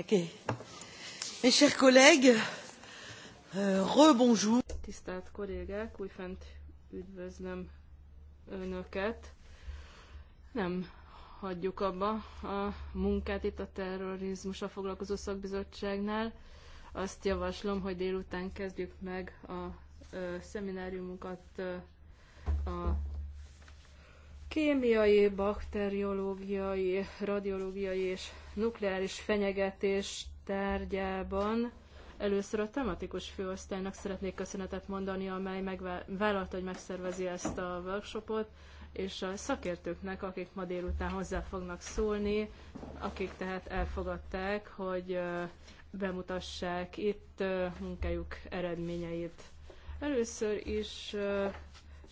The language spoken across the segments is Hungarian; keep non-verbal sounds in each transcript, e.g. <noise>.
Okay. Mes chers collègues, euh, rebonjour. Tisztelt kollégák, újfent üdvözlöm Önöket. Nem hagyjuk abba a munkát itt a terrorizmusra foglalkozó szakbizottságnál. Azt javaslom, hogy délután kezdjük meg a szemináriumunkat a kémiai, bakteriológiai, radiológiai és nukleáris fenyegetés tárgyában először a tematikus főosztálynak szeretnék köszönetet mondani, amely megvállalta, hogy megszervezi ezt a workshopot, és a szakértőknek, akik ma délután hozzá fognak szólni, akik tehát elfogadták, hogy bemutassák itt munkájuk eredményeit. Először is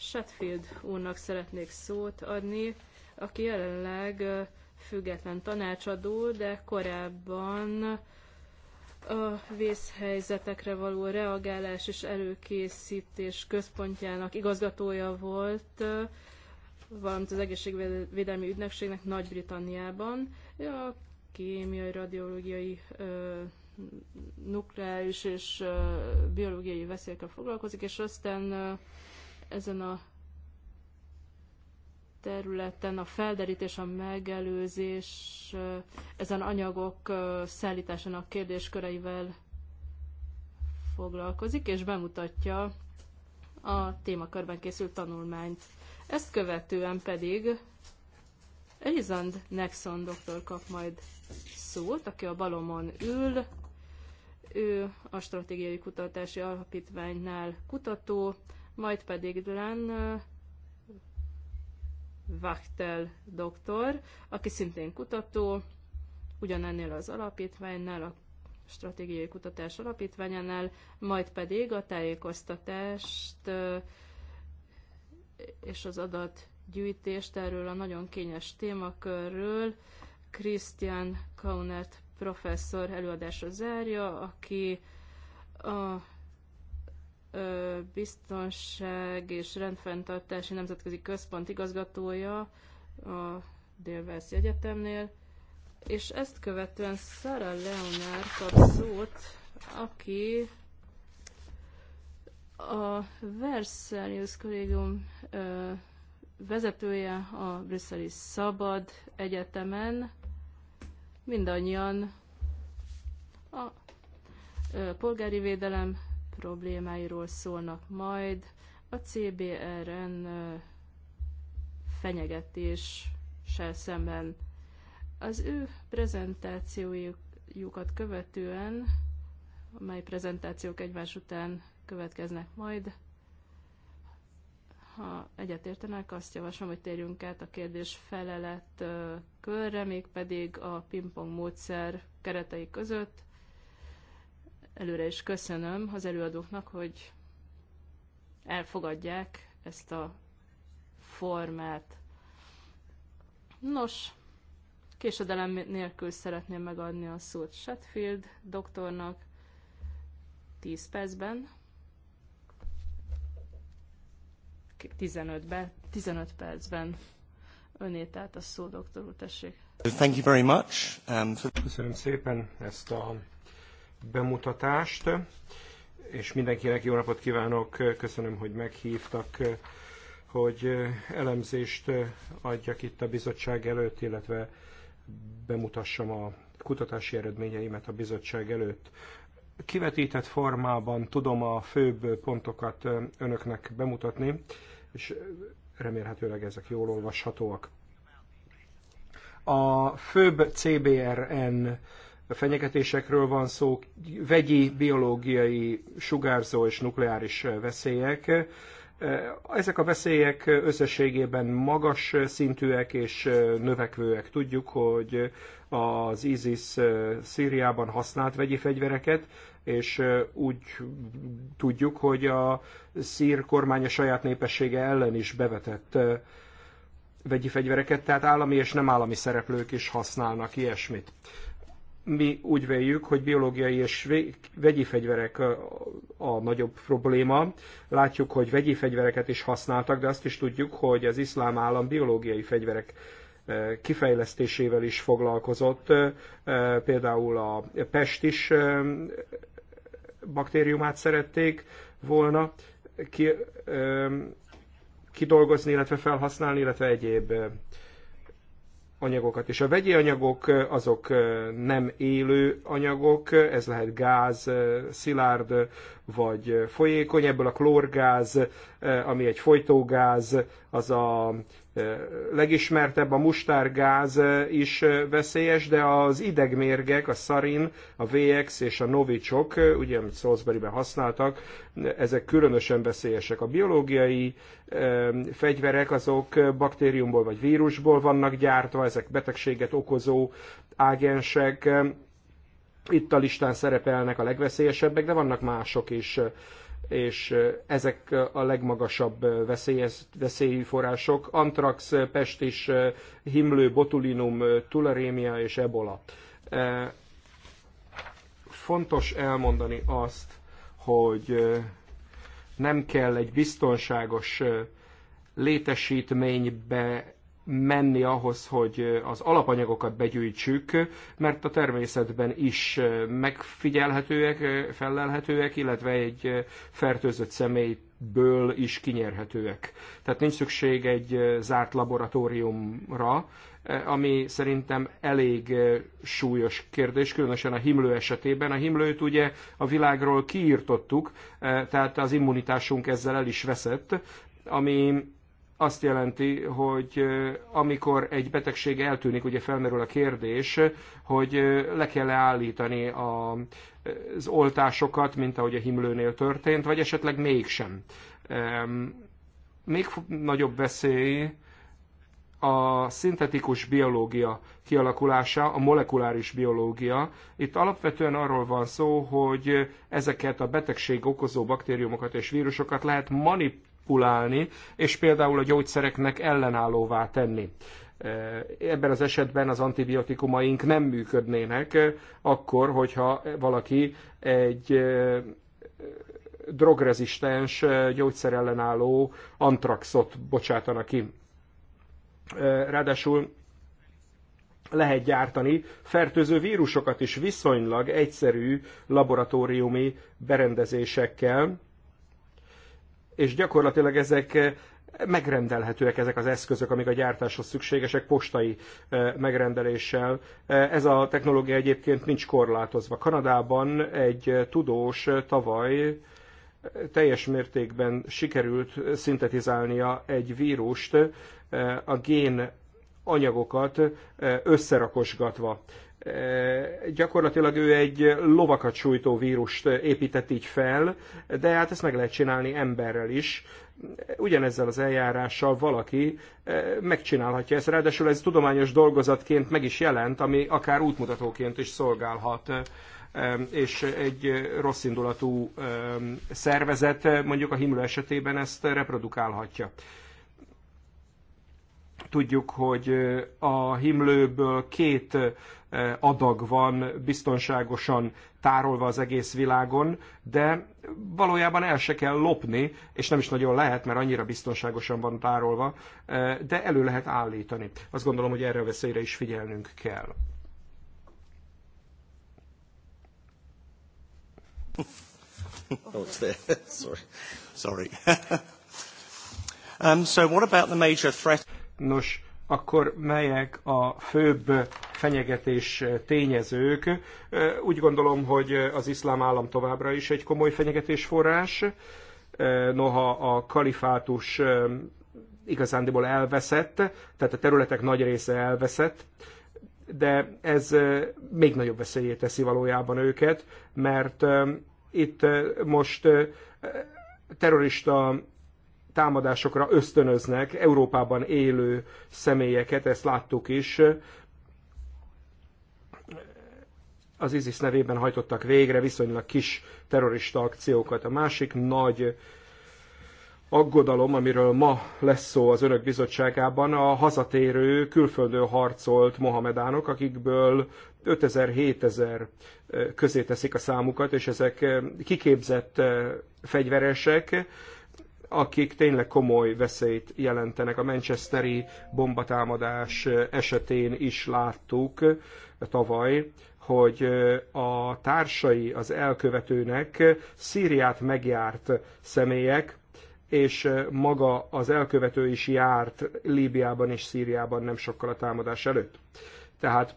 Shetfield úrnak szeretnék szót adni, aki jelenleg független tanácsadó, de korábban a vészhelyzetekre való reagálás és előkészítés központjának igazgatója volt, valamint az egészségvédelmi ügynökségnek Nagy-Britanniában. A kémiai, radiológiai, nukleáris és biológiai veszélyekkel foglalkozik, és aztán ezen a területen a felderítés, a megelőzés, ezen anyagok szállításának kérdésköreivel foglalkozik, és bemutatja a témakörben készült tanulmányt. Ezt követően pedig Elizand Nexon doktor kap majd szót, aki a balomon ül. Ő a Stratégiai Kutatási Alapítványnál kutató, majd pedig Durán Wachtel doktor, aki szintén kutató, ugyanennél az alapítványnál, a stratégiai kutatás alapítványánál, majd pedig a tájékoztatást és az adatgyűjtést erről a nagyon kényes témakörről Christian Kaunert professzor előadásra zárja, aki a biztonság és rendfenntartási nemzetközi központ igazgatója a Délvelszi Egyetemnél, és ezt követően Sara Leonár kap szót, aki a Versailles Kollégium vezetője a Brüsszeli Szabad Egyetemen. Mindannyian a polgári védelem problémáiról szólnak majd. A CBRN fenyegetéssel szemben az ő prezentációjukat követően, amely prezentációk egymás után következnek majd, ha egyetértenek, azt javaslom, hogy térjünk át a kérdés felelet körre, mégpedig a pingpong módszer keretei között. Előre is köszönöm az előadóknak, hogy elfogadják ezt a formát. Nos, késedelem nélkül szeretném megadni a szót Shetfield doktornak 10 percben. 15-ben, 15 percben öné tehát a szó, doktor úr, tessék. Thank you very much. Um, for... Köszönöm szépen ezt a bemutatást, és mindenkinek jó napot kívánok, köszönöm, hogy meghívtak, hogy elemzést adjak itt a bizottság előtt, illetve bemutassam a kutatási eredményeimet a bizottság előtt. Kivetített formában tudom a főbb pontokat önöknek bemutatni, és remélhetőleg ezek jól olvashatóak. A főbb CBRN fenyegetésekről van szó, vegyi, biológiai, sugárzó és nukleáris veszélyek. Ezek a veszélyek összességében magas szintűek és növekvőek. Tudjuk, hogy az ISIS Szíriában használt vegyi fegyvereket, és úgy tudjuk, hogy a szír kormánya saját népessége ellen is bevetett vegyi fegyvereket, tehát állami és nem állami szereplők is használnak ilyesmit mi úgy véljük, hogy biológiai és vegyi fegyverek a nagyobb probléma. Látjuk, hogy vegyi fegyvereket is használtak, de azt is tudjuk, hogy az iszlám állam biológiai fegyverek kifejlesztésével is foglalkozott. Például a pest is baktériumát szerették volna kidolgozni, illetve felhasználni, illetve egyéb anyagokat és A vegyi anyagok azok nem élő anyagok, ez lehet gáz, szilárd vagy folyékony, ebből a klórgáz, ami egy folytógáz, az a Legismertebb a mustárgáz is veszélyes, de az idegmérgek, a szarin, a VX és a novicsok, ugye amit Salisbury-ben használtak, ezek különösen veszélyesek. A biológiai fegyverek azok baktériumból vagy vírusból vannak gyártva, ezek betegséget okozó ágensek, itt a listán szerepelnek a legveszélyesebbek, de vannak mások is és ezek a legmagasabb veszélyes, veszélyi források, antrax, pestis, himlő, botulinum, tularémia és ebola. Fontos elmondani azt, hogy nem kell egy biztonságos létesítménybe menni ahhoz, hogy az alapanyagokat begyűjtsük, mert a természetben is megfigyelhetőek, fellelhetőek, illetve egy fertőzött személyből is kinyerhetőek. Tehát nincs szükség egy zárt laboratóriumra, ami szerintem elég súlyos kérdés, különösen a himlő esetében. A himlőt ugye a világról kiírtottuk, tehát az immunitásunk ezzel el is veszett, ami azt jelenti, hogy amikor egy betegség eltűnik, ugye felmerül a kérdés, hogy le kell -e állítani a, az oltásokat, mint ahogy a himlőnél történt, vagy esetleg mégsem. Még nagyobb veszély a szintetikus biológia kialakulása, a molekuláris biológia. Itt alapvetően arról van szó, hogy ezeket a betegség okozó baktériumokat és vírusokat lehet manip manipulálni, és például a gyógyszereknek ellenállóvá tenni. E, ebben az esetben az antibiotikumaink nem működnének, e, akkor, hogyha valaki egy e, drogrezisztens, gyógyszerellenálló antraxot bocsátana ki. Ráadásul lehet gyártani fertőző vírusokat is viszonylag egyszerű laboratóriumi berendezésekkel, és gyakorlatilag ezek eh, megrendelhetőek ezek az eszközök, amik a gyártáshoz szükségesek postai eh, megrendeléssel. Eh, ez a technológia egyébként nincs korlátozva. Kanadában egy tudós tavaly teljes mértékben sikerült szintetizálnia egy vírust a gén anyagokat összerakosgatva gyakorlatilag ő egy lovakat sújtó vírust épített így fel, de hát ezt meg lehet csinálni emberrel is. Ugyanezzel az eljárással valaki eh, megcsinálhatja ezt, ráadásul ez tudományos dolgozatként meg is jelent, ami akár útmutatóként is szolgálhat eh, és egy rosszindulatú eh, szervezet mondjuk a himlő esetében ezt reprodukálhatja tudjuk, hogy a himlőből két adag van biztonságosan tárolva az egész világon, de valójában el se kell lopni, és nem is nagyon lehet, mert annyira biztonságosan van tárolva, de elő lehet állítani. Azt gondolom, hogy erre a veszélyre is figyelnünk kell. Oh, it's there. <laughs> Sorry. Sorry. <laughs> um, so what about the major threat? Nos, akkor melyek a főbb fenyegetés tényezők. Úgy gondolom, hogy az iszlám állam továbbra is egy komoly fenyegetés forrás, noha a kalifátus igazándiból elveszett, tehát a területek nagy része elveszett, de ez még nagyobb veszélyé teszi valójában őket, mert itt most terrorista támadásokra ösztönöznek Európában élő személyeket, ezt láttuk is, az ISIS nevében hajtottak végre viszonylag kis terrorista akciókat. A másik nagy aggodalom, amiről ma lesz szó az önök bizottságában, a hazatérő külföldön harcolt mohamedánok, akikből 5000-7000 közé teszik a számukat, és ezek kiképzett fegyveresek, akik tényleg komoly veszélyt jelentenek. A Manchesteri bombatámadás esetén is láttuk tavaly, hogy a társai az elkövetőnek Szíriát megjárt személyek, és maga az elkövető is járt Líbiában és Szíriában nem sokkal a támadás előtt. Tehát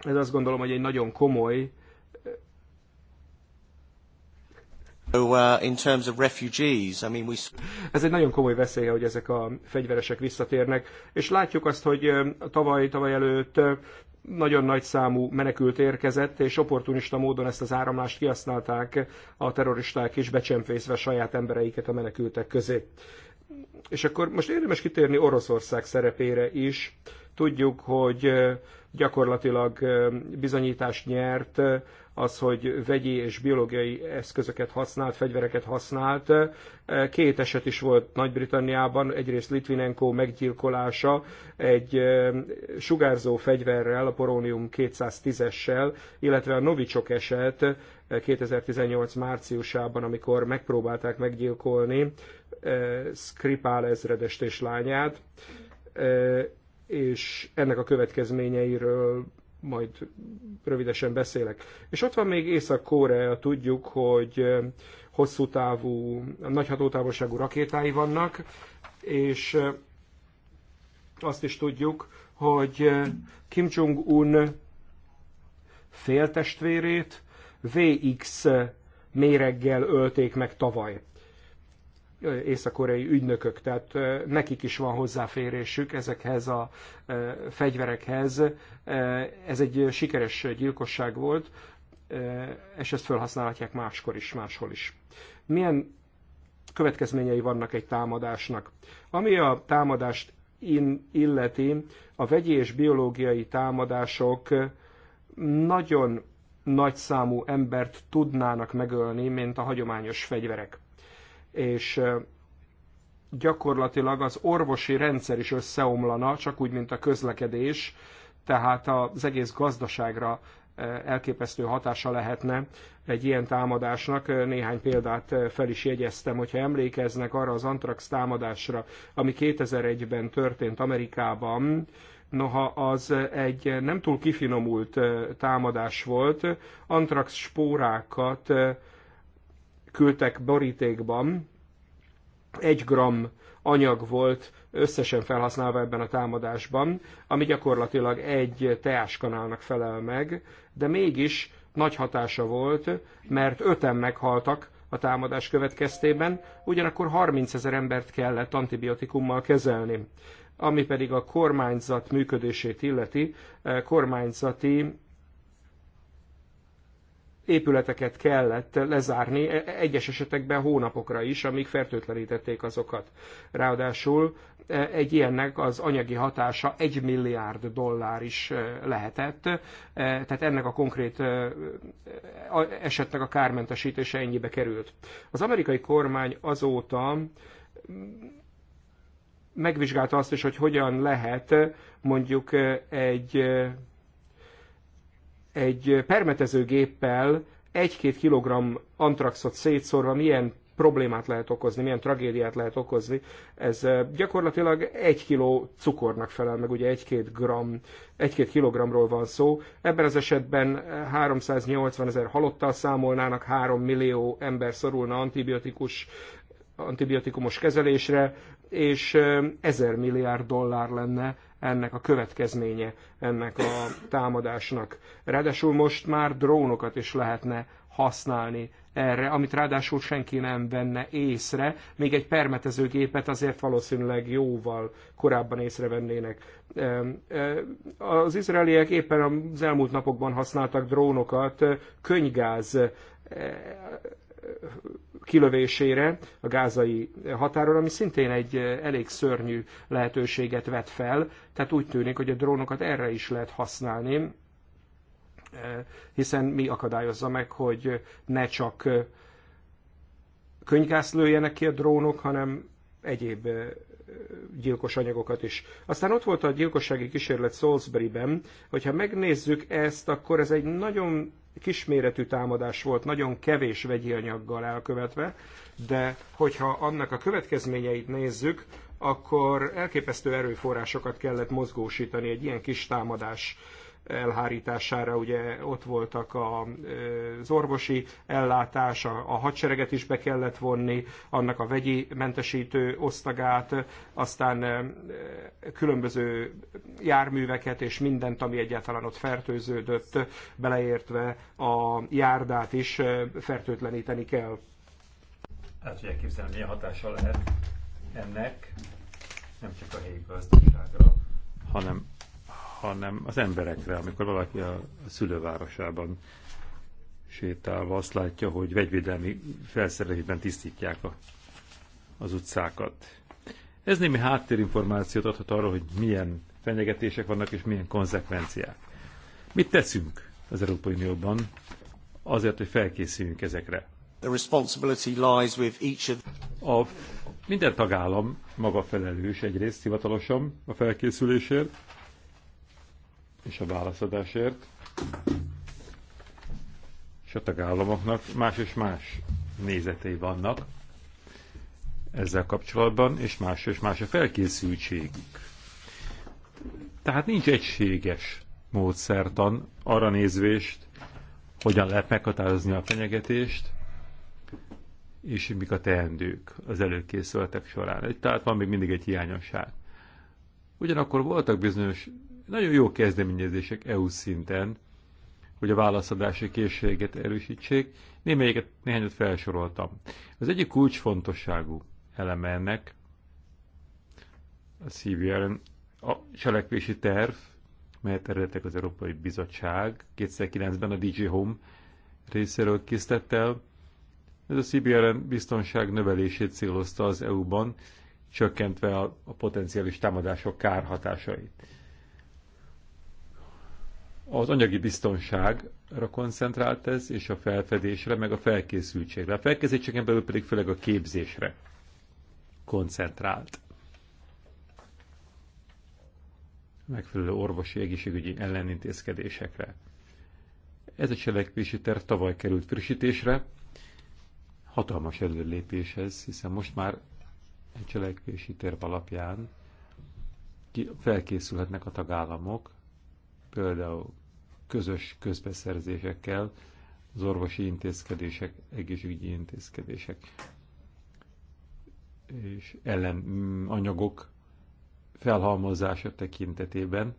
ez azt gondolom, hogy egy nagyon komoly Uh, Ez egy nagyon komoly veszélye, hogy ezek a fegyveresek visszatérnek, és látjuk azt, hogy tavaly, tavaly előtt nagyon nagy számú menekült érkezett, és opportunista módon ezt az áramlást kihasználták a terroristák is, becsempészve saját embereiket a menekültek közé. És akkor most érdemes kitérni Oroszország szerepére is. Tudjuk, hogy gyakorlatilag bizonyítást nyert az, hogy vegyi és biológiai eszközöket használt, fegyvereket használt. Két eset is volt Nagy-Britanniában, egyrészt Litvinenko meggyilkolása egy sugárzó fegyverrel, a Poronium 210-essel, illetve a Novicsok eset 2018 márciusában, amikor megpróbálták meggyilkolni Skripál ezredest és lányát, és ennek a következményeiről majd rövidesen beszélek. És ott van még Észak-Korea, tudjuk, hogy hosszú távú, nagy hatótávolságú rakétái vannak, és azt is tudjuk, hogy Kim Jong-un féltestvérét VX méreggel ölték meg tavaly észak-koreai ügynökök, tehát nekik is van hozzáférésük ezekhez a fegyverekhez. Ez egy sikeres gyilkosság volt, és ezt felhasználhatják máskor is, máshol is. Milyen következményei vannak egy támadásnak? Ami a támadást illeti, a vegyi és biológiai támadások nagyon nagy számú embert tudnának megölni, mint a hagyományos fegyverek és gyakorlatilag az orvosi rendszer is összeomlana, csak úgy, mint a közlekedés, tehát az egész gazdaságra elképesztő hatása lehetne egy ilyen támadásnak. Néhány példát fel is jegyeztem, hogyha emlékeznek arra az Antrax támadásra, ami 2001-ben történt Amerikában, noha az egy nem túl kifinomult támadás volt, Antrax spórákat küldtek borítékban, egy gram anyag volt összesen felhasználva ebben a támadásban, ami gyakorlatilag egy teáskanálnak felel meg, de mégis nagy hatása volt, mert öten meghaltak a támadás következtében, ugyanakkor 30 ezer embert kellett antibiotikummal kezelni. Ami pedig a kormányzat működését illeti, eh, kormányzati épületeket kellett lezárni, e- e- egyes esetekben hónapokra is, amíg fertőtlenítették azokat. Ráadásul e, egy ilyennek az anyagi hatása egy milliárd dollár is lehetett, tehát ennek a konkrét esetnek a kármentesítése ennyibe került. Az amerikai kormány azóta megvizsgálta azt is, hogy hogyan lehet mondjuk egy egy permetezőgéppel egy-két kilogramm antraxot szétszórva milyen problémát lehet okozni, milyen tragédiát lehet okozni. Ez gyakorlatilag egy kiló cukornak felel meg, ugye egy-két gram, egy-két kilogramról van szó. Ebben az esetben 380 ezer halottal számolnának, 3 millió ember szorulna antibiotikus antibiotikumos kezelésre, és 1000 milliárd dollár lenne ennek a következménye, ennek a támadásnak. Ráadásul most már drónokat is lehetne használni erre, amit ráadásul senki nem venne észre, még egy permetezőgépet azért valószínűleg jóval korábban észrevennének. Az izraeliek éppen az elmúlt napokban használtak drónokat könygáz kilövésére a gázai határon, ami szintén egy eh, elég szörnyű lehetőséget vet fel, tehát úgy tűnik, hogy a drónokat erre is lehet használni, eh, hiszen mi akadályozza meg, hogy ne csak eh, könygáz lőjenek ki a drónok, hanem egyéb gyilkos anyagokat is. Aztán ott volt a gyilkossági kísérlet Salisbury-ben, hogyha megnézzük ezt, akkor ez egy nagyon kisméretű támadás volt, nagyon kevés vegyi anyaggal elkövetve, de hogyha annak a következményeit nézzük, akkor elképesztő erőforrásokat kellett mozgósítani egy ilyen kis támadás elhárítására. Ugye ott voltak a, az orvosi ellátás, a, a hadsereget is be kellett vonni, annak a vegyi mentesítő osztagát, aztán különböző járműveket és mindent, ami egyáltalán ott fertőződött, beleértve a járdát is fertőtleníteni kell. Hát ugye képzelni, milyen hatása lehet ennek nem csak a helyi gazdaságra, hanem hanem az emberekre, amikor valaki a szülővárosában sétálva azt látja, hogy vegyvédelmi felszerelésben tisztítják a, az utcákat. Ez némi háttérinformációt adhat arról, hogy milyen fenyegetések vannak és milyen konzekvenciák. Mit teszünk az Európai Unióban azért, hogy felkészüljünk ezekre? The responsibility lies with each of... A minden tagállam maga felelős egyrészt hivatalosan a felkészülésért, és a válaszadásért, és a tagállamoknak más és más nézetei vannak ezzel kapcsolatban, és más és más a felkészültségük. Tehát nincs egységes módszertan arra nézvést, hogyan lehet meghatározni a fenyegetést, és mik a teendők az előkészületek során. Tehát van még mindig egy hiányosság. Ugyanakkor voltak bizonyos nagyon jó kezdeményezések EU szinten, hogy a válaszadási készséget erősítsék. Némelyiket, néhányat felsoroltam. Az egyik kulcsfontosságú eleme ennek a CVR a cselekvési terv, melyet eredetek az Európai Bizottság 2009-ben a DJ Home részéről készített el. Ez a CBRN biztonság növelését célozta az EU-ban, csökkentve a, a potenciális támadások kárhatásait az anyagi biztonságra koncentrált ez, és a felfedésre, meg a felkészültségre. A felkészültségen belül pedig főleg a képzésre koncentrált. Megfelelő orvosi egészségügyi ellenintézkedésekre. Ez a cselekvési terv tavaly került frissítésre, hatalmas ez, hiszen most már egy cselekvési terv alapján felkészülhetnek a tagállamok, például közös közbeszerzésekkel, az orvosi intézkedések, egészségügyi intézkedések és ellenanyagok mm, felhalmozása tekintetében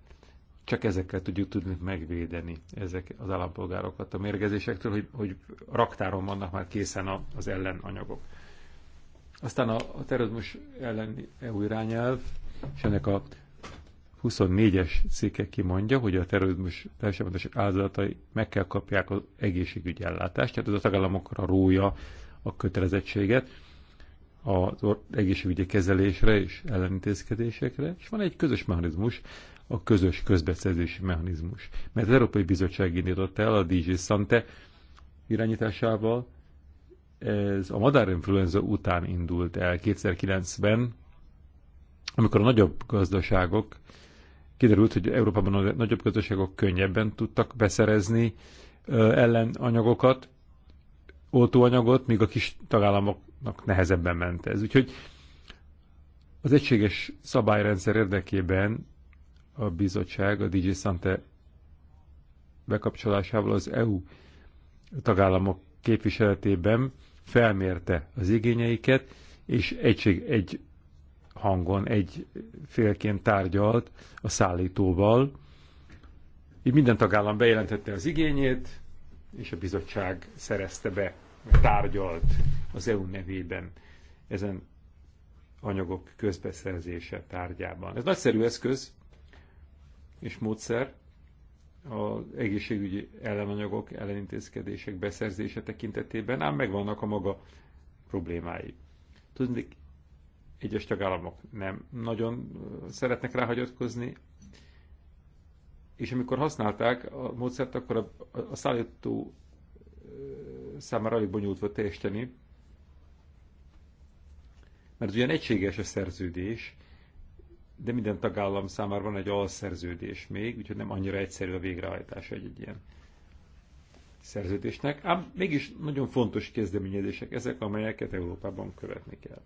csak ezekkel tudjuk tudni megvédeni ezek az állampolgárokat a mérgezésektől, hogy, hogy raktáron vannak már készen az ellenanyagok. Aztán a, a terrorizmus ellen EU irányelv és ennek a 24-es cikke kimondja, hogy a terrorizmus felsemmentesek áldozatai meg kell kapják az egészségügyi ellátást, tehát ez a tagállamokra rója a kötelezettséget az egészségügyi kezelésre és ellenintézkedésekre, és van egy közös mechanizmus, a közös közbeszerzési mechanizmus. Mert az Európai Bizottság indított el a DJ Sante irányításával, ez a madárinfluenza után indult el 2009-ben, amikor a nagyobb gazdaságok kiderült, hogy Európában a nagyobb gazdaságok könnyebben tudtak beszerezni ellenanyagokat, oltóanyagot, míg a kis tagállamoknak nehezebben ment ez. Úgyhogy az egységes szabályrendszer érdekében a bizottság a DJ Sante bekapcsolásával az EU tagállamok képviseletében felmérte az igényeiket, és egység, egy hangon egy félként tárgyalt a szállítóval. Így minden tagállam bejelentette az igényét, és a bizottság szerezte be, tárgyalt az EU nevében ezen anyagok közbeszerzése tárgyában. Ez nagyszerű eszköz és módszer az egészségügyi ellenanyagok, ellenintézkedések beszerzése tekintetében, ám megvannak a maga problémái. Tudni, egyes tagállamok nem nagyon szeretnek ráhagyatkozni, és amikor használták a módszert, akkor a, a szállító számára alig bonyolult volt teljesíteni, mert ugyan egységes a szerződés, de minden tagállam számára van egy alszerződés még, úgyhogy nem annyira egyszerű a végrehajtása egy, egy ilyen szerződésnek, ám mégis nagyon fontos kezdeményezések ezek, amelyeket Európában követni kell.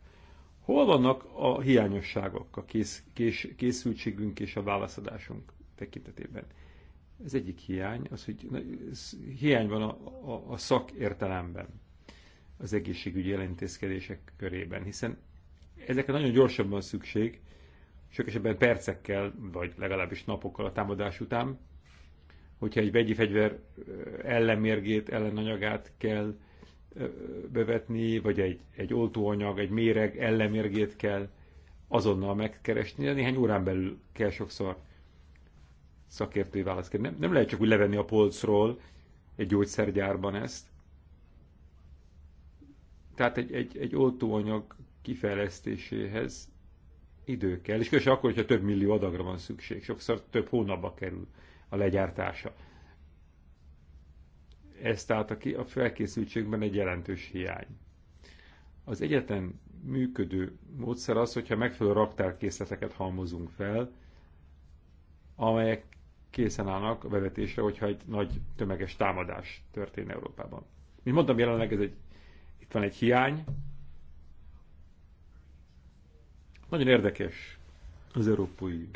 Hol vannak a hiányosságok a kész, kés, készültségünk és a válaszadásunk tekintetében? Ez egyik hiány, az, hogy na, ez, hiány van a, a, a szakértelemben az egészségügyi jelentészkedések körében, hiszen ezekre nagyon gyorsabban van szükség, sok esetben percekkel, vagy legalábbis napokkal a támadás után, hogyha egy vegyi fegyver ellenmérgét, ellenanyagát kell bevetni, vagy egy, egy oltóanyag, egy méreg ellemérgét kell azonnal megkeresni, de néhány órán belül kell sokszor szakértői választ Nem, nem lehet csak úgy levenni a polcról egy gyógyszergyárban ezt. Tehát egy, egy, egy oltóanyag kifejlesztéséhez idő kell, és különösen akkor, hogyha több millió adagra van szükség, sokszor több hónapba kerül a legyártása ezt állta ki, a felkészültségben egy jelentős hiány. Az egyetlen működő módszer az, hogyha megfelelő raktárkészleteket halmozunk fel, amelyek készen állnak a bevetésre, hogyha egy nagy tömeges támadás történne Európában. Mint mondtam, jelenleg ez egy, itt van egy hiány. Nagyon érdekes az Európai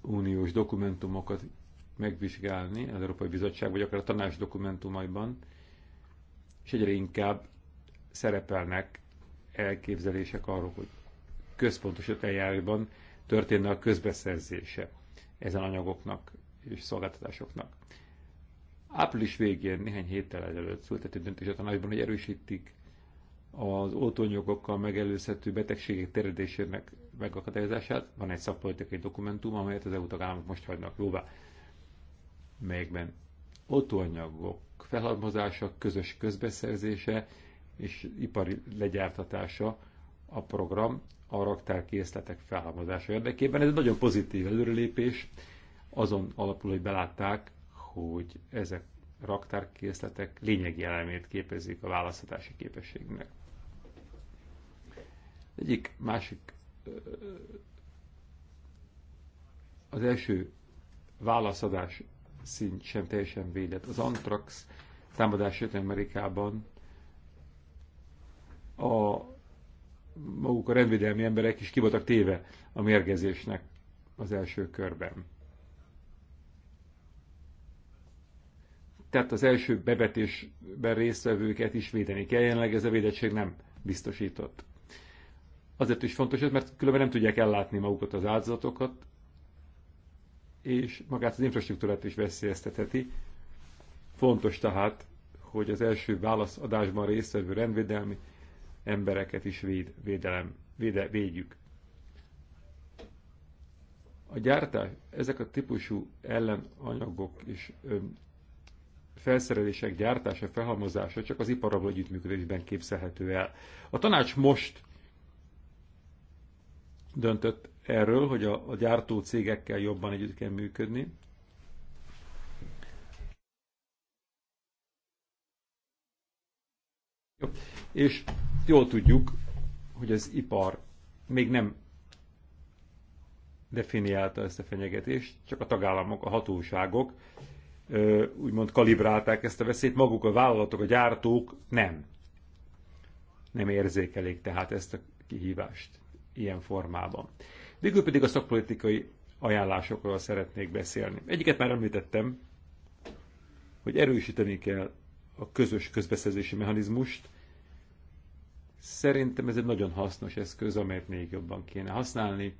Uniós dokumentumokat megvizsgálni az Európai Bizottság, vagy akár a tanács dokumentumaiban, és egyre inkább szerepelnek elképzelések arról, hogy központos eljárásban történne a közbeszerzése ezen anyagoknak és szolgáltatásoknak. Április végén, néhány héttel ezelőtt született egy döntés a tanácsban, hogy erősítik az oltóanyagokkal megelőzhető betegségek terjedésének megakadályozását. Van egy szakpolitikai dokumentum, amelyet az EU tagállamok most hagynak jóvá melyekben otóanyagok felhalmozása, közös közbeszerzése és ipari legyártatása a program a raktárkészletek felhalmozása érdekében. Ez egy nagyon pozitív előrelépés, azon alapul, hogy belátták, hogy ezek raktárkészletek lényegi elemét képezik a választási képességnek. Egyik másik az első válaszadás szint sem teljesen védett. Az Antrax támadás jött Amerikában a maguk a rendvédelmi emberek is kivoltak téve a mérgezésnek az első körben. Tehát az első bevetésben résztvevőket is védeni kell, jelenleg ez a védettség nem biztosított. Azért is fontos ez, mert különben nem tudják ellátni magukat az áldozatokat, és magát az infrastruktúrát is veszélyeztetheti. Fontos tehát, hogy az első válaszadásban résztvevő rendvédelmi embereket is véd, védelem, véde, védjük. A gyártás, ezek a típusú ellenanyagok és öm, felszerelések gyártása, felhalmozása csak az iparral együttműködésben képzelhető el. A tanács most döntött erről, hogy a, a gyártó cégekkel jobban együtt kell működni. És jól tudjuk, hogy az ipar még nem definiálta ezt a fenyegetést, csak a tagállamok, a hatóságok úgymond kalibrálták ezt a veszélyt, maguk a vállalatok, a gyártók nem. Nem érzékelik tehát ezt a kihívást ilyen formában. Végül pedig a szakpolitikai ajánlásokról szeretnék beszélni. Egyiket már említettem, hogy erősíteni kell a közös közbeszerzési mechanizmust. Szerintem ez egy nagyon hasznos eszköz, amelyet még jobban kéne használni,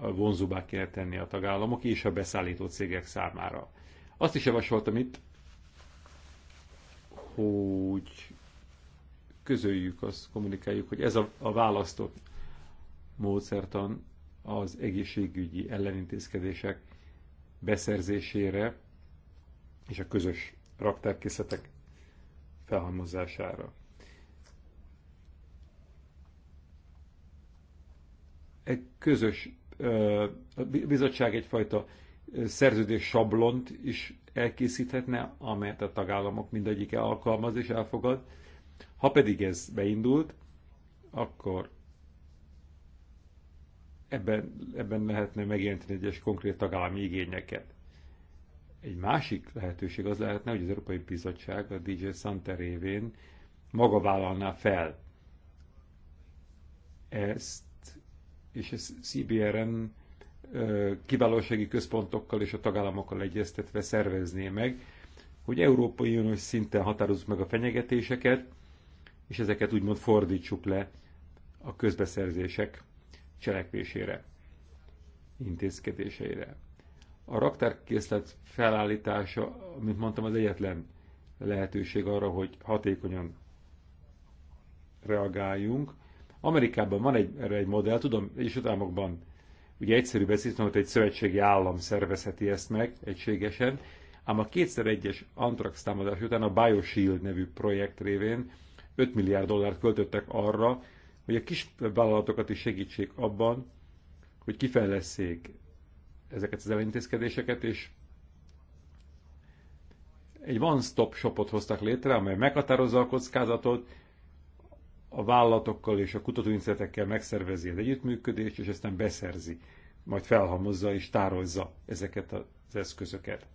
vonzóbbá kéne tenni a tagállamok és a beszállító cégek számára. Azt is javasoltam itt, hogy közöljük, azt kommunikáljuk, hogy ez a, a választott módszertan az egészségügyi ellenintézkedések beszerzésére és a közös raktárkészletek felhalmozására. Egy közös a bizottság egyfajta szerződés sablont is elkészíthetne, amelyet a tagállamok mindegyike alkalmaz és elfogad. Ha pedig ez beindult, akkor ebben, ebben lehetne megjelenteni egyes konkrét tagállami igényeket. Egy másik lehetőség az lehetne, hogy az Európai Bizottság a DJ Santer révén maga vállalná fel ezt, és a CBRN kiválósági központokkal és a tagállamokkal egyeztetve szervezné meg, hogy Európai Uniós szinten határozzuk meg a fenyegetéseket, és ezeket úgymond fordítsuk le a közbeszerzések cselekvésére, intézkedéseire. A raktárkészlet felállítása, mint mondtam, az egyetlen lehetőség arra, hogy hatékonyan reagáljunk. Amerikában van egy, erre egy modell, tudom, és utámokban ugye egyszerű beszélni, hogy egy szövetségi állam szervezheti ezt meg egységesen, ám a 2001-es Antrax támadás után a BioShield nevű projekt révén 5 milliárd dollárt költöttek arra, hogy a kis vállalatokat is segítsék abban, hogy kifejleszék ezeket az elintézkedéseket, és egy one-stop shopot hoztak létre, amely meghatározza a kockázatot, a vállalatokkal és a kutatóintézetekkel megszervezi az együttműködést, és aztán beszerzi, majd felhamozza és tárolza ezeket az eszközöket.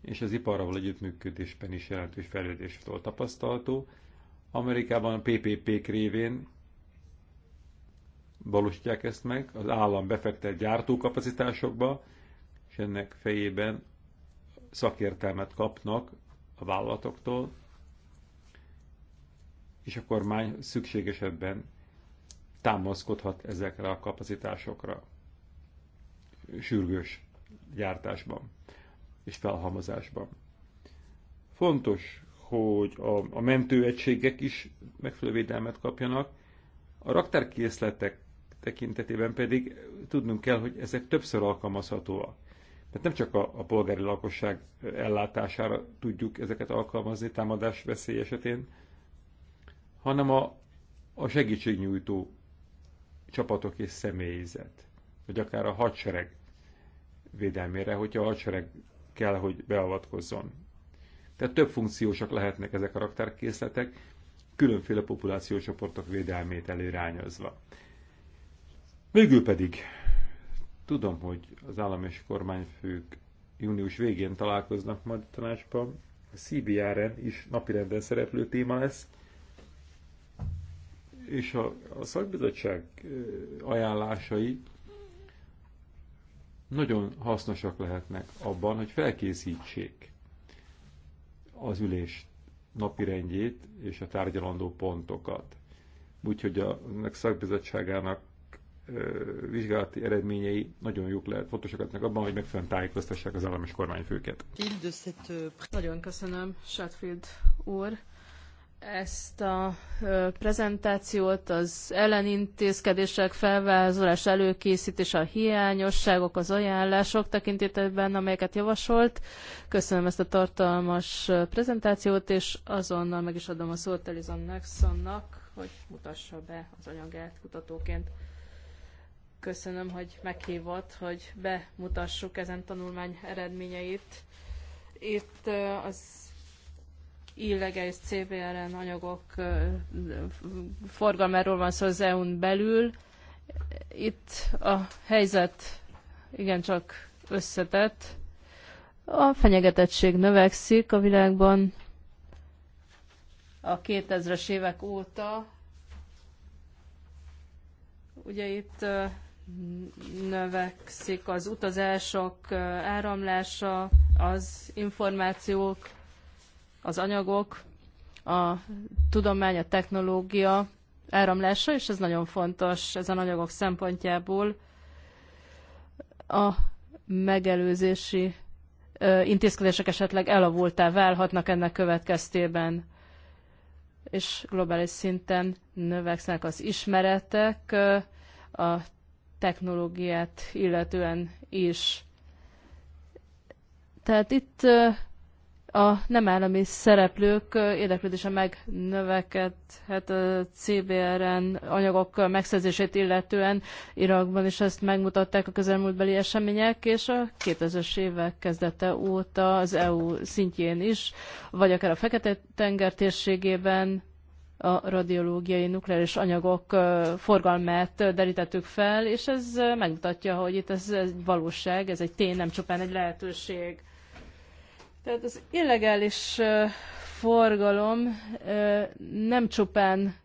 És az iparral együttműködésben is jelentős fejlődés volt tapasztalható. Amerikában a PPP-k révén valósítják ezt meg, az állam befektet gyártókapacitásokba, és ennek fejében szakértelmet kapnak a vállalatoktól, és a kormány szükségesebben támaszkodhat ezekre a kapacitásokra sürgős gyártásban és felhalmozásban. Fontos hogy a, a mentőegységek is megfelelő védelmet kapjanak. A raktárkészletek tekintetében pedig tudnunk kell, hogy ezek többször alkalmazhatóak. Tehát nem csak a, a polgári lakosság ellátására tudjuk ezeket alkalmazni támadás veszély esetén, hanem a, a segítségnyújtó csapatok és személyzet, vagy akár a hadsereg védelmére, hogyha a hadsereg kell, hogy beavatkozzon tehát több funkciósak lehetnek ezek a raktárkészletek, különféle csoportok védelmét előrányozva. Végül pedig tudom, hogy az állam és kormányfők június végén találkoznak majd a tanácsban. A CBRN is napirenden szereplő téma lesz. És a, a szakbizottság ajánlásai nagyon hasznosak lehetnek abban, hogy felkészítsék az ülés napirendjét és a tárgyalandó pontokat. Úgyhogy a szakbizottságának vizsgálati eredményei nagyon jók lehet, fontosak lehetnek abban, hogy megfelelően tájékoztassák az állam és kormányfőket. Euh, nagyon köszönöm, Shatfield úr ezt a prezentációt, az ellenintézkedések felvázolás, előkészítése a hiányosságok, az ajánlások tekintetében, amelyeket javasolt. Köszönöm ezt a tartalmas prezentációt, és azonnal meg is adom a szót Elizon Nexonnak, hogy mutassa be az anyagát kutatóként. Köszönöm, hogy meghívott, hogy bemutassuk ezen tanulmány eredményeit. Itt az illegális CBRN anyagok forgalmáról van szó az EU-n belül. Itt a helyzet igencsak összetett. A fenyegetettség növekszik a világban a 2000-es évek óta. Ugye itt növekszik az utazások áramlása, az információk az anyagok, a tudomány, a technológia áramlása, és ez nagyon fontos ezen anyagok szempontjából a megelőzési intézkedések esetleg elavultá válhatnak ennek következtében és globális szinten növekszenek az ismeretek a technológiát illetően is. Tehát itt a nem állami szereplők érdeklődése megnövekedhet a CBRN anyagok megszerzését illetően Irakban, is ezt megmutatták a közelmúltbeli események, és a 2000-es évek kezdete óta az EU szintjén is, vagy akár a Fekete-tenger térségében a radiológiai nukleáris anyagok forgalmát derítettük fel, és ez megmutatja, hogy itt ez, egy valóság, ez egy tény, nem csupán egy lehetőség. Tehát az illegális forgalom nem csupán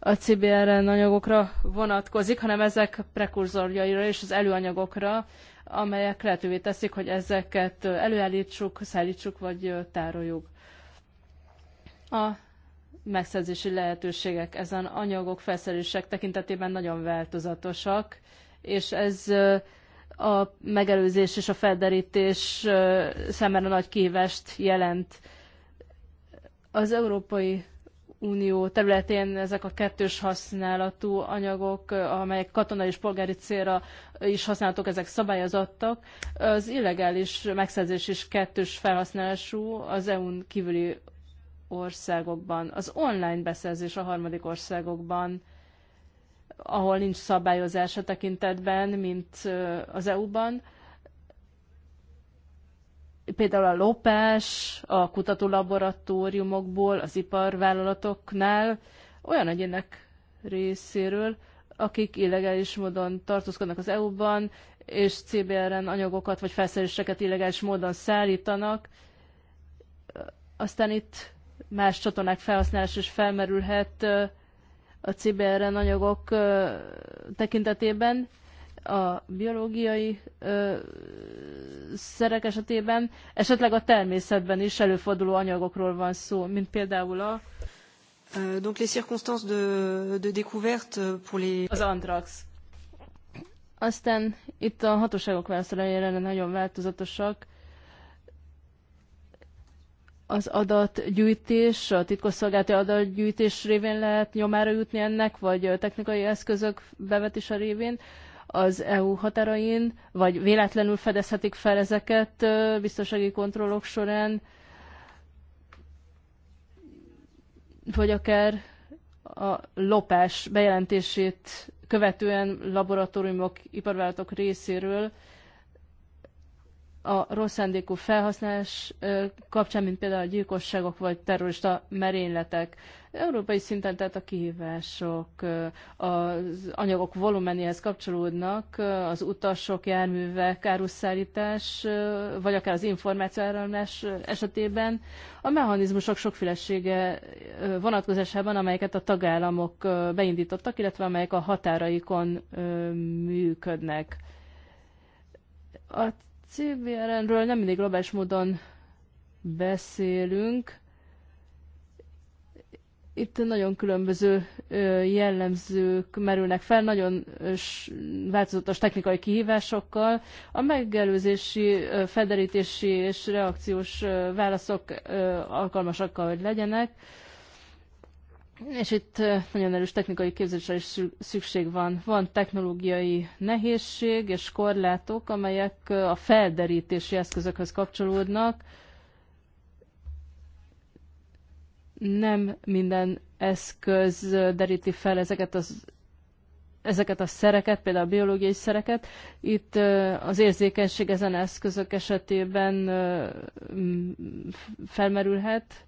a CBRN anyagokra vonatkozik, hanem ezek prekurzorjaira és az előanyagokra, amelyek lehetővé teszik, hogy ezeket előállítsuk, szállítsuk vagy tároljuk. A megszerzési lehetőségek ezen anyagok felszerelések tekintetében nagyon változatosak, és ez a megelőzés és a felderítés a nagy kihívást jelent. Az Európai Unió területén ezek a kettős használatú anyagok, amelyek katonai és polgári célra is használhatók, ezek szabályozottak. Az illegális megszerzés is kettős felhasználású az EU-n kívüli országokban. Az online beszerzés a harmadik országokban ahol nincs szabályozás a tekintetben, mint az EU-ban. Például a lopás a kutatólaboratóriumokból, az iparvállalatoknál olyan egyének részéről, akik illegális módon tartózkodnak az EU-ban, és CBRN anyagokat vagy felszereléseket illegális módon szállítanak. Aztán itt más csatornák felhasználása is felmerülhet, a ciberren anyagok tekintetében, a biológiai ö, szerek esetében, esetleg a természetben is előforduló anyagokról van szó, mint például a... Euh, donc les circonstances de, de découverte pour les... Az antrax. Aztán itt a hatóságok válaszolai nagyon változatosak az adatgyűjtés, a titkosszolgálati adatgyűjtés révén lehet nyomára jutni ennek, vagy technikai eszközök bevetése révén az EU határain, vagy véletlenül fedezhetik fel ezeket biztonsági kontrollok során, vagy akár a lopás bejelentését követően laboratóriumok, iparvállalatok részéről a rossz szándékú felhasználás kapcsán, mint például a gyilkosságok vagy terrorista merényletek. Európai szinten tehát a kihívások az anyagok volumenéhez kapcsolódnak, az utasok, járművek, áruszállítás, vagy akár az információáramlás esetében. A mechanizmusok sokfélesége vonatkozásában, amelyeket a tagállamok beindítottak, illetve amelyek a határaikon működnek. A CBRN-ről nem mindig globális módon beszélünk. Itt nagyon különböző jellemzők merülnek fel, nagyon változatos technikai kihívásokkal. A megelőzési, felderítési és reakciós válaszok alkalmasak hogy legyenek és itt nagyon erős technikai képzésre is szükség van. Van technológiai nehézség és korlátok, amelyek a felderítési eszközökhöz kapcsolódnak. Nem minden eszköz deríti fel ezeket az ezeket a szereket, például a biológiai szereket. Itt az érzékenység ezen eszközök esetében felmerülhet,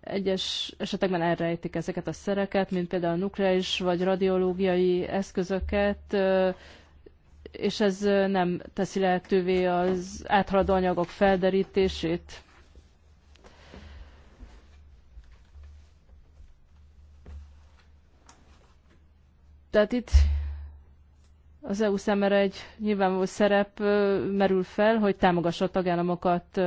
egyes esetekben elrejtik ezeket a szereket, mint például a nukleáris vagy radiológiai eszközöket, és ez nem teszi lehetővé az áthaladó anyagok felderítését. Tehát itt az EU szemére egy nyilvánvaló szerep merül fel, hogy támogassa a tagállamokat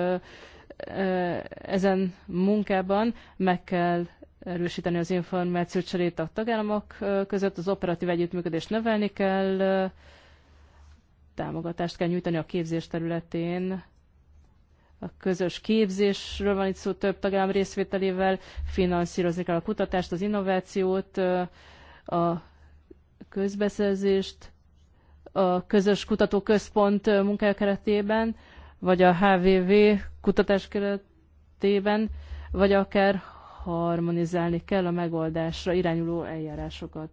ezen munkában meg kell erősíteni az információcserét a tagállamok között, az operatív együttműködést növelni kell, támogatást kell nyújtani a képzés területén, a közös képzésről van itt szó több tagállam részvételével, finanszírozni kell a kutatást, az innovációt, a közbeszerzést, a közös kutatóközpont munkája keretében, vagy a HVV kutatás keretében, vagy akár harmonizálni kell a megoldásra irányuló eljárásokat.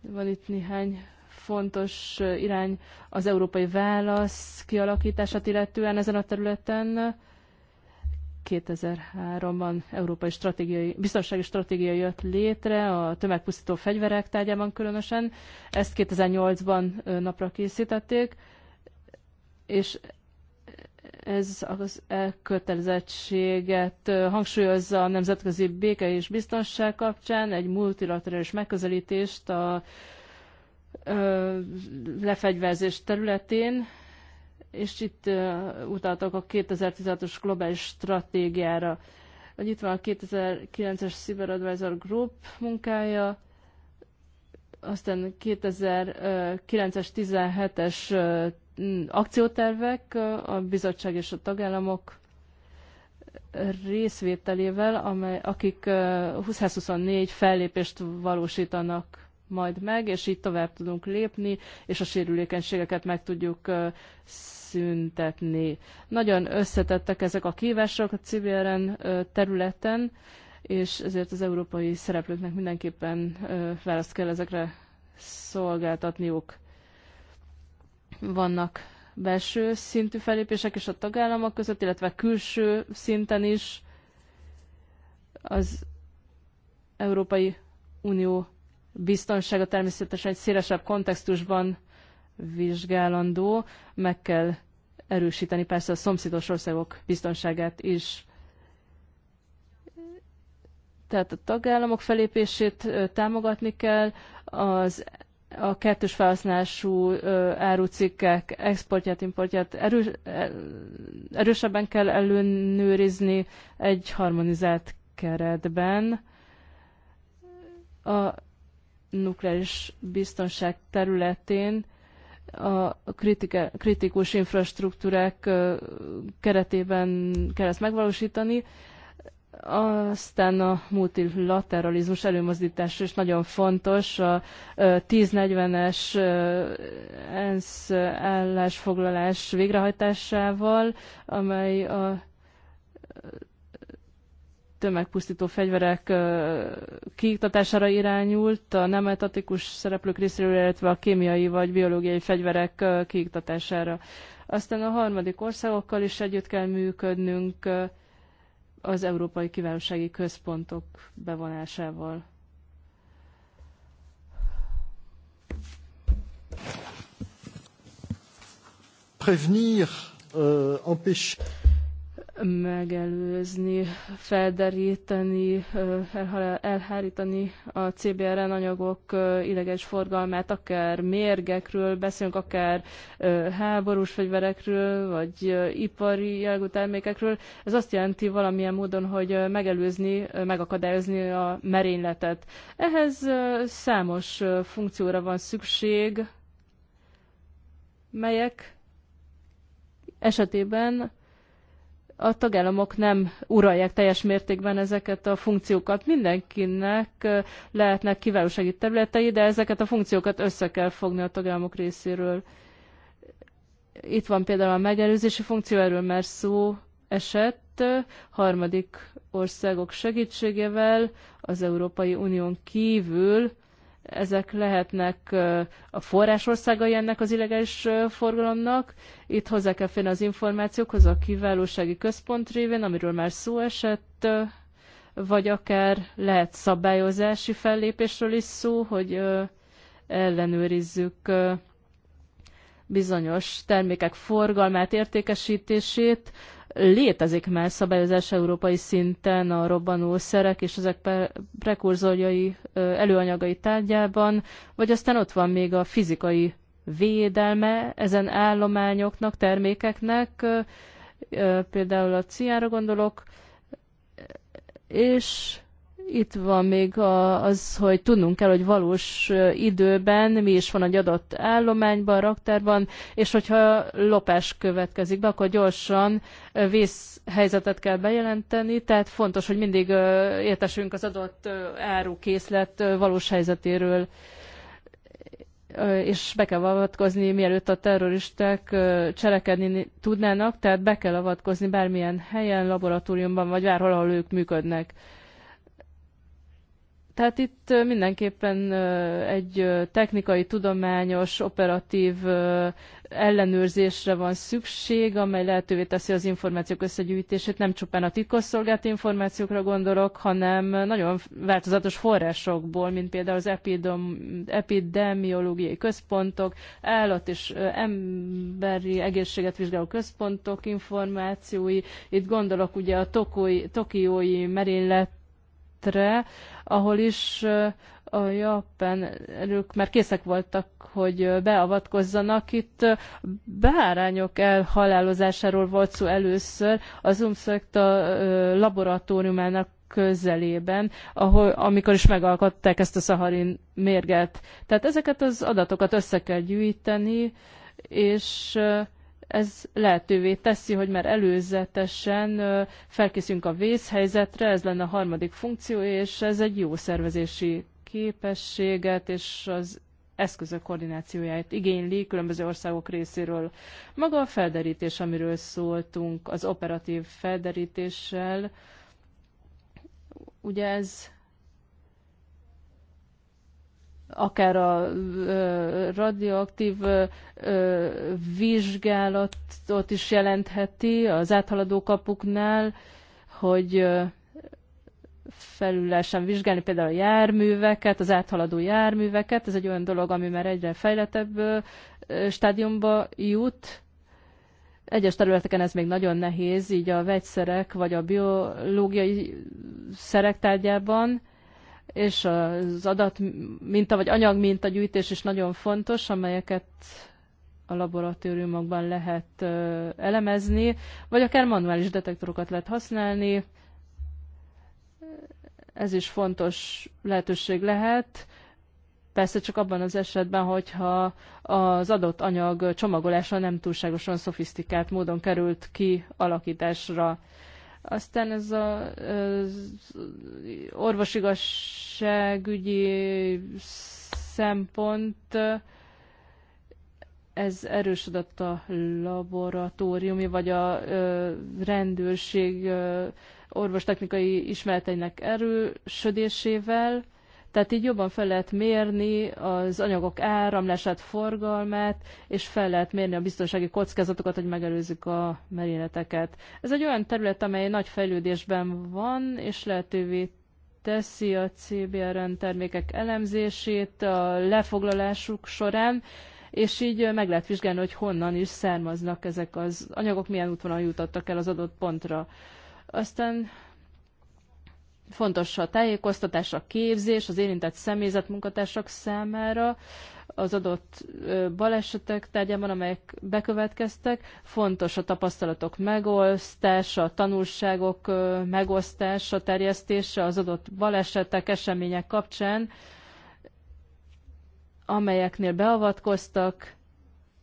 Van itt néhány fontos irány az európai válasz kialakítását illetően ezen a területen. 2003-ban európai stratégiai, biztonsági stratégia jött létre, a tömegpusztító fegyverek tárgyában különösen. Ezt 2008-ban napra készítették, és ez az elkötelezettséget hangsúlyozza a nemzetközi béke és biztonság kapcsán, egy multilaterális megközelítést a lefegyverzés területén, és itt utaltak a 2016-os globális stratégiára. Hogy itt van a 2009-es Cyber Advisor Group munkája, aztán 2009-es, 17-es akciótervek a bizottság és a tagállamok részvételével, amely, akik 2024 fellépést valósítanak majd meg, és így tovább tudunk lépni, és a sérülékenységeket meg tudjuk megszüntetni. Nagyon összetettek ezek a kívások a civil területen, és ezért az európai szereplőknek mindenképpen választ kell ezekre szolgáltatniuk. Vannak belső szintű felépések és a tagállamok között, illetve külső szinten is az Európai Unió biztonsága természetesen egy szélesebb kontextusban vizsgálandó, meg kell erősíteni persze a szomszédos országok biztonságát is. Tehát a tagállamok felépését támogatni kell, az a kettős felhasználású árucikkek exportját, importját erős, e, erősebben kell ellenőrizni egy harmonizált keretben. A nukleáris biztonság területén a kritike, kritikus infrastruktúrák keretében kell ezt megvalósítani. Aztán a multilateralizmus előmozdítása is nagyon fontos. A 1040-es ENSZ állásfoglalás végrehajtásával, amely a tömegpusztító fegyverek kiiktatására irányult, a nem etatikus szereplők részéről, illetve a kémiai vagy biológiai fegyverek kiiktatására. Aztán a harmadik országokkal is együtt kell működnünk az Európai Kiválósági Központok bevonásával. Prévenir, euh, empêcher megelőzni, felderíteni, elhárítani a CBRN anyagok ideges forgalmát, akár mérgekről beszélünk, akár háborús fegyverekről, vagy ipari jelgő termékekről. Ez azt jelenti valamilyen módon, hogy megelőzni, megakadályozni a merényletet. Ehhez számos funkcióra van szükség, melyek esetében a tagállamok nem uralják teljes mértékben ezeket a funkciókat. Mindenkinek lehetnek kiválósági területei, de ezeket a funkciókat össze kell fogni a tagállamok részéről. Itt van például a megelőzési funkció, erről már szó esett harmadik országok segítségével az Európai Unión kívül ezek lehetnek a forrásországai ennek az illegális forgalomnak. Itt hozzá kell férni az információkhoz a kiválósági központ révén, amiről már szó esett, vagy akár lehet szabályozási fellépésről is szó, hogy ellenőrizzük bizonyos termékek forgalmát, értékesítését, Létezik már szabályozás európai szinten a robbanószerek és ezek prekurzorjai előanyagai tárgyában, vagy aztán ott van még a fizikai védelme ezen állományoknak, termékeknek, például a ciára gondolok, és itt van még az, hogy tudnunk kell, hogy valós időben mi is van egy adott állományban, raktárban, és hogyha lopás következik be, akkor gyorsan vészhelyzetet kell bejelenteni, tehát fontos, hogy mindig értesünk az adott árukészlet valós helyzetéről és be kell avatkozni, mielőtt a terroristák cselekedni tudnának, tehát be kell avatkozni bármilyen helyen, laboratóriumban, vagy bárhol, ahol ők működnek. Tehát itt mindenképpen egy technikai, tudományos, operatív ellenőrzésre van szükség, amely lehetővé teszi az információk összegyűjtését. Nem csupán a titkosszolgált információkra gondolok, hanem nagyon változatos forrásokból, mint például az epidemiológiai központok, állat és emberi egészséget vizsgáló központok információi. Itt gondolok ugye a tokiói merénylet Szigetre, ahol is a japánok már készek voltak, hogy beavatkozzanak. Itt bárányok elhalálozásáról volt szó először az UMSZEKTA laboratóriumának közelében, ahol, amikor is megalkották ezt a szaharin mérget. Tehát ezeket az adatokat össze kell gyűjteni, és ez lehetővé teszi, hogy már előzetesen felkészünk a vészhelyzetre, ez lenne a harmadik funkció, és ez egy jó szervezési képességet és az eszközök koordinációját igényli különböző országok részéről. Maga a felderítés, amiről szóltunk, az operatív felderítéssel, ugye ez akár a radioaktív vizsgálatot is jelentheti az áthaladó kapuknál, hogy felül lehessen vizsgálni például a járműveket, az áthaladó járműveket. Ez egy olyan dolog, ami már egyre fejlettebb stádiumba jut. Egyes területeken ez még nagyon nehéz, így a vegyszerek vagy a biológiai szerek tárgyában és az adat minta vagy anyag minta gyűjtés is nagyon fontos, amelyeket a laboratóriumokban lehet elemezni, vagy akár manuális detektorokat lehet használni. Ez is fontos lehetőség lehet. Persze csak abban az esetben, hogyha az adott anyag csomagolása nem túlságosan szofisztikált módon került ki alakításra. Aztán ez a az orvosigazságügyi szempont, ez erősödött a laboratóriumi vagy a rendőrség orvostechnikai ismereteinek erősödésével tehát így jobban fel lehet mérni az anyagok áramlását, forgalmát, és fel lehet mérni a biztonsági kockázatokat, hogy megelőzzük a merényleteket. Ez egy olyan terület, amely nagy fejlődésben van, és lehetővé teszi a CBRN termékek elemzését a lefoglalásuk során, és így meg lehet vizsgálni, hogy honnan is származnak ezek az anyagok, milyen útvonal jutottak el az adott pontra. Aztán Fontos a tájékoztatás, a képzés, az érintett személyzet munkatársak számára, az adott balesetek tárgyában, amelyek bekövetkeztek. Fontos a tapasztalatok megosztása, a tanulságok megosztása, terjesztése az adott balesetek, események kapcsán, amelyeknél beavatkoztak,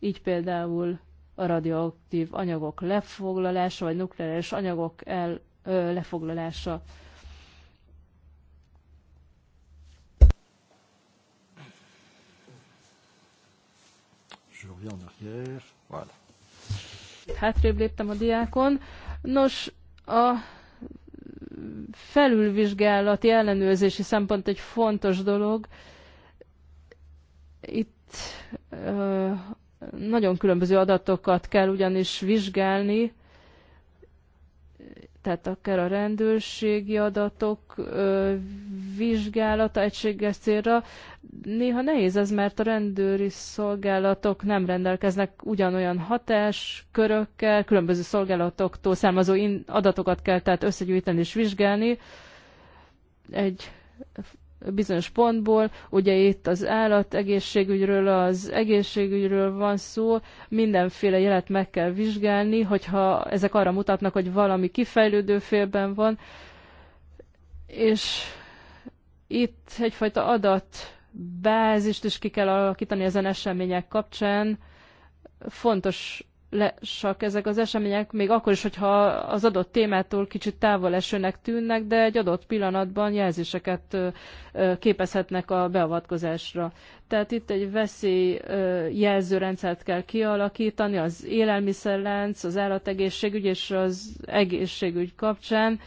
így például a radioaktív anyagok lefoglalása, vagy nukleáris anyagok el, ö, lefoglalása. revient Voilà. Hátrébb léptem a diákon. Nos, a felülvizsgálati ellenőrzési szempont egy fontos dolog. Itt ö, nagyon különböző adatokat kell ugyanis vizsgálni, tehát akár a rendőrségi adatok ö, vizsgálata egységes célra. Néha nehéz ez, mert a rendőri szolgálatok nem rendelkeznek ugyanolyan hatáskörökkel, különböző szolgálatoktól származó adatokat kell tehát összegyűjteni és vizsgálni. Egy bizonyos pontból, ugye itt az állat egészségügyről, az egészségügyről van szó, mindenféle jelet meg kell vizsgálni, hogyha ezek arra mutatnak, hogy valami kifejlődő félben van, és itt egyfajta adatbázist is ki kell alakítani ezen események kapcsán. Fontos lesak ezek az események, még akkor is, hogyha az adott témától kicsit távol esőnek tűnnek, de egy adott pillanatban jelzéseket képezhetnek a beavatkozásra. Tehát itt egy veszélyjelzőrendszert kell kialakítani az élelmiszerlánc, az állategészségügy és az egészségügy kapcsán.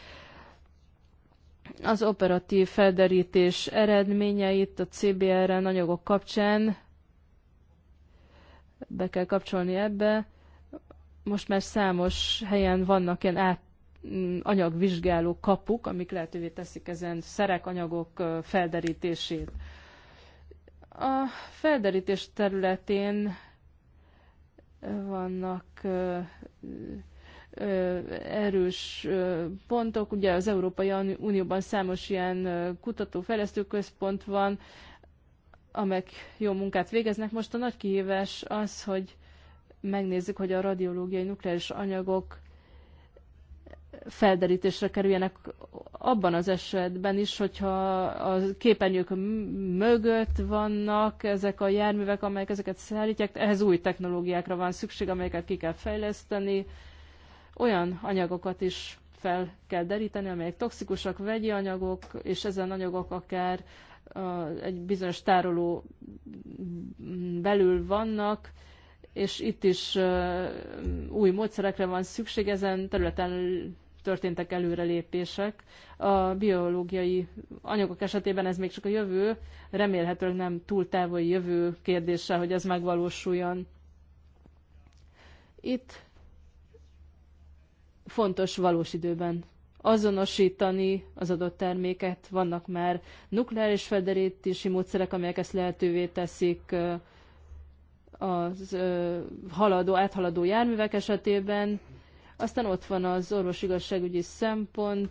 Az operatív felderítés eredményeit a CBR-en anyagok kapcsán be kell kapcsolni ebbe most már számos helyen vannak ilyen át, mm, anyagvizsgáló kapuk, amik lehetővé teszik ezen szerek, anyagok felderítését. A felderítés területén vannak erős pontok. Ugye az Európai Unióban számos ilyen kutatófejlesztő központ van, amelyek jó munkát végeznek. Most a nagy kihívás az, hogy megnézzük, hogy a radiológiai nukleáris anyagok felderítésre kerüljenek abban az esetben is, hogyha a képernyők mögött vannak ezek a járművek, amelyek ezeket szállítják, ehhez új technológiákra van szükség, amelyeket ki kell fejleszteni, olyan anyagokat is fel kell deríteni, amelyek toxikusak, vegyi anyagok, és ezen anyagok akár egy bizonyos tároló belül vannak, és itt is új módszerekre van szükség, ezen területen történtek előrelépések. A biológiai anyagok esetében ez még csak a jövő, remélhetőleg nem túl távoli jövő kérdése, hogy ez megvalósuljon. Itt fontos valós időben azonosítani az adott terméket. Vannak már nukleáris felderítési módszerek, amelyek ezt lehetővé teszik, az haladó, áthaladó járművek esetében. Aztán ott van az orvosigazságügyi szempont,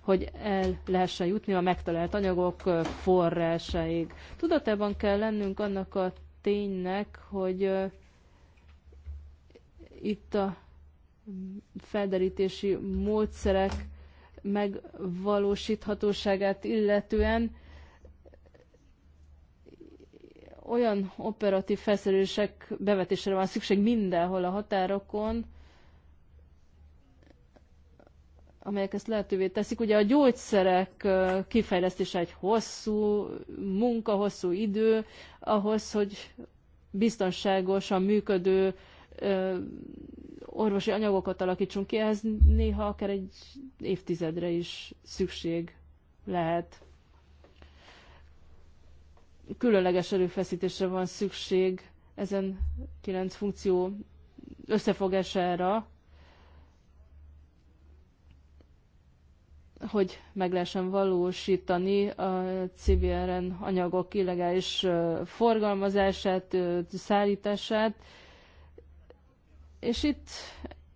hogy el lehessen jutni a megtalált anyagok forrásáig. Tudatában kell lennünk annak a ténynek, hogy itt a felderítési módszerek megvalósíthatóságát illetően olyan operatív felszerelések bevetésre van szükség mindenhol a határokon, amelyek ezt lehetővé teszik. Ugye a gyógyszerek kifejlesztése egy hosszú munka, hosszú idő, ahhoz, hogy biztonságosan működő orvosi anyagokat alakítsunk ki, ehhez néha akár egy évtizedre is szükség lehet különleges erőfeszítésre van szükség ezen kilenc funkció összefogására, hogy meg lehessen valósítani a CBRN anyagok illegális forgalmazását, szállítását, és itt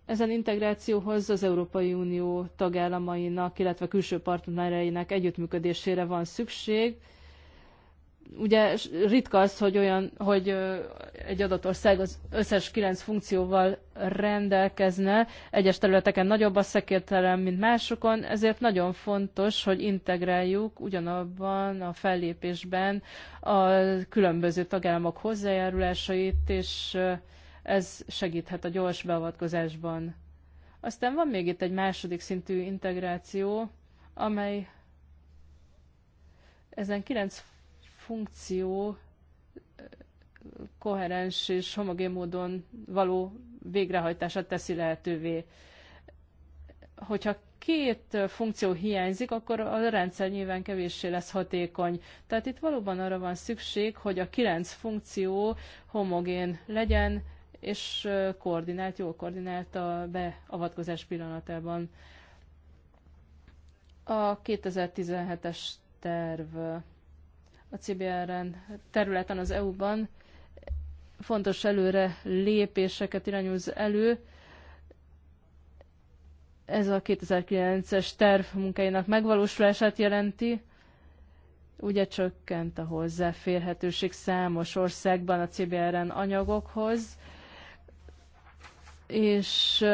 ezen integrációhoz az Európai Unió tagállamainak, illetve külső partnereinek együttműködésére van szükség, ugye ritka az, hogy olyan, hogy egy adott ország az összes kilenc funkcióval rendelkezne, egyes területeken nagyobb a szekértelem, mint másokon, ezért nagyon fontos, hogy integráljuk ugyanabban a fellépésben a különböző tagállamok hozzájárulásait, és ez segíthet a gyors beavatkozásban. Aztán van még itt egy második szintű integráció, amely ezen kilenc funkció koherens és homogén módon való végrehajtását teszi lehetővé. Hogyha két funkció hiányzik, akkor a rendszer nyilván kevéssé lesz hatékony. Tehát itt valóban arra van szükség, hogy a kilenc funkció homogén legyen, és koordinált, jól koordinált a beavatkozás pillanatában. A 2017-es terv a CBRN területen az EU-ban fontos előre lépéseket irányoz elő. Ez a 2009-es terv munkáinak megvalósulását jelenti. Ugye csökkent a hozzáférhetőség számos országban a CBRN anyagokhoz, és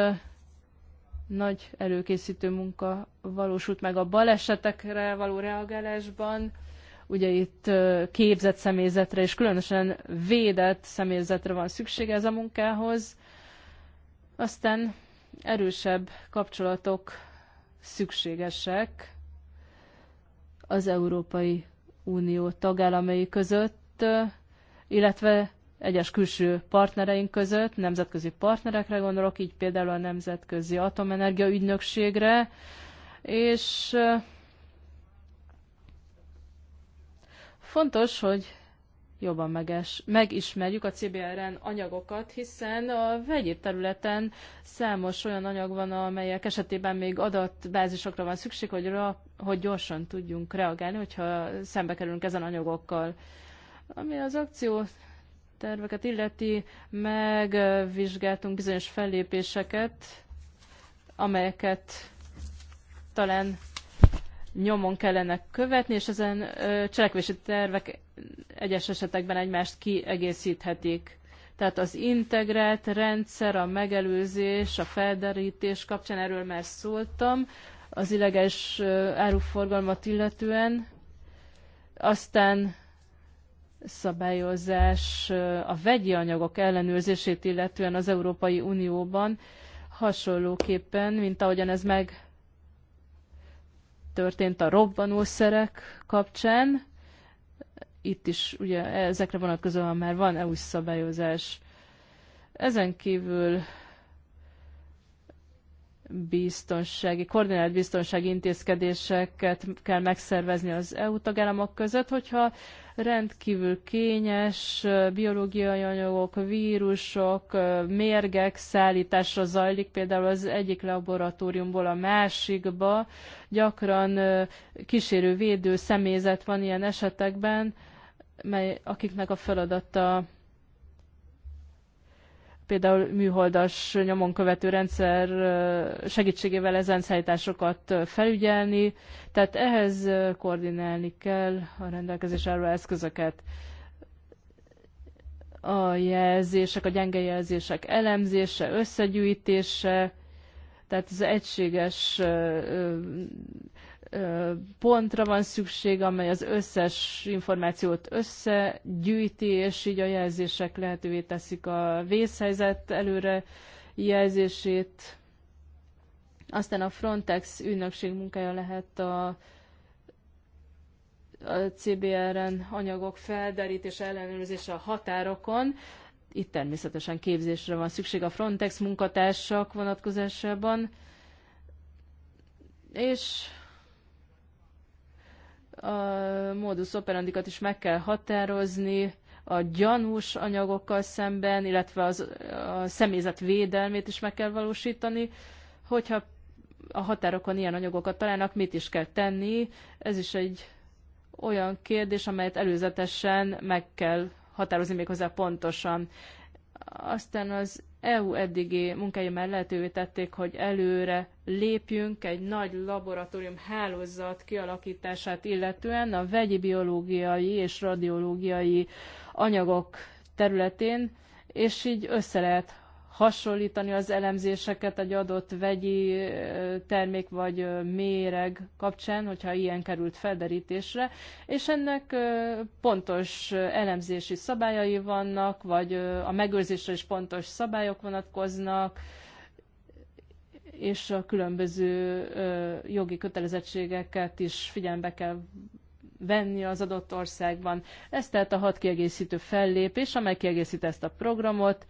nagy előkészítő munka valósult meg a balesetekre való reagálásban, Ugye itt képzett személyzetre és különösen védett személyzetre van szüksége ez a munkához. Aztán erősebb kapcsolatok szükségesek az Európai Unió tagállamai között, illetve egyes külső partnereink között, nemzetközi partnerekre gondolok, így például a Nemzetközi Atomenergia Ügynökségre, és Fontos, hogy jobban meges, megismerjük a CBRN anyagokat, hiszen a vegyi területen számos olyan anyag van, amelyek esetében még adatbázisokra van szükség, hogy, ra, hogy gyorsan tudjunk reagálni, hogyha szembe kerülünk ezen anyagokkal. Ami az akció terveket illeti, megvizsgáltunk bizonyos fellépéseket, amelyeket talán nyomon kellene követni, és ezen cselekvési tervek egyes esetekben egymást kiegészíthetik. Tehát az integrált rendszer, a megelőzés, a felderítés kapcsán, erről már szóltam, az illegális áruforgalmat illetően, aztán szabályozás a vegyi anyagok ellenőrzését illetően az Európai Unióban, hasonlóképpen, mint ahogyan ez meg történt a robbanószerek kapcsán. Itt is ugye ezekre vonatkozóan már van EU szabályozás. Ezen kívül biztonsági, koordinált biztonsági intézkedéseket kell megszervezni az EU tagállamok között, hogyha rendkívül kényes biológiai anyagok, vírusok, mérgek szállításra zajlik, például az egyik laboratóriumból a másikba, gyakran kísérő védő személyzet van ilyen esetekben, mely, akiknek a feladata például műholdas nyomon követő rendszer segítségével ezen szállításokat felügyelni, tehát ehhez koordinálni kell a rendelkezés álló eszközöket. A jelzések, a gyenge jelzések elemzése, összegyűjtése, tehát az egységes pontra van szükség, amely az összes információt összegyűjti, és így a jelzések lehetővé teszik a vészhelyzet előre jelzését. Aztán a Frontex ügynökség munkája lehet a, a CBRN anyagok felderítése, ellenőrzése a határokon. Itt természetesen képzésre van szükség a Frontex munkatársak vonatkozásában. És a modus operandikat is meg kell határozni, a gyanús anyagokkal szemben, illetve az, a személyzet védelmét is meg kell valósítani, hogyha a határokon ilyen anyagokat találnak, mit is kell tenni. Ez is egy olyan kérdés, amelyet előzetesen meg kell határozni méghozzá pontosan. Aztán az EU eddigi munkái már lehetővé tették, hogy előre lépjünk egy nagy laboratórium hálózat kialakítását illetően a vegyi biológiai és radiológiai anyagok területén, és így össze lehet hasonlítani az elemzéseket egy adott vegyi termék vagy méreg kapcsán, hogyha ilyen került felderítésre, és ennek pontos elemzési szabályai vannak, vagy a megőrzésre is pontos szabályok vonatkoznak, és a különböző jogi kötelezettségeket is figyelembe kell venni az adott országban. Ez tehát a hat kiegészítő fellépés, amely kiegészít ezt a programot,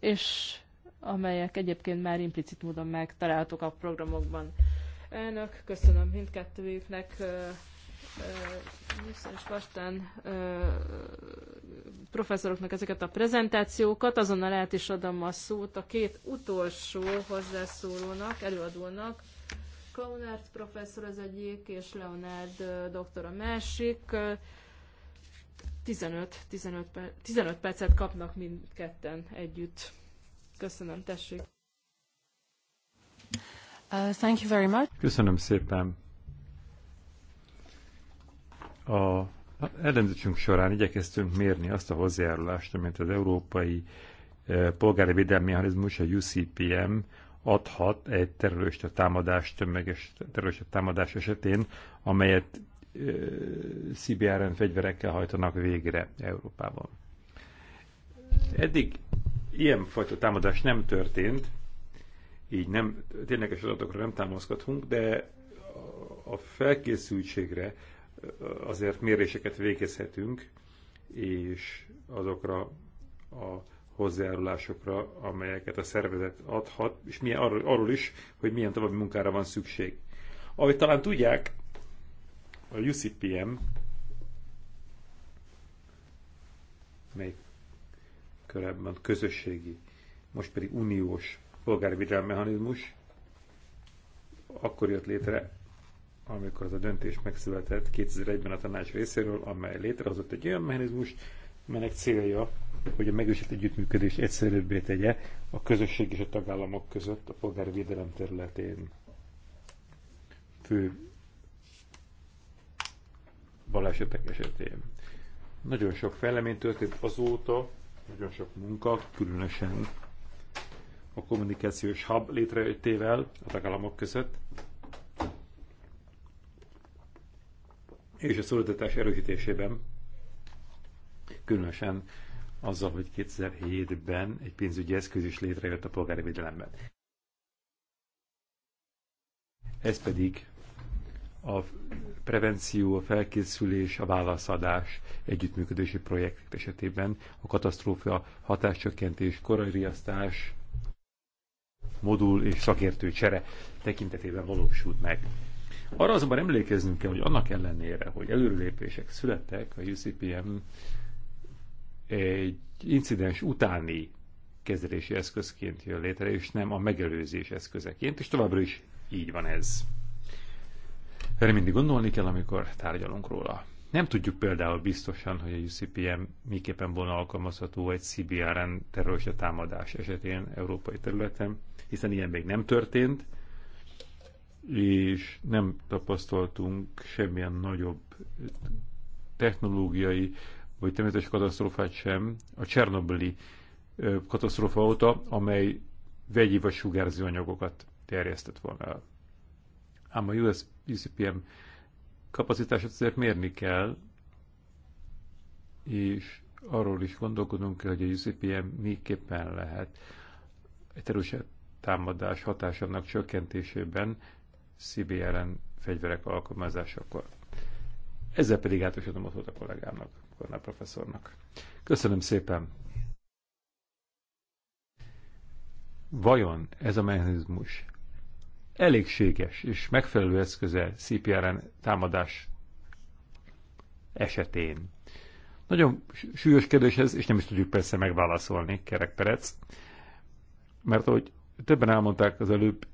és amelyek egyébként már implicit módon megtalálhatók a programokban. Elnök, köszönöm mindkettőjüknek. Nixon és Vastán professzoroknak ezeket a prezentációkat. Azonnal át is adom a szót a két utolsó hozzászólónak, előadónak. Klaunert professzor az egyik, és Leonard doktor a másik. Ö, 15, 15, per, 15 percet kapnak mindketten együtt. Köszönöm, tessék. Uh, thank you very much. Köszönöm szépen. A ellenzésünk során igyekeztünk mérni azt a hozzájárulást, amit az Európai eh, Polgári Védelmi Mechanizmus, a UCPM adhat egy terrorista támadás, tömeges terrorista támadás esetén, amelyet CBRN fegyverekkel hajtanak végre Európában. Eddig ilyenfajta támadás nem történt, így nem, tényleges adatokra nem támaszkodhatunk, de a felkészültségre azért méréseket végezhetünk, és azokra a hozzájárulásokra, amelyeket a szervezet adhat, és milyen, arról, arról is, hogy milyen további munkára van szükség. Ahogy talán tudják, a UCPM, mely korábban közösségi, most pedig uniós polgárvédelmi mechanizmus, akkor jött létre, amikor az a döntés megszületett 2001-ben a tanács részéről, amely létrehozott egy olyan mechanizmust, melynek célja, hogy a megősített együttműködés egyszerűbbé tegye a közösség és a tagállamok között a védelem területén. Fő balesetek esetén. Nagyon sok fejlemény történt azóta, nagyon sok munka, különösen a kommunikációs hub létrejöttével a tagállamok között, és a szolidatás erősítésében, különösen azzal, hogy 2007-ben egy pénzügyi eszköz is létrejött a polgári védelemben. Ez pedig a prevenció, a felkészülés, a válaszadás együttműködési projekt esetében a katasztrófa hatáscsökkentés, korai riasztás, modul és szakértő csere tekintetében valósult meg. Arra azonban emlékeznünk kell, hogy annak ellenére, hogy előrelépések születtek, a UCPM egy incidens utáni kezelési eszközként jön létre, és nem a megelőzés eszközeként, és továbbra is így van ez. Erre mindig gondolni kell, amikor tárgyalunk róla. Nem tudjuk például biztosan, hogy a UCPM miképpen volna alkalmazható egy CBRN terrorista támadás esetén európai területen, hiszen ilyen még nem történt, és nem tapasztaltunk semmilyen nagyobb technológiai vagy természetes katasztrófát sem a Csernobili katasztrófa óta, amely vegyi vagy sugárzó anyagokat terjesztett volna el ám a US UCPM kapacitását azért mérni kell, és arról is gondolkodunk kell, hogy a UCPM miképpen lehet egy terület támadás hatásának csökkentésében CBRN fegyverek alkalmazásakor. Ezzel pedig át is adom a szót a kollégámnak, Kornál professzornak. Köszönöm szépen! Vajon ez a mechanizmus elégséges és megfelelő eszköze CPRN támadás esetén? Nagyon súlyos kérdés ez, és nem is tudjuk persze megválaszolni, Kerek Perec, mert ahogy többen elmondták az előbb,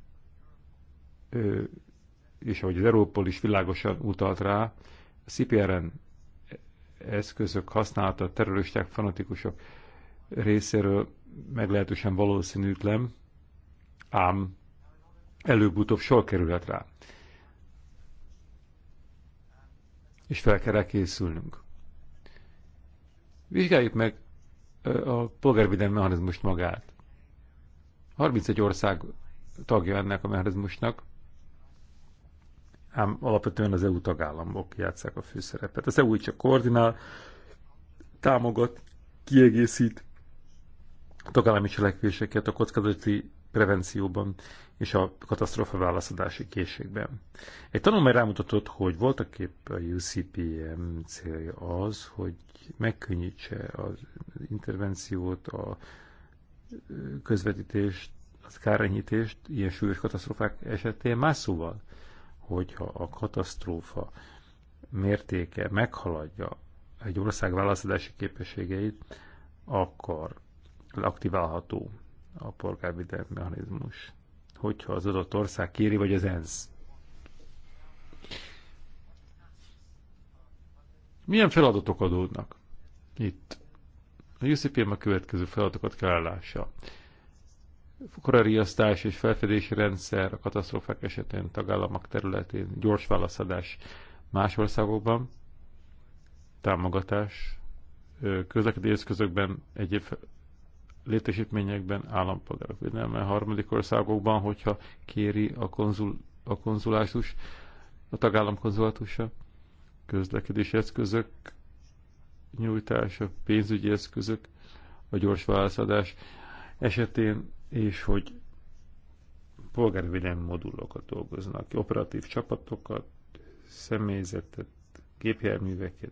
és ahogy az Európol is világosan utalt rá, a CPRN eszközök használata terroristák, fanatikusok részéről meglehetősen valószínűtlen, ám előbb-utóbb sor kerülhet rá. És fel kell készülnünk. Vizsgáljuk meg a polgárvédelmi mechanizmust magát. 31 ország tagja ennek a mechanizmusnak, ám alapvetően az EU tagállamok játszák a főszerepet. Az EU csak koordinál, támogat, kiegészít a tagállami cselekvéseket a kockázati prevencióban és a katasztrófa válaszadási készségben. Egy tanulmány rámutatott, hogy voltak épp a UCPM célja az, hogy megkönnyítse az intervenciót, a közvetítést, az kárenyítést ilyen súlyos katasztrófák esetén. Más szóval, hogyha a katasztrófa mértéke meghaladja egy ország válaszadási képességeit, akkor aktiválható a polgárvédelmi mechanizmus hogyha az adott ország kéri, vagy az ENSZ. Milyen feladatok adódnak itt? A UCPM a következő feladatokat kell ellássa. Fukarariasztás és felfedési rendszer a katasztrófák esetén, tagállamok területén, gyors válaszadás más országokban, támogatás, közlekedési eszközökben, egyéb létesítményekben, állampolgárok védelme, harmadik országokban, hogyha kéri a, konzul, a konzulátus, a tagállam konzulátusa, közlekedési eszközök nyújtása, pénzügyi eszközök, a gyors válaszadás esetén, és hogy polgárvédelmi modulokat dolgoznak, operatív csapatokat, személyzetet, gépjárműveket,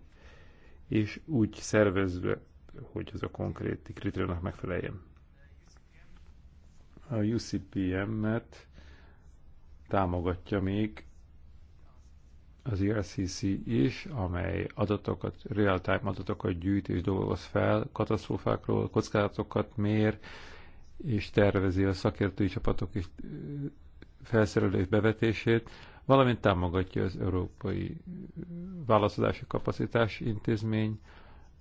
és úgy szervezve hogy ez a konkrét kritériumnak megfeleljen. A UCPM-et támogatja még az IRCC is, amely adatokat, real-time adatokat gyűjt és dolgoz fel, katasztrófákról, kockázatokat mér, és tervezi a szakértői csapatok és felszerelés bevetését, valamint támogatja az Európai Válaszadási Kapacitás Intézmény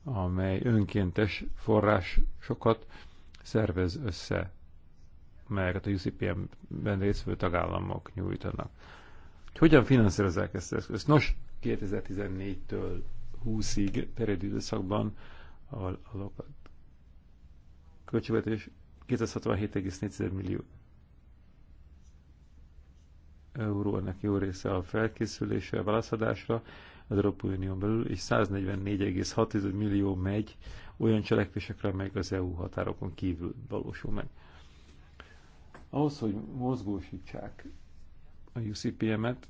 amely önkéntes forrásokat szervez össze, melyeket a UCPM-ben részvő tagállamok nyújtanak. Hogy hogyan finanszírozzák ezt az eszközt? Nos, 2014-től 20-ig terjedő időszakban a, a lokat költségvetés 267,4 millió euró, ennek jó része a felkészülése, a válaszadásra, az Európai Unión belül, és 144,6 millió megy olyan cselekvésekre, amelyek az EU határokon kívül valósul meg. Ahhoz, hogy mozgósítsák a UCPM-et,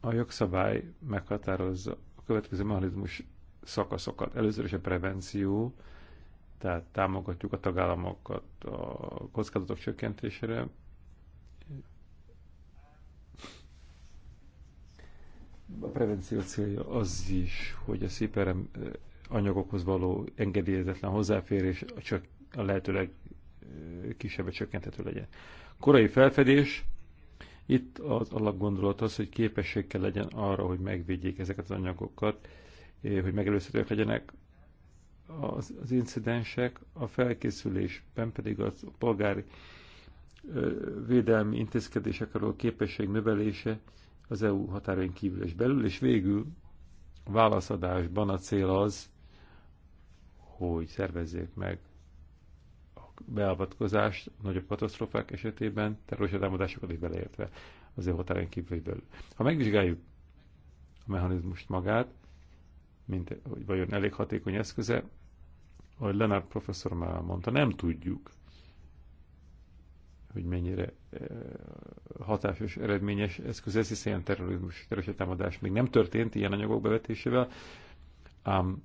a jogszabály meghatározza a következő mechanizmus szakaszokat. Először is a prevenció, tehát támogatjuk a tagállamokat a kockázatok csökkentésére, a prevenció célja az is, hogy a széperem eh, anyagokhoz való engedélyezetlen hozzáférés csak a lehetőleg kisebbre csökkenthető legyen. Korai felfedés, itt az alapgondolat az, hogy képesség kell legyen arra, hogy megvédjék ezeket az anyagokat, eh, hogy megelőzhetőek legyenek az, az incidensek, a felkészülésben pedig az polgári eh, védelmi intézkedésekről képesség növelése, az EU határain kívül és belül, és végül a válaszadásban a cél az, hogy szervezzék meg a beavatkozást nagyobb katasztrofák esetében, terrorista támadásokat is beleértve az EU határain kívül és belül. Ha megvizsgáljuk a mechanizmust magát, mint hogy vajon elég hatékony eszköze, ahogy Lenár professzor már mondta, nem tudjuk, hogy mennyire Eh, hatásos, eredményes eszköz ez, hiszen ilyen terrorizmus, terrorista támadás még nem történt ilyen anyagok bevetésével, ám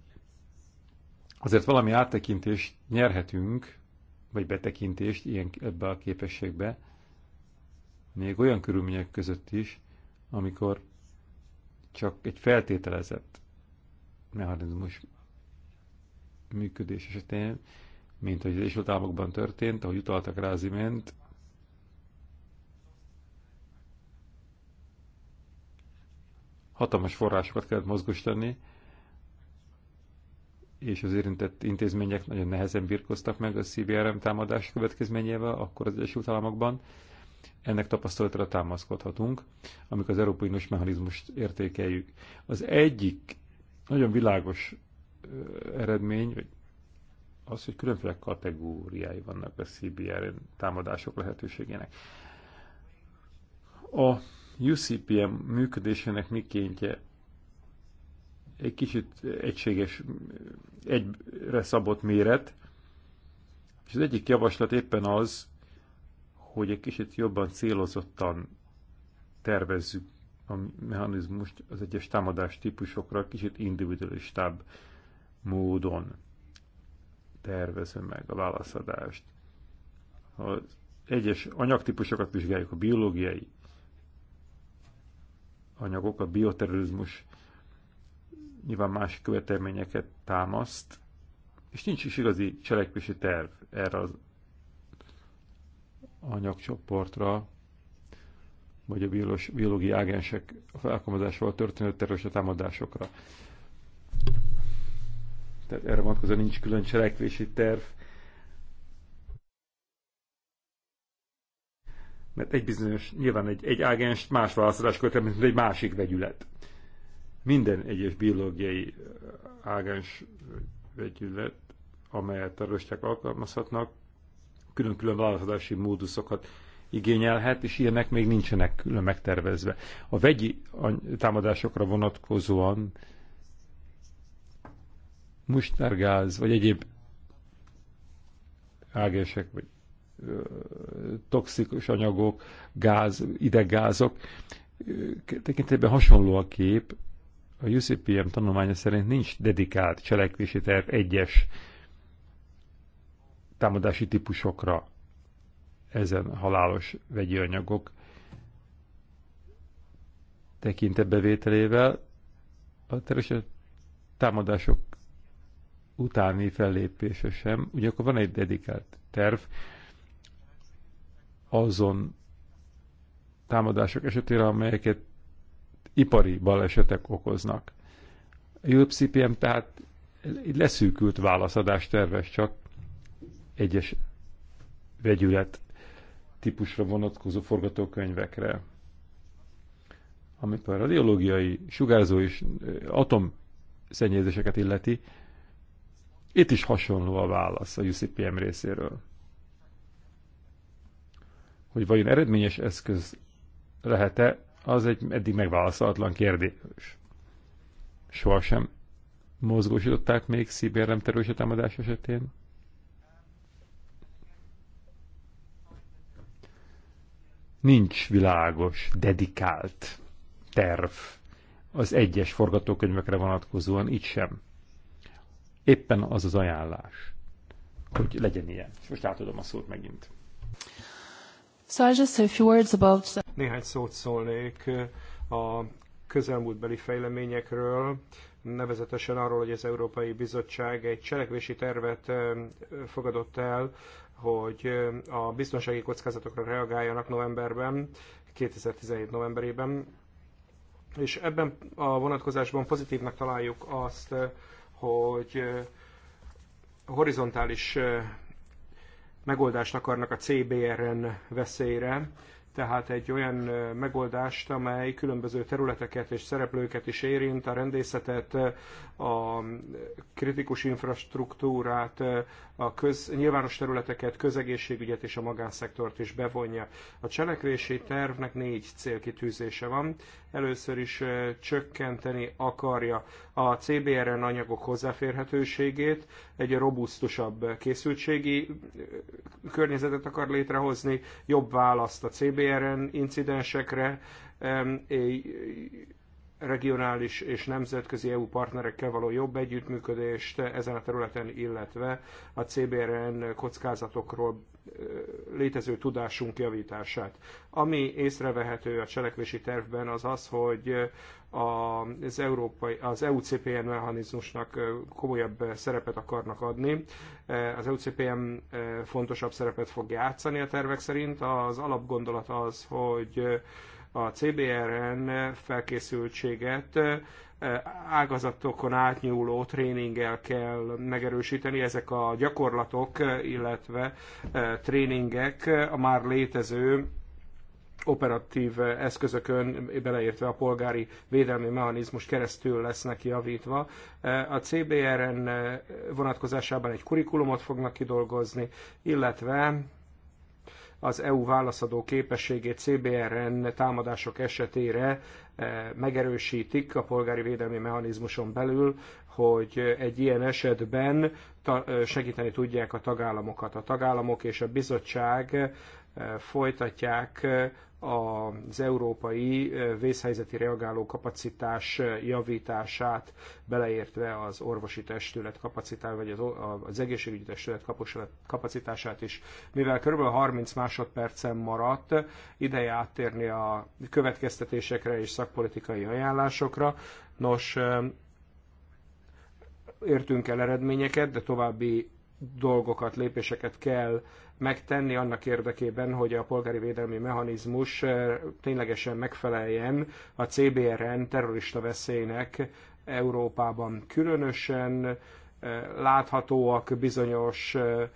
azért valami áttekintést nyerhetünk, vagy betekintést ilyen, ebbe a képességbe, még olyan körülmények között is, amikor csak egy feltételezett mechanizmus működés esetén, mint ahogy az Egyesült Államokban történt, ahogy utaltak rá az imént, hatalmas forrásokat kellett mozgósítani, és az érintett intézmények nagyon nehezen birkoztak meg a CBRM támadás következményével akkor az Egyesült Államokban. Ennek tapasztalatra támaszkodhatunk, amikor az Európai Uniós mechanizmust értékeljük. Az egyik nagyon világos eredmény hogy az, hogy különféle kategóriái vannak a CBR támadások lehetőségének. A UCPM működésének mikéntje egy kicsit egységes, egyre szabott méret, és az egyik javaslat éppen az, hogy egy kicsit jobban célozottan tervezzük a mechanizmust az egyes támadás típusokra, kicsit individualistább módon tervezve meg a válaszadást. Ha az egyes anyagtípusokat vizsgáljuk, a biológiai, anyagok, a bioterrorizmus nyilván más követelményeket támaszt, és nincs is igazi cselekvési terv erre az anyagcsoportra, vagy a biológiai ágensek alkalmazásával történő terrorista támadásokra. Tehát erre vonatkozóan nincs külön cselekvési terv, Mert egy bizonyos, nyilván egy, egy ágens más választás kötel, mint egy másik vegyület. Minden egyes biológiai ágens vegyület, amelyet terroristák alkalmazhatnak, külön-külön választási móduszokat igényelhet, és ilyenek még nincsenek külön megtervezve. A vegyi támadásokra vonatkozóan mustárgáz, vagy egyéb ágensek, vagy toxikus anyagok, gáz, ideggázok. Tekintetben hasonló a kép. A UCPM tanulmánya szerint nincs dedikált cselekvési terv egyes támadási típusokra ezen halálos vegyi anyagok tekintetbevételével a terrorista támadások utáni fellépése sem. akkor van egy dedikált terv, azon támadások esetére, amelyeket ipari balesetek okoznak. A UPCPM tehát egy leszűkült válaszadást tervez csak egyes vegyület típusra vonatkozó forgatókönyvekre. amit a radiológiai, sugárzó és szennyezéseket illeti, itt is hasonló a válasz a UCPM részéről hogy vajon eredményes eszköz lehet-e, az egy eddig megválaszolatlan kérdés. Sohasem mozgósították még szibérlem terrorista támadás esetén? Nincs világos, dedikált terv az egyes forgatókönyvekre vonatkozóan, itt sem. Éppen az az ajánlás, hogy legyen ilyen. És most átadom a szót megint. Néhány szót szólnék a közelmúltbeli fejleményekről, nevezetesen arról, hogy az Európai Bizottság egy cselekvési tervet fogadott el, hogy a biztonsági kockázatokra reagáljanak novemberben, 2017 novemberében, és ebben a vonatkozásban pozitívnak találjuk azt, hogy horizontális megoldást akarnak a CBRN veszélyre, tehát egy olyan megoldást, amely különböző területeket és szereplőket is érint, a rendészetet, a kritikus infrastruktúrát, a köz, nyilvános területeket, közegészségügyet és a magánszektort is bevonja. A cselekvési tervnek négy célkitűzése van. Először is csökkenteni akarja a CBRN anyagok hozzáférhetőségét, egy robusztusabb készültségi környezetet akar létrehozni, jobb választ a CBRN BRN incidensekre regionális és nemzetközi EU partnerekkel való jobb együttműködést ezen a területen, illetve a CBRN kockázatokról létező tudásunk javítását. Ami észrevehető a cselekvési tervben az az, hogy az, európai, az EUCPN mechanizmusnak komolyabb szerepet akarnak adni. Az EUCPN fontosabb szerepet fog játszani a tervek szerint. Az alapgondolat az, hogy a CBRN felkészültséget ágazatokon átnyúló tréninggel kell megerősíteni. Ezek a gyakorlatok, illetve tréningek a már létező operatív eszközökön, beleértve a polgári védelmi mechanizmus keresztül lesznek javítva. A CBRN vonatkozásában egy kurikulumot fognak kidolgozni, illetve az EU válaszadó képességét CBRN támadások esetére eh, megerősítik a polgári védelmi mechanizmuson belül, hogy egy ilyen esetben eh, segíteni tudják a tagállamokat. A tagállamok és a bizottság folytatják az európai vészhelyzeti reagáló kapacitás javítását, beleértve az orvosi testület kapacitását, vagy az, egészségügyi testület kapacitását is. Mivel kb. 30 másodpercen maradt, ideje áttérni a következtetésekre és szakpolitikai ajánlásokra. Nos, értünk el eredményeket, de további dolgokat, lépéseket kell megtenni annak érdekében, hogy a polgári védelmi mechanizmus eh, ténylegesen megfeleljen a CBRN terrorista veszélynek Európában. Különösen eh, láthatóak bizonyos eh,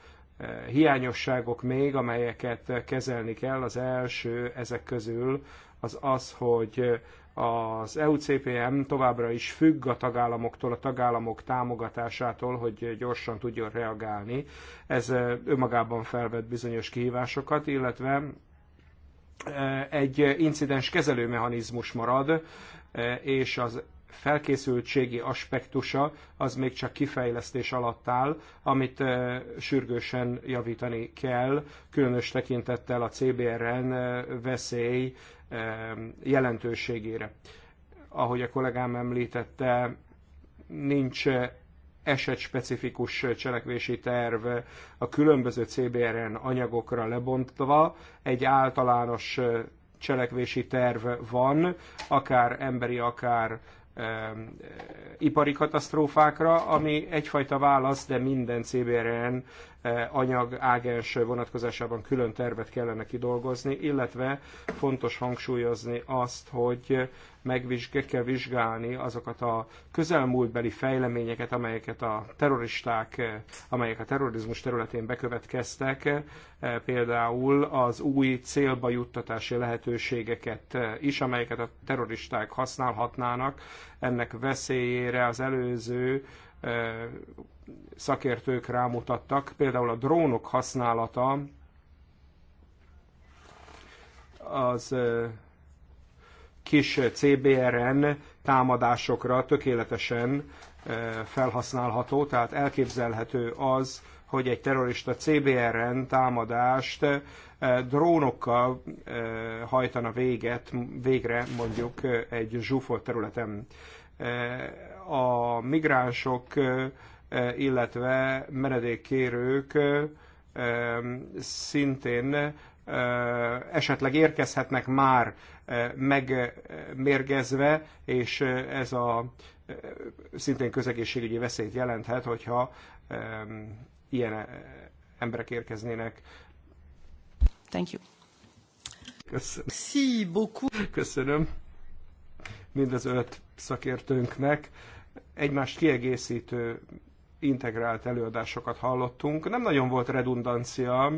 hiányosságok még, amelyeket kezelni kell. Az első ezek közül az az, hogy az EUCPM továbbra is függ a tagállamoktól, a tagállamok támogatásától, hogy gyorsan tudjon reagálni. Ez önmagában felvet bizonyos kihívásokat, illetve egy incidens kezelő mechanizmus marad, és az felkészültségi aspektusa az még csak kifejlesztés alatt áll, amit sürgősen javítani kell, különös tekintettel a CBRN veszély jelentőségére. Ahogy a kollégám említette, nincs esetspecifikus cselekvési terv a különböző CBRN anyagokra lebontva, egy általános cselekvési terv van, akár emberi, akár ipari katasztrófákra, ami egyfajta válasz, de minden CBRN anyag ágens vonatkozásában külön tervet kellene kidolgozni, illetve fontos hangsúlyozni azt, hogy megvizsgálni kell vizsgálni azokat a közelmúltbeli fejleményeket, amelyeket a terroristák, amelyek a terrorizmus területén bekövetkeztek, például az új célba juttatási lehetőségeket is, amelyeket a terroristák használhatnának, ennek veszélyére az előző szakértők rámutattak, például a drónok használata az kis CBRN támadásokra tökéletesen felhasználható, tehát elképzelhető az, hogy egy terrorista CBRN támadást drónokkal hajtana véget, végre mondjuk egy zsúfolt területen. A migránsok Eh, illetve menedékkérők eh, szintén eh, esetleg érkezhetnek már megmérgezve, és ez a szintén közegészségügyi veszélyt jelenthet, hogyha ilyen emberek érkeznének. Thank you. Köszönöm. Si beaucoup. Köszönöm mind az öt szakértőnknek egymást kiegészítő integrált előadásokat hallottunk. Nem nagyon volt redundancia.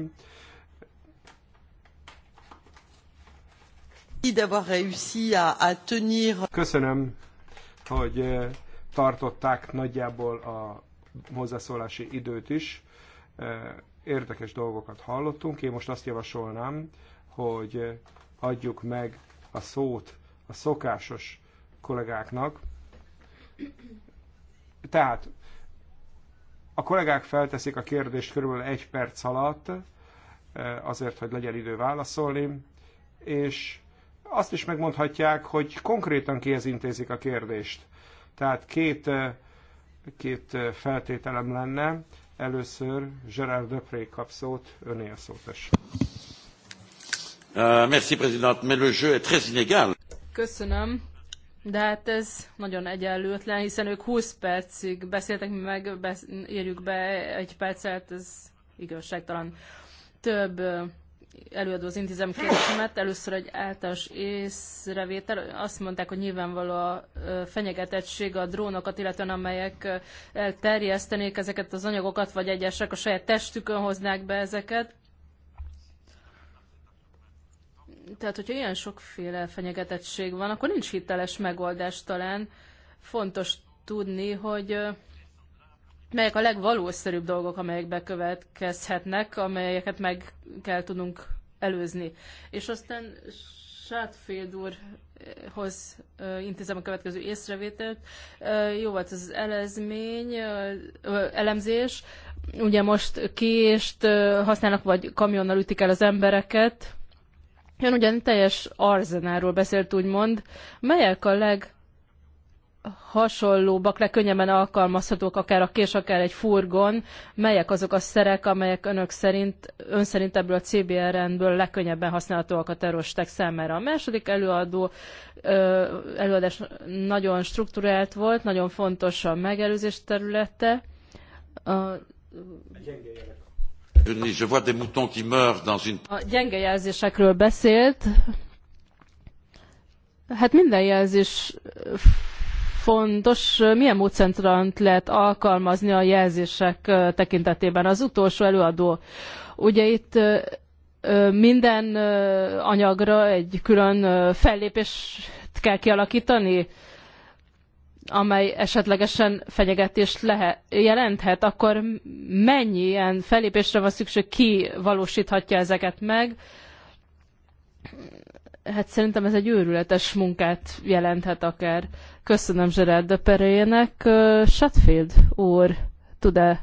Köszönöm, hogy eh, tartották nagyjából a hozzászólási időt is. Eh, érdekes dolgokat hallottunk. Én most azt javasolnám, hogy eh, adjuk meg a szót a szokásos kollégáknak. Tehát a kollégák felteszik a kérdést körülbelül egy perc alatt, eh, azért, hogy legyen idő válaszolni, és azt is megmondhatják, hogy konkrétan kihez intézik a kérdést. Tehát két, eh, két eh, feltételem lenne. Először Gerard Döpré kap szót, öné a szót euh, inégal. Köszönöm. De hát ez nagyon egyenlőtlen, hiszen ők 20 percig beszéltek, mi meg besz írjuk be egy percet, ez igazságtalan. Több előadó az intézem kérdésemet. Először egy általános észrevétel. Azt mondták, hogy nyilvánvaló a fenyegetettség a drónokat, illetően amelyek elterjesztenék ezeket az anyagokat, vagy egyesek a saját testükön hoznák be ezeket. Tehát, hogyha ilyen sokféle fenyegetettség van, akkor nincs hiteles megoldás talán. Fontos tudni, hogy melyek a legvalószerűbb dolgok, amelyek bekövetkezhetnek, amelyeket meg kell tudnunk előzni. És aztán Sátfield úrhoz intézem a következő észrevételt. Jó volt az elezmény, elemzés. Ugye most kést használnak, vagy kamionnal ütik el az embereket, Ön ugyan teljes arzenáról beszélt, úgymond, melyek a leg hasonlóbbak, legkönnyebben alkalmazhatók akár a kés, akár egy furgon, melyek azok a szerek, amelyek önök szerint, ön szerint ebből a CBR rendből legkönnyebben használhatóak a terroristák számára. A második előadó előadás nagyon strukturált volt, nagyon fontos a megelőzés területe. A, a gyenge jelek a gyenge jelzésekről beszélt. Hát minden jelzés fontos. Milyen módszertant lehet alkalmazni a jelzések tekintetében? Az utolsó előadó. Ugye itt minden anyagra egy külön fellépést kell kialakítani? amely esetlegesen fenyegetést lehet, jelenthet, akkor mennyi ilyen felépésre van szükség, ki valósíthatja ezeket meg? Hát szerintem ez egy őrületes munkát jelenthet akár. Köszönöm Gerard de Shatfield úr tud-e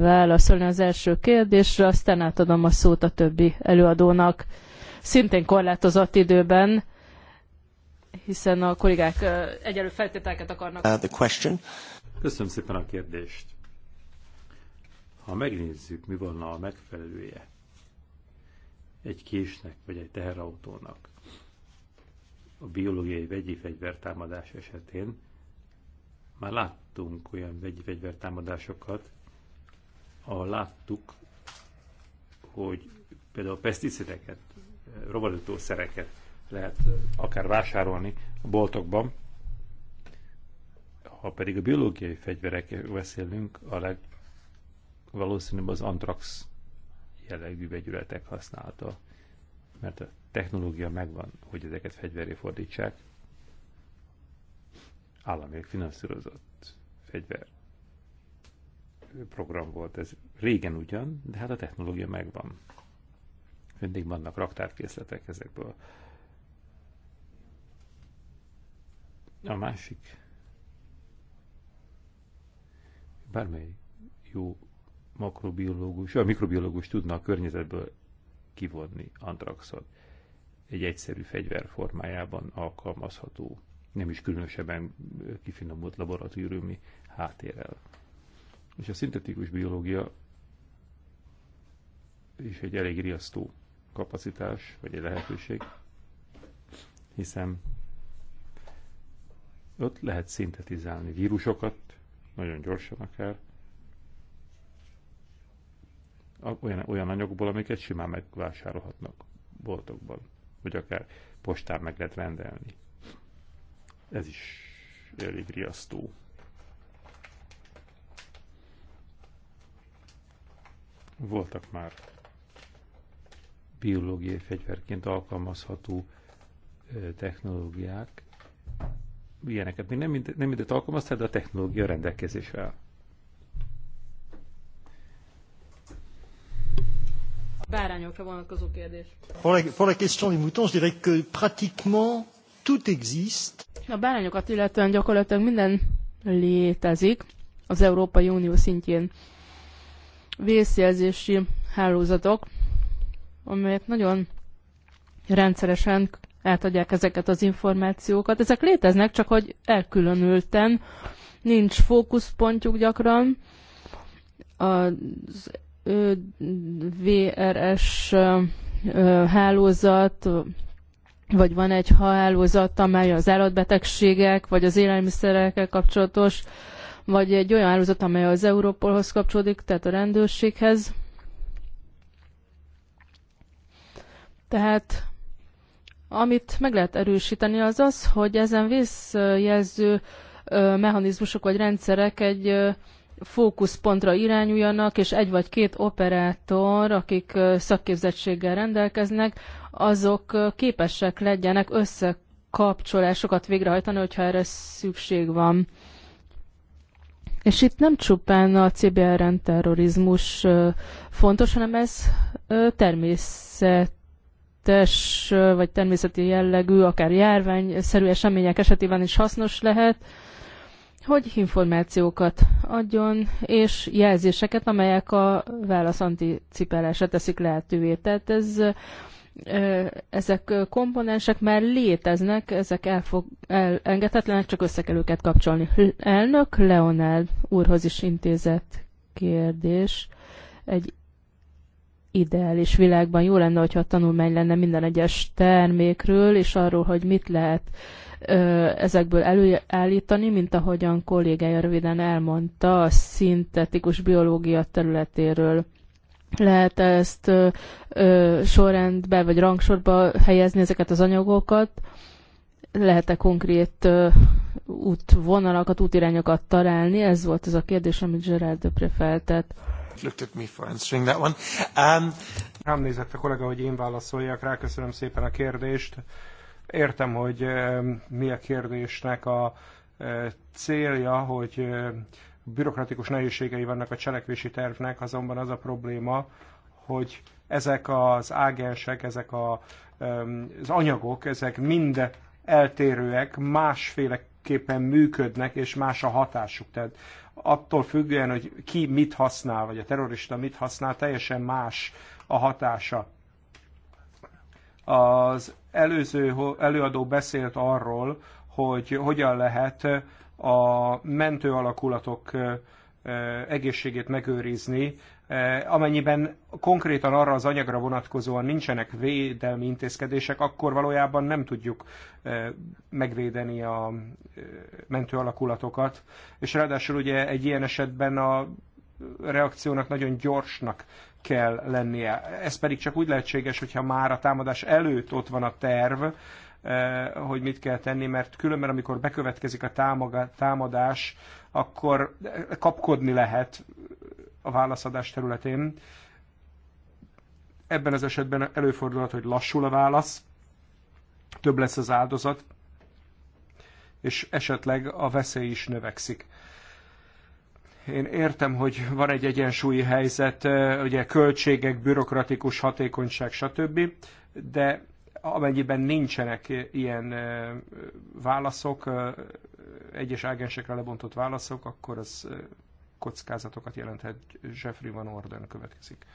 válaszolni az első kérdésre, aztán átadom a szót a többi előadónak. Szintén korlátozott időben hiszen a kollégák egyelő feltételeket akarnak. Uh, the question. Köszönöm szépen a kérdést. Ha megnézzük, mi volna a megfelelője egy késnek vagy egy teherautónak a biológiai vegyi fegyvertámadás esetén, már láttunk olyan vegyi fegyvertámadásokat, ahol láttuk, hogy például peszticideket, rovarütószereket lehet akár vásárolni a boltokban. Ha pedig a biológiai fegyverekről beszélünk, a legvalószínűbb az antrax jellegű vegyületek használata, mert a technológia megvan, hogy ezeket fegyveré fordítsák. állami finanszírozott fegyver program volt ez. Régen ugyan, de hát a technológia megvan. Mindig vannak raktárkészletek ezekből. A másik, bármely jó makrobiológus, a mikrobiológus tudna a környezetből kivonni antraxot egy egyszerű fegyver formájában alkalmazható, nem is különösebben kifinomult laboratóriumi háttérrel. És a szintetikus biológia is egy elég riasztó kapacitás, vagy egy lehetőség, hiszen ott lehet szintetizálni vírusokat, nagyon gyorsan akár, olyan, olyan anyagból, amiket simán megvásárolhatnak boltokban, vagy akár postán meg lehet rendelni. Ez is elég riasztó. Voltak már biológiai fegyverként alkalmazható technológiák, ilyeneket még nem, mind, nem mindent alkalmazták, de a technológia rendelkezésre áll. bárányokra vonatkozó kérdés. Pour la question des moutons, je dirais que pratiquement tout existe. A bárányokat illetően gyakorlatilag minden létezik az Európai Unió szintjén. Vészjelzési hálózatok, amelyek nagyon rendszeresen átadják ezeket az információkat. Ezek léteznek, csak hogy elkülönülten, nincs fókuszpontjuk gyakran. Az VRS hálózat, vagy van egy hálózat, amely az állatbetegségek, vagy az élelmiszerekkel kapcsolatos, vagy egy olyan hálózat, amely az Európolhoz kapcsolódik, tehát a rendőrséghez. Tehát amit meg lehet erősíteni az az, hogy ezen vészjelző mechanizmusok vagy rendszerek egy fókuszpontra irányuljanak, és egy vagy két operátor, akik szakképzettséggel rendelkeznek, azok képesek legyenek összekapcsolásokat végrehajtani, hogyha erre szükség van. És itt nem csupán a CBRN terrorizmus fontos, hanem ez természet természetes vagy természeti jellegű, akár járványszerű események esetében is hasznos lehet, hogy információkat adjon, és jelzéseket, amelyek a válasz anticipálásra teszik lehetővé. Tehát ez, ezek komponensek már léteznek, ezek elfog, elengedhetlenek, csak össze kell őket kapcsolni. Elnök Leonel úrhoz is intézett kérdés egy ideális világban jó lenne, hogyha a tanulmány lenne minden egyes termékről, és arról, hogy mit lehet ezekből előállítani, mint ahogyan kollégája röviden elmondta a szintetikus biológia területéről. Lehet ezt ö, ö, sorrendbe vagy rangsorba helyezni ezeket az anyagokat, lehet-e konkrét ö, útvonalakat, útirányokat találni? Ez volt az a kérdés, amit Gerard Döpre feltett looked at me for answering that one. Um... Rám nézett a kollega, hogy én válaszoljak rá. Köszönöm szépen a kérdést. Értem, hogy eh, mi a kérdésnek a eh, célja, hogy eh, bürokratikus nehézségei vannak a cselekvési tervnek, azonban az a probléma, hogy ezek az ágensek, ezek a, az anyagok, ezek mind eltérőek, másféleképpen működnek, és más a hatásuk. Tehát attól függően, hogy ki mit használ, vagy a terrorista mit használ, teljesen más a hatása. Az előző előadó beszélt arról, hogy hogyan lehet a mentő alakulatok egészségét megőrizni Eh, amennyiben konkrétan arra az anyagra vonatkozóan nincsenek védelmi intézkedések, akkor valójában nem tudjuk eh, megvédeni a eh, mentő alakulatokat. És ráadásul ugye egy ilyen esetben a reakciónak nagyon gyorsnak kell lennie. Ez pedig csak úgy lehetséges, hogyha már a támadás előtt ott van a terv, hogy mit kell tenni, mert különben, amikor bekövetkezik a támadás, akkor kapkodni lehet, a válaszadás területén. Ebben az esetben előfordulhat, hogy lassul a válasz, több lesz az áldozat, és esetleg a veszély is növekszik. Én értem, hogy van egy egyensúlyi helyzet, ugye költségek, bürokratikus hatékonyság, stb., de amennyiben nincsenek ilyen válaszok, egyes ágensekre lebontott válaszok, akkor az kockázatokat jelenthet. Jeffrey Van Orden következik.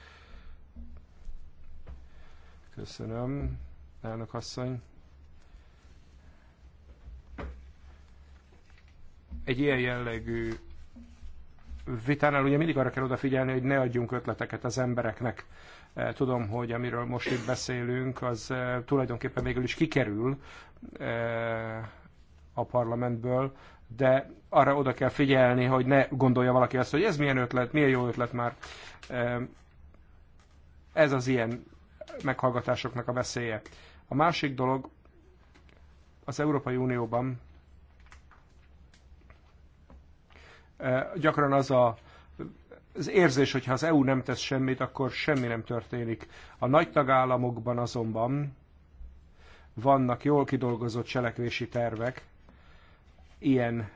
Köszönöm, elnök asszony. Egy ilyen jellegű vitánál ugye mindig arra kell odafigyelni, hogy ne adjunk ötleteket az embereknek. Eh, tudom, hogy amiről most itt beszélünk, az eh, tulajdonképpen végül is kikerül eh, a parlamentből, de arra oda kell figyelni, hogy ne gondolja valaki azt, hogy ez milyen ötlet, milyen jó ötlet már. Ez az ilyen meghallgatásoknak a veszélye. A másik dolog, az Európai Unióban e, gyakran az a, az érzés, hogy ha az EU nem tesz semmit, akkor semmi nem történik. A nagy tagállamokban azonban vannak jól kidolgozott cselekvési tervek, ilyen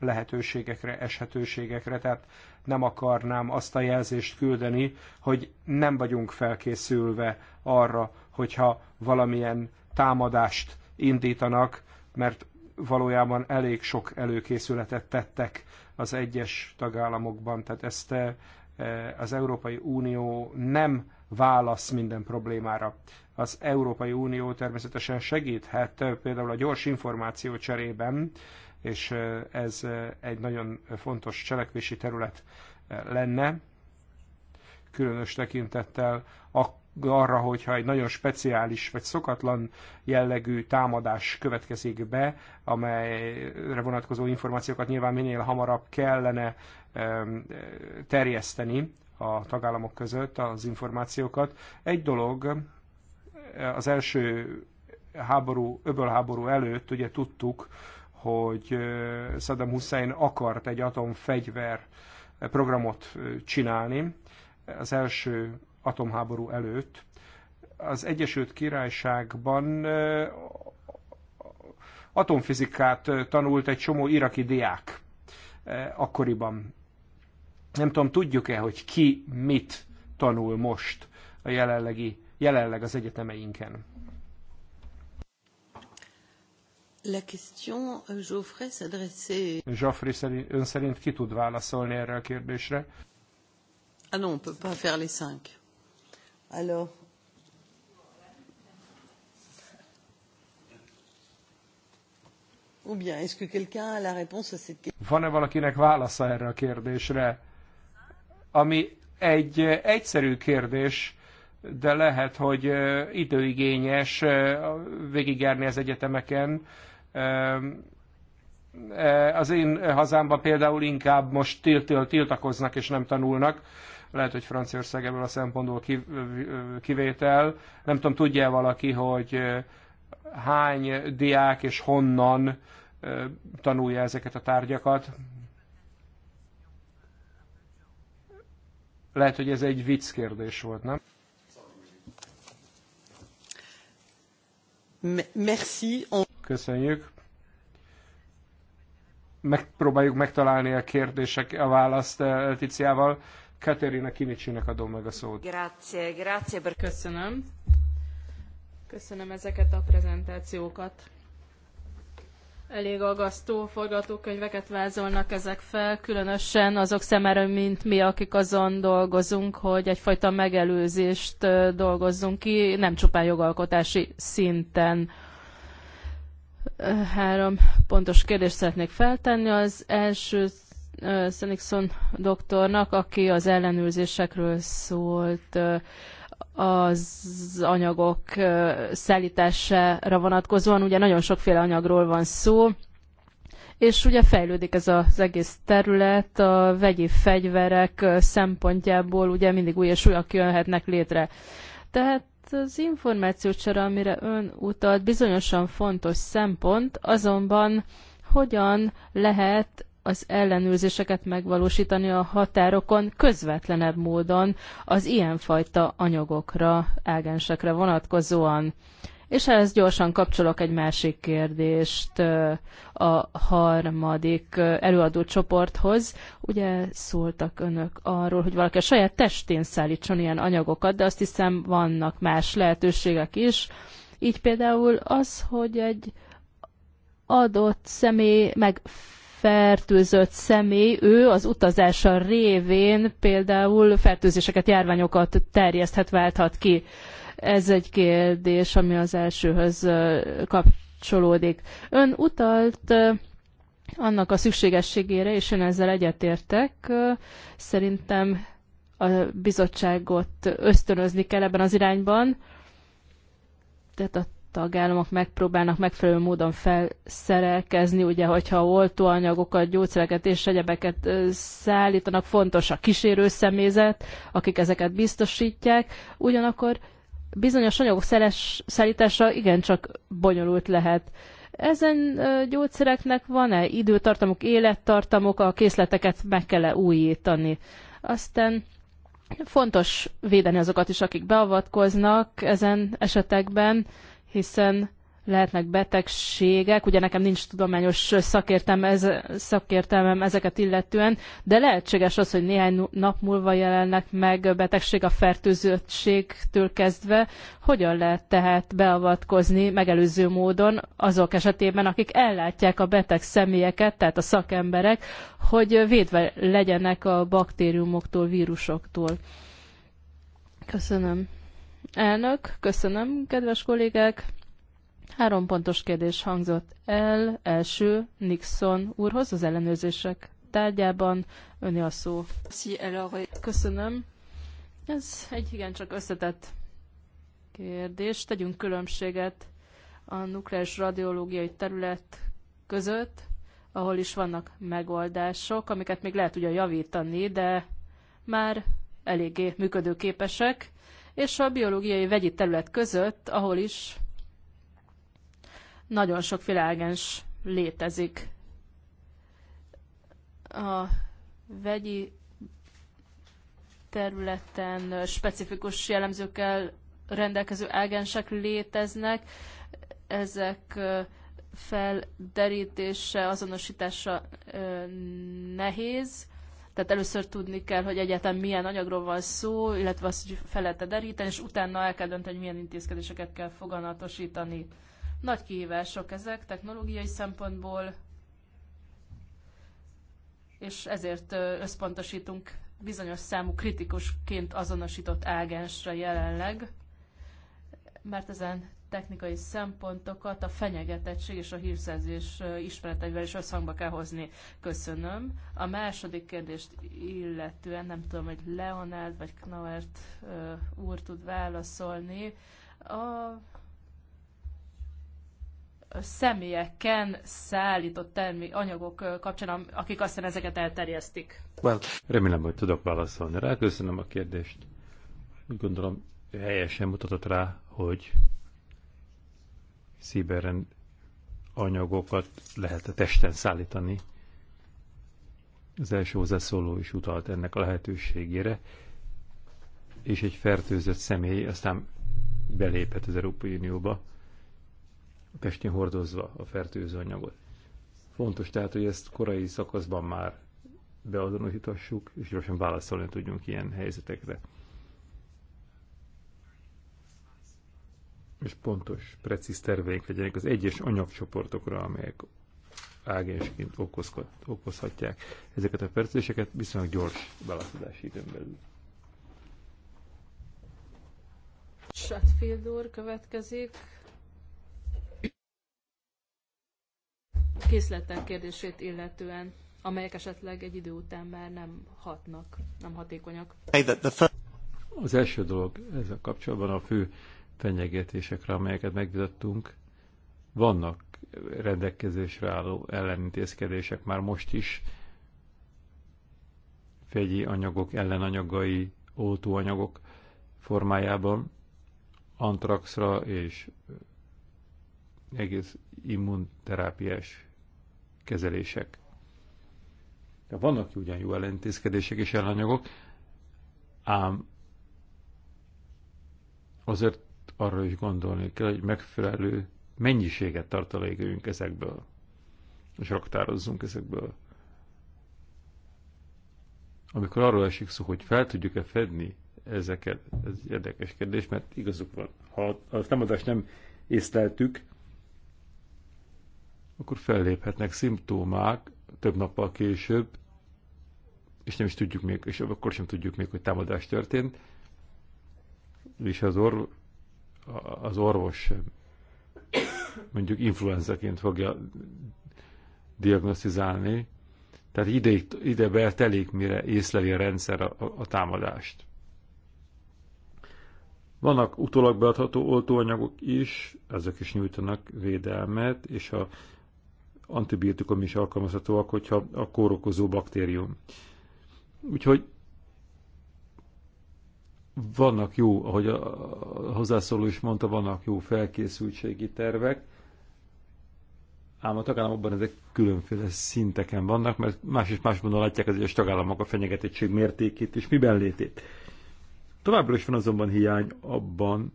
lehetőségekre, eshetőségekre, tehát nem akarnám azt a jelzést küldeni, hogy nem vagyunk felkészülve arra, hogyha valamilyen támadást indítanak, mert valójában elég sok előkészületet tettek az egyes tagállamokban, tehát ezt eh, az Európai Unió nem válasz minden problémára. Az Európai Unió természetesen segíthet eh, például a gyors információ cserében, és ez egy nagyon fontos cselekvési terület lenne, különös tekintettel arra, hogyha egy nagyon speciális vagy szokatlan jellegű támadás következik be, amelyre vonatkozó információkat nyilván minél hamarabb kellene terjeszteni a tagállamok között az információkat. Egy dolog, az első háború, öbölháború előtt ugye tudtuk, hogy Saddam Hussein akart egy atomfegyver programot csinálni az első atomháború előtt. Az Egyesült Királyságban atomfizikát tanult egy csomó iraki diák akkoriban. Nem tudom, tudjuk-e, hogy ki mit tanul most a jelenlegi, jelenleg az egyetemeinken. La question, euh, Geoffrey s'adressait... Geoffrey ön szerint ki tud válaszolni erre a kérdésre? Ah non, on peut pas faire les cinq. Alors, Ou bien, est-ce que quelqu'un a la réponse à cette question? Van-e valakinek válasza erre a kérdésre? Ami egy egyszerű kérdés, de lehet, hogy időigényes végigjárni az egyetemeken. Az én hazámban például inkább most tilt tiltakoznak és nem tanulnak. Lehet, hogy Franciaország ebből a szempontból kivétel. Nem tudom, tudja valaki, hogy hány diák és honnan tanulja ezeket a tárgyakat. Lehet, hogy ez egy vicc kérdés volt, nem? Merci. Köszönjük. Megpróbáljuk megtalálni a kérdések, a választ eh, Leticiával. Katerina Kinicsinek adom meg a szót. Grazie, grazie. Köszönöm. Köszönöm ezeket a prezentációkat elég aggasztó forgatókönyveket vázolnak ezek fel, különösen azok szemére, mint mi, akik azon dolgozunk, hogy egyfajta megelőzést dolgozzunk ki, nem csupán jogalkotási szinten. Három pontos kérdést szeretnék feltenni. Az első Szenikson doktornak, aki az ellenőrzésekről szólt az anyagok szállítására vonatkozóan, ugye nagyon sokféle anyagról van szó, és ugye fejlődik ez az egész terület, a vegyi fegyverek szempontjából ugye mindig új és újak jönhetnek létre. Tehát az információcsere, amire ön utalt, bizonyosan fontos szempont, azonban hogyan lehet az ellenőrzéseket megvalósítani a határokon közvetlenebb módon az ilyenfajta anyagokra, ágensekre vonatkozóan. És ehhez gyorsan kapcsolok egy másik kérdést a harmadik csoporthoz. Ugye szóltak önök arról, hogy valaki a saját testén szállítson ilyen anyagokat, de azt hiszem vannak más lehetőségek is. Így például az, hogy egy adott személy meg fertőzött személy, ő az utazása révén például fertőzéseket, járványokat terjeszthet, válthat ki. Ez egy kérdés, ami az elsőhöz kapcsolódik. Ön utalt annak a szükségességére, és én ezzel egyetértek. Szerintem a bizottságot ösztönözni kell ebben az irányban. Tehát a tagállamok megpróbálnak megfelelő módon felszerelkezni, ugye, hogyha oltóanyagokat, gyógyszereket és egyebeket szállítanak, fontos a kísérő személyzet, akik ezeket biztosítják, ugyanakkor bizonyos anyagok szállítása igencsak bonyolult lehet. Ezen gyógyszereknek van-e időtartamok, élettartamok, a készleteket meg kell -e újítani? Aztán fontos védeni azokat is, akik beavatkoznak ezen esetekben, hiszen lehetnek betegségek, ugye nekem nincs tudományos szakértelme, ez, szakértelmem ezeket illetően, de lehetséges az, hogy néhány nap múlva jelennek meg betegség a fertőzöttségtől kezdve. Hogyan lehet tehát beavatkozni megelőző módon azok esetében, akik ellátják a beteg személyeket, tehát a szakemberek, hogy védve legyenek a baktériumoktól, vírusoktól? Köszönöm. Elnök, köszönöm, kedves kollégák! Három pontos kérdés hangzott el. Első, Nixon úrhoz az ellenőrzések tárgyában. Öni a szó. Köszönöm. Ez egy igencsak összetett kérdés. Tegyünk különbséget a nukleáris radiológiai terület között, ahol is vannak megoldások, amiket még lehet ugye javítani, de már eléggé működőképesek és a biológiai vegyi terület között, ahol is nagyon sok filágens létezik. A vegyi területen specifikus jellemzőkkel rendelkező ágensek léteznek, ezek felderítése, azonosítása nehéz, tehát először tudni kell, hogy egyáltalán milyen anyagról van szó, illetve azt, hogy fel lehet deríteni, és utána el kell dönteni, hogy milyen intézkedéseket kell foganatosítani. Nagy kihívások ezek technológiai szempontból, és ezért összpontosítunk bizonyos számú kritikusként azonosított ágensre jelenleg, mert ezen technikai szempontokat a fenyegetettség és a hírszerzés ismereteivel is összhangba kell hozni. Köszönöm. A második kérdést illetően nem tudom, hogy Leonard vagy Knauert úr tud válaszolni. A személyeken szállított termi anyagok kapcsán, akik aztán ezeket elterjesztik. Well, remélem, hogy tudok válaszolni rá. Köszönöm a kérdést. Úgy gondolom, helyesen mutatott rá, hogy szíberen anyagokat lehet a testen szállítani. Az első hozzászóló is utalt ennek a lehetőségére, és egy fertőzött személy aztán belépett az Európai Unióba, testén hordozva a fertőző anyagot. Fontos tehát, hogy ezt korai szakaszban már beazonosítassuk, és gyorsan válaszolni tudjunk ilyen helyzetekre. és pontos, precíz terveink legyenek az egyes anyagcsoportokra, amelyek ágensként okozhatják ezeket a fertőzéseket viszonylag gyors válaszadási időn belül. Shutfield úr következik. Készletek kérdését illetően, amelyek esetleg egy idő után már nem hatnak, nem hatékonyak. Az első dolog ezzel kapcsolatban a fő fenyegetésekre, amelyeket megvizettünk. vannak rendelkezésre álló ellenintézkedések már most is, fegyi anyagok, ellenanyagai, oltóanyagok formájában, antraxra és egész immunterápiás kezelések. De vannak ugyan jó ellenintézkedések és ellenanyagok, ám azért arra is gondolni kell, hogy megfelelő mennyiséget tartalékoljunk ezekből, és raktározzunk ezekből. Amikor arról esik szó, hogy fel tudjuk-e fedni ezeket, ez érdekes kérdés, mert igazuk van. Ha a támadást nem észleltük, akkor felléphetnek szimptomák több nappal később, és nem is tudjuk még, és akkor sem tudjuk még, hogy támadás történt, és az orv, az orvos mondjuk influenzaként fogja diagnosztizálni, tehát ide ide beltelik, mire észleli a rendszer a, a támadást. Vannak utólag beadható oltóanyagok is, ezek is nyújtanak védelmet, és a antibiotikum is alkalmazhatóak, hogyha a kórokozó baktérium. Úgyhogy vannak jó, ahogy a hozzászóló is mondta, vannak jó felkészültségi tervek, ám a tagállamokban ezek különféle szinteken vannak, mert más és más módon látják az egyes tagállamok a fenyegetettség mértékét és miben létét. Továbbra is van azonban hiány abban,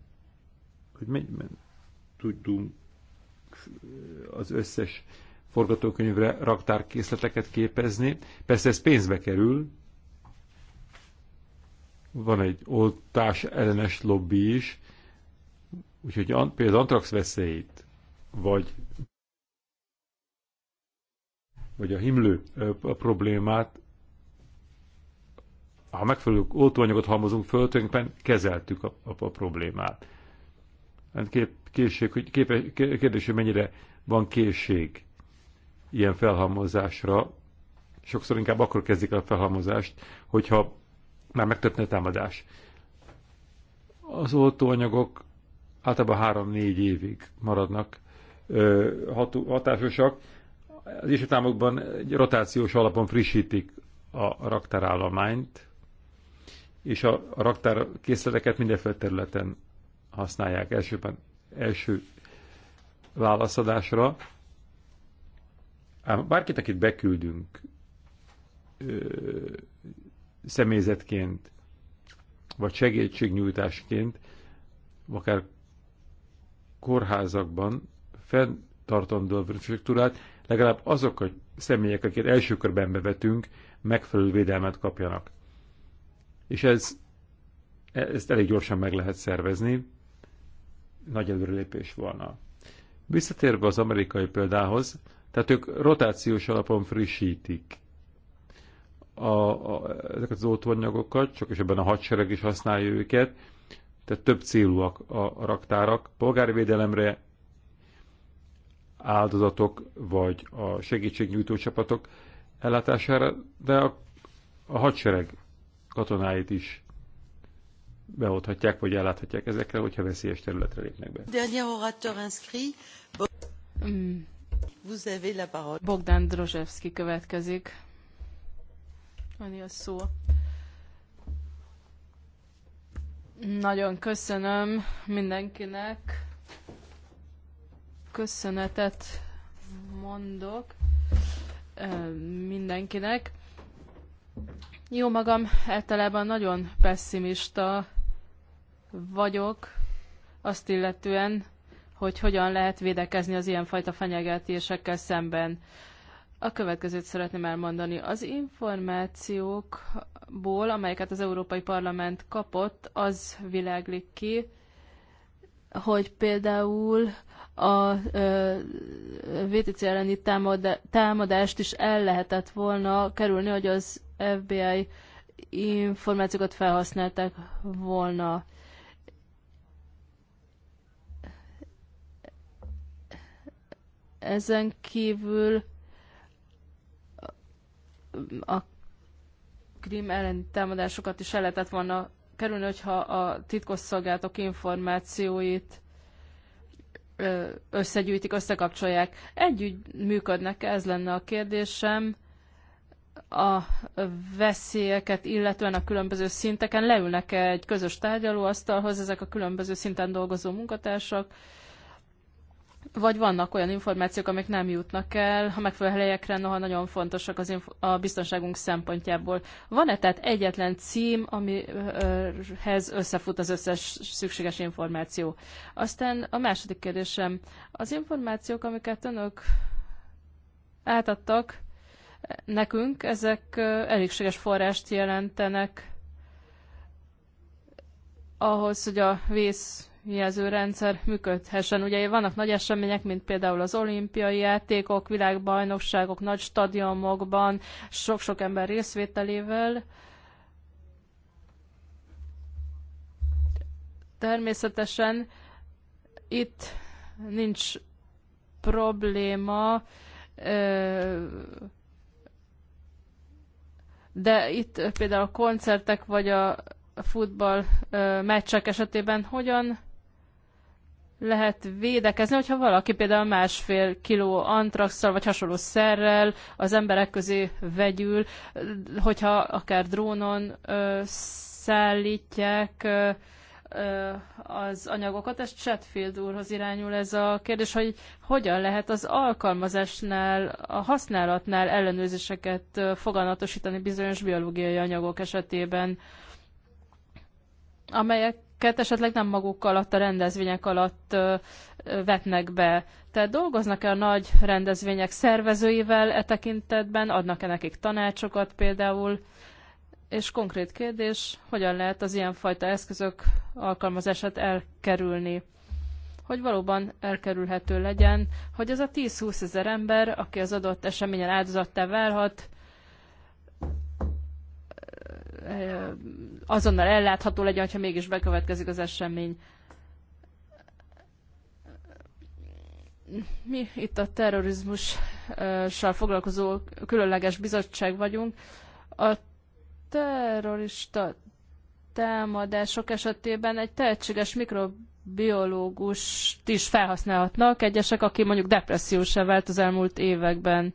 hogy mennyiben tudunk az összes forgatókönyvre raktárkészleteket képezni. Persze ez pénzbe kerül, van egy oltás ellenes lobby is, úgyhogy például antrax veszélyt, vagy vagy a himlő a problémát, ha megfelelő oltóanyagot halmozunk föl, tulajdonképpen kezeltük a, a, a problémát. Hát kép, készség, hogy képe, kérdés, hogy mennyire van készség ilyen felhalmozásra. Sokszor inkább akkor kezdik el a felhalmozást, hogyha már megtörtént a támadás. Az oltóanyagok általában 3-4 évig maradnak hatásosak. Az istámokban egy rotációs alapon frissítik a raktárállományt, és a, a raktár készleteket mindenféle területen használják. Elsőben első válaszadásra. Ám bárkit, akit beküldünk személyzetként, vagy segítségnyújtásként, akár kórházakban fenntartandó a struktúrát, legalább azok a személyek, akiket első körben bevetünk, megfelelő védelmet kapjanak. És ez, ezt elég gyorsan meg lehet szervezni, nagy előrelépés volna. Visszatérve az amerikai példához, tehát ők rotációs alapon frissítik a, a, ezeket az oltóanyagokat, csak és ebben a hadsereg is használja őket, tehát több célúak a, a raktárak. Polgárvédelemre áldozatok vagy a segítségnyújtó csapatok ellátására, de a, a hadsereg katonáit is beolthatják, vagy elláthatják ezekkel, hogyha veszélyes területre lépnek be. Mm. Bogdan Drozsevszki következik. Annyi a szó. Nagyon köszönöm mindenkinek. Köszönetet mondok mindenkinek. Jó magam, általában nagyon pessimista vagyok azt illetően, hogy hogyan lehet védekezni az ilyenfajta fenyegetésekkel szemben. A következőt szeretném elmondani. Az információkból, amelyeket az Európai Parlament kapott, az világlik ki, hogy például a ö, VTC elleni támadást is el lehetett volna kerülni, hogy az FBI információkat felhasználtak volna. Ezen kívül a krim ellen támadásokat is el lehetett volna kerülni, hogyha a titkosszolgálatok információit összegyűjtik, összekapcsolják. Együtt működnek, ez lenne a kérdésem. A veszélyeket, illetően a különböző szinteken leülnek -e egy közös tárgyalóasztalhoz ezek a különböző szinten dolgozó munkatársak, vagy vannak olyan információk, amik nem jutnak el a megfelelő helyekre, noha nagyon fontosak az a biztonságunk szempontjából. Van-e tehát egyetlen cím, amihez összefut az összes szükséges információ? Aztán a második kérdésem. Az információk, amiket önök átadtak nekünk, ezek elégséges forrást jelentenek ahhoz, hogy a vész jelzőrendszer működhessen. Ugye vannak nagy események, mint például az olimpiai játékok, világbajnokságok, nagy stadionokban, sok-sok ember részvételével. Természetesen itt nincs probléma, de itt például a koncertek vagy a futball meccsek esetében hogyan lehet védekezni, hogyha valaki például másfél kiló antraxszal vagy hasonló szerrel az emberek közé vegyül, hogyha akár drónon ö, szállítják ö, ö, az anyagokat. Ez Chatfield úrhoz irányul ez a kérdés, hogy hogyan lehet az alkalmazásnál, a használatnál ellenőrzéseket foganatosítani bizonyos biológiai anyagok esetében, amelyek amiket esetleg nem maguk alatt, a rendezvények alatt vetnek be. Tehát dolgoznak-e a nagy rendezvények szervezőivel e tekintetben, adnak-e nekik tanácsokat például, és konkrét kérdés, hogyan lehet az ilyenfajta eszközök alkalmazását elkerülni? Hogy valóban elkerülhető legyen, hogy az a 10-20 ezer ember, aki az adott eseményen áldozattá válhat, azonnal ellátható legyen, ha mégis bekövetkezik az esemény. Mi itt a terrorizmussal foglalkozó különleges bizottság vagyunk. A terrorista támadások esetében egy tehetséges mikrobiológust is felhasználhatnak egyesek, aki mondjuk depressziósá vált az elmúlt években.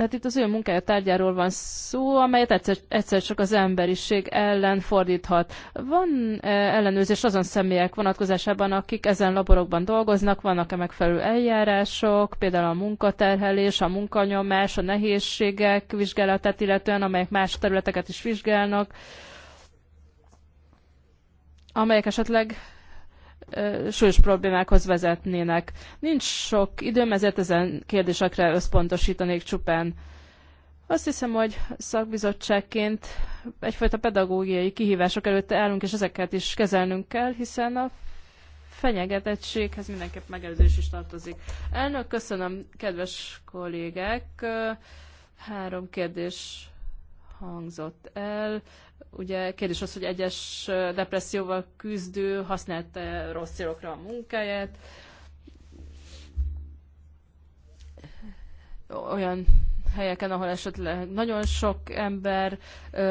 Tehát itt az ő munkája tárgyáról van szó, amelyet egyszer, egyszer csak az emberiség ellen fordíthat. Van e, ellenőrzés azon személyek vonatkozásában, akik ezen laborokban dolgoznak, vannak-e megfelelő eljárások, például a munkaterhelés, a munkanyomás, a nehézségek vizsgálatát illetően, amelyek más területeket is vizsgálnak, amelyek esetleg súlyos problémákhoz vezetnének. Nincs sok időm, ezért ezen kérdésekre összpontosítanék csupán. Azt hiszem, hogy szakbizottságként egyfajta pedagógiai kihívások előtt állunk, és ezeket is kezelnünk kell, hiszen a fenyegetettséghez mindenképp megelőzés is tartozik. Elnök, köszönöm, kedves kollégák! Három kérdés hangzott el. Ugye kérdés az, hogy egyes depresszióval küzdő használta rossz célokra a munkáját, olyan helyeken, ahol esetleg nagyon sok ember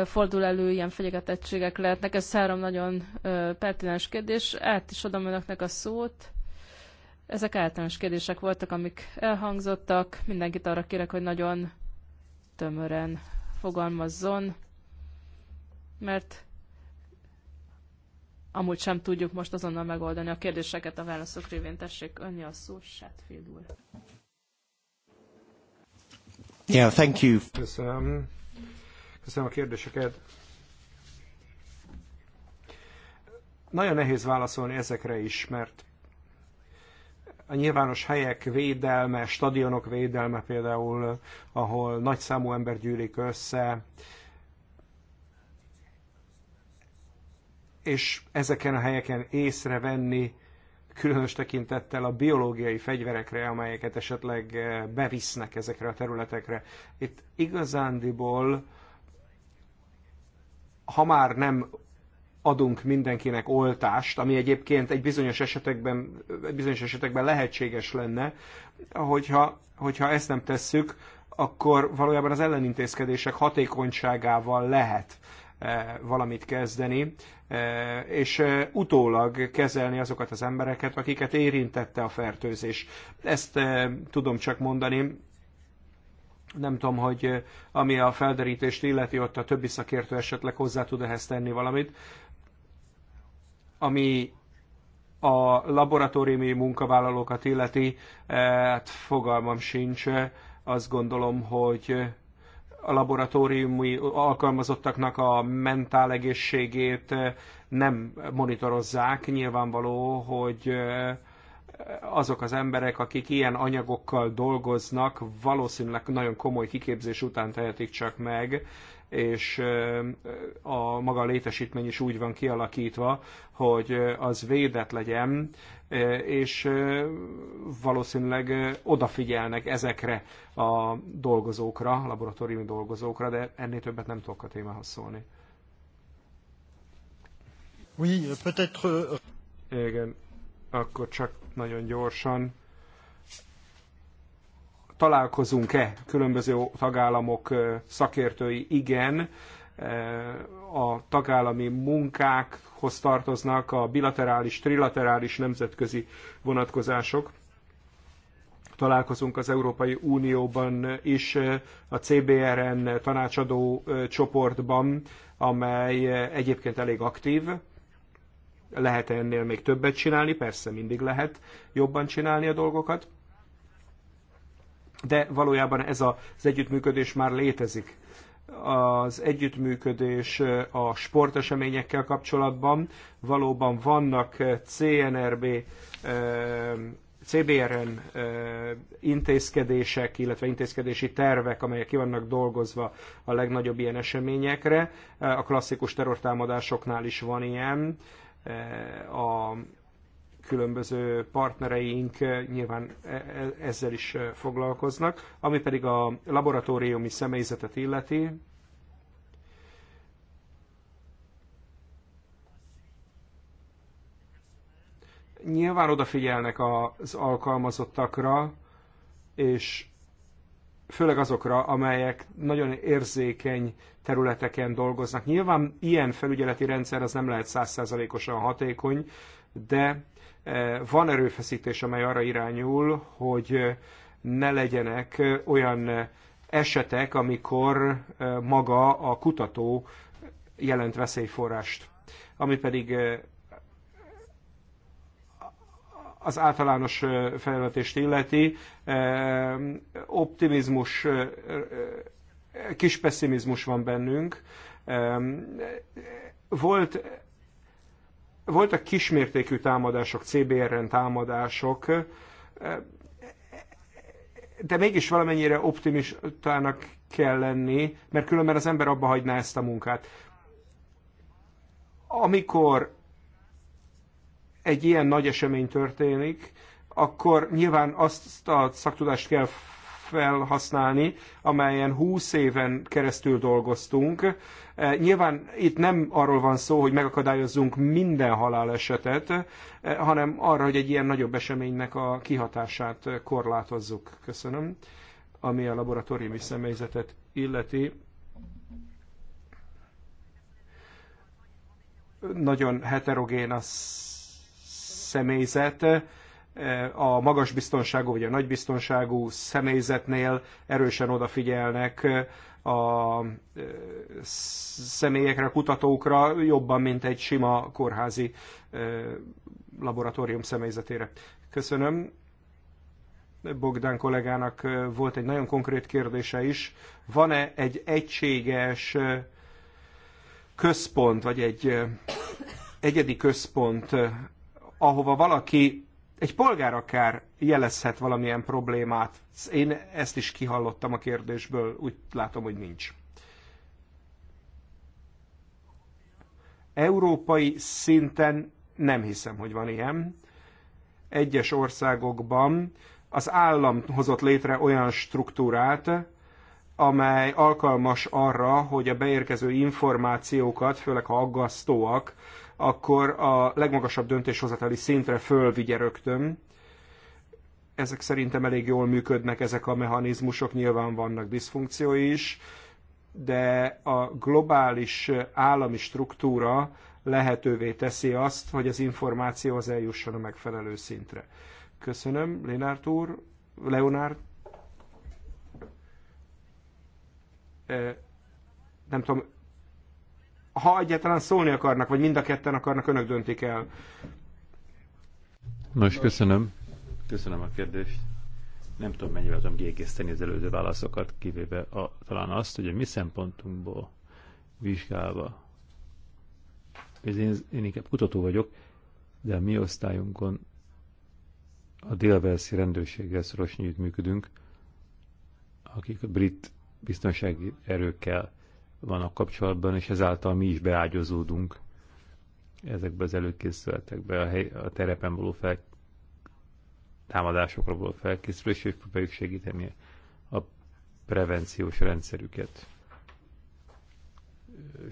fordul elő, ilyen fenyegetettségek lehetnek. Ez három nagyon pertinens kérdés. Át is adom önöknek a szót. Ezek általános kérdések voltak, amik elhangzottak. Mindenkit arra kérek, hogy nagyon tömören fogalmazzon mert amúgy sem tudjuk most azonnal megoldani a kérdéseket a válaszok révén. Tessék, önni a szó, Shatfield úr. Yeah, thank you. Köszönöm. Köszönöm a kérdéseket. Nagyon nehéz válaszolni ezekre is, mert a nyilvános helyek védelme, stadionok védelme például, ahol nagy számú ember gyűlik össze, és ezeken a helyeken észrevenni, különös tekintettel a biológiai fegyverekre, amelyeket esetleg eh, bevisznek ezekre a területekre. Itt igazándiból, ha már nem adunk mindenkinek oltást, ami egyébként egy bizonyos esetekben, bizonyos esetekben lehetséges lenne, hogyha, hogyha ezt nem tesszük, akkor valójában az ellenintézkedések hatékonyságával lehet E, valamit kezdeni, e, és e, utólag kezelni azokat az embereket, akiket érintette a fertőzés. Ezt tudom csak mondani, nem tudom, hogy ami a felderítést illeti, ott a többi szakértő esetleg hozzá tud ehhez tenni valamit. Ami a laboratóriumi munkavállalókat illeti, hát fogalmam sincs. Azt gondolom, hogy a laboratóriumi alkalmazottaknak a mentál egészségét eh, nem monitorozzák. Nyilvánvaló, hogy eh, azok az emberek, akik ilyen anyagokkal dolgoznak, valószínűleg nagyon komoly kiképzés után tehetik csak meg, és eh, a maga a létesítmény is úgy van kialakítva, hogy az védett legyen és valószínűleg odafigyelnek ezekre a dolgozókra, laboratóriumi dolgozókra, de ennél többet nem tudok a témához szólni. Oui, peut-être... Euh, igen, akkor csak nagyon gyorsan. Találkozunk-e különböző tagállamok szakértői? Igen a tagállami munkákhoz tartoznak a bilaterális, trilaterális nemzetközi vonatkozások. Találkozunk az Európai Unióban is, eh, a CBRN tanácsadó eh, csoportban, amely eh, egyébként elég aktív. Lehet -e ennél még többet csinálni, persze mindig lehet jobban csinálni a dolgokat, de valójában ez az együttműködés már létezik az együttműködés a sporteseményekkel kapcsolatban. Valóban vannak CNRB, CBRN intézkedések, illetve intézkedési tervek, amelyek ki vannak dolgozva a legnagyobb ilyen eseményekre. A klasszikus terrortámadásoknál is van ilyen. A különböző partnereink eh, nyilván e, e, ezzel is eh, foglalkoznak. Ami pedig a laboratóriumi személyzetet illeti, nyilván odafigyelnek az alkalmazottakra, és főleg azokra, amelyek nagyon érzékeny területeken dolgoznak. Nyilván ilyen felügyeleti rendszer az nem lehet százszázalékosan hatékony, de E, van erőfeszítés, amely arra irányul, hogy ne legyenek olyan esetek, amikor e, maga a kutató jelent veszélyforrást. Ami pedig e, az általános felvetést illeti, optimizmus, kis pessimizmus van bennünk. Volt voltak kismértékű támadások, CBRN támadások, e, de mégis valamennyire optimistának kell lenni, mert különben az ember abba hagyná ezt a munkát. Amikor egy ilyen nagy esemény történik, akkor nyilván azt a szaktudást kell felhasználni, amelyen 20 éven keresztül dolgoztunk. E, nyilván itt nem arról van szó, hogy megakadályozzunk minden halálesetet, e, hanem arra, hogy egy ilyen nagyobb eseménynek a kihatását korlátozzuk. Köszönöm. Ami a laboratóriumi személyzetet illeti, nagyon heterogén a személyzet, a magas biztonságú vagy a nagy biztonságú személyzetnél erősen odafigyelnek a személyekre, kutatókra jobban, mint egy sima kórházi laboratórium személyzetére. Köszönöm. Bogdán kollégának volt egy nagyon konkrét kérdése is. Van-e egy egységes központ, vagy egy egyedi központ, ahova valaki egy polgár akár jelezhet valamilyen problémát. Én ezt is kihallottam a kérdésből, úgy látom, hogy nincs. Európai szinten nem hiszem, hogy van ilyen. Egyes országokban az állam hozott létre olyan struktúrát, amely alkalmas arra, hogy a beérkező információkat, főleg ha aggasztóak, akkor a legmagasabb döntéshozatali szintre fölvigye rögtön. Ezek szerintem elég jól működnek ezek a mechanizmusok, nyilván vannak diszfunkciói is, de a globális állami struktúra lehetővé teszi azt, hogy az információ az eljusson a megfelelő szintre. Köszönöm, Lénárt úr, Leonárd. Eh, nem tudom, ha egyáltalán szólni akarnak, vagy mind a ketten akarnak, önök döntik el. Nos, köszönöm. Köszönöm a kérdést. Nem tudom, mennyi tudom kiegészíteni az előző válaszokat, kivéve a, talán azt, hogy a mi szempontunkból vizsgálva, én, én inkább kutató vagyok, de a mi osztályunkon a délvelszi rendőrséggel szoros működünk, akik a brit biztonsági erőkkel vannak kapcsolatban, és ezáltal mi is beágyazódunk ezekbe az előkészületekbe, a, hely, a terepen való fel, támadásokra való felkészülés, és próbáljuk segíteni a prevenciós rendszerüket.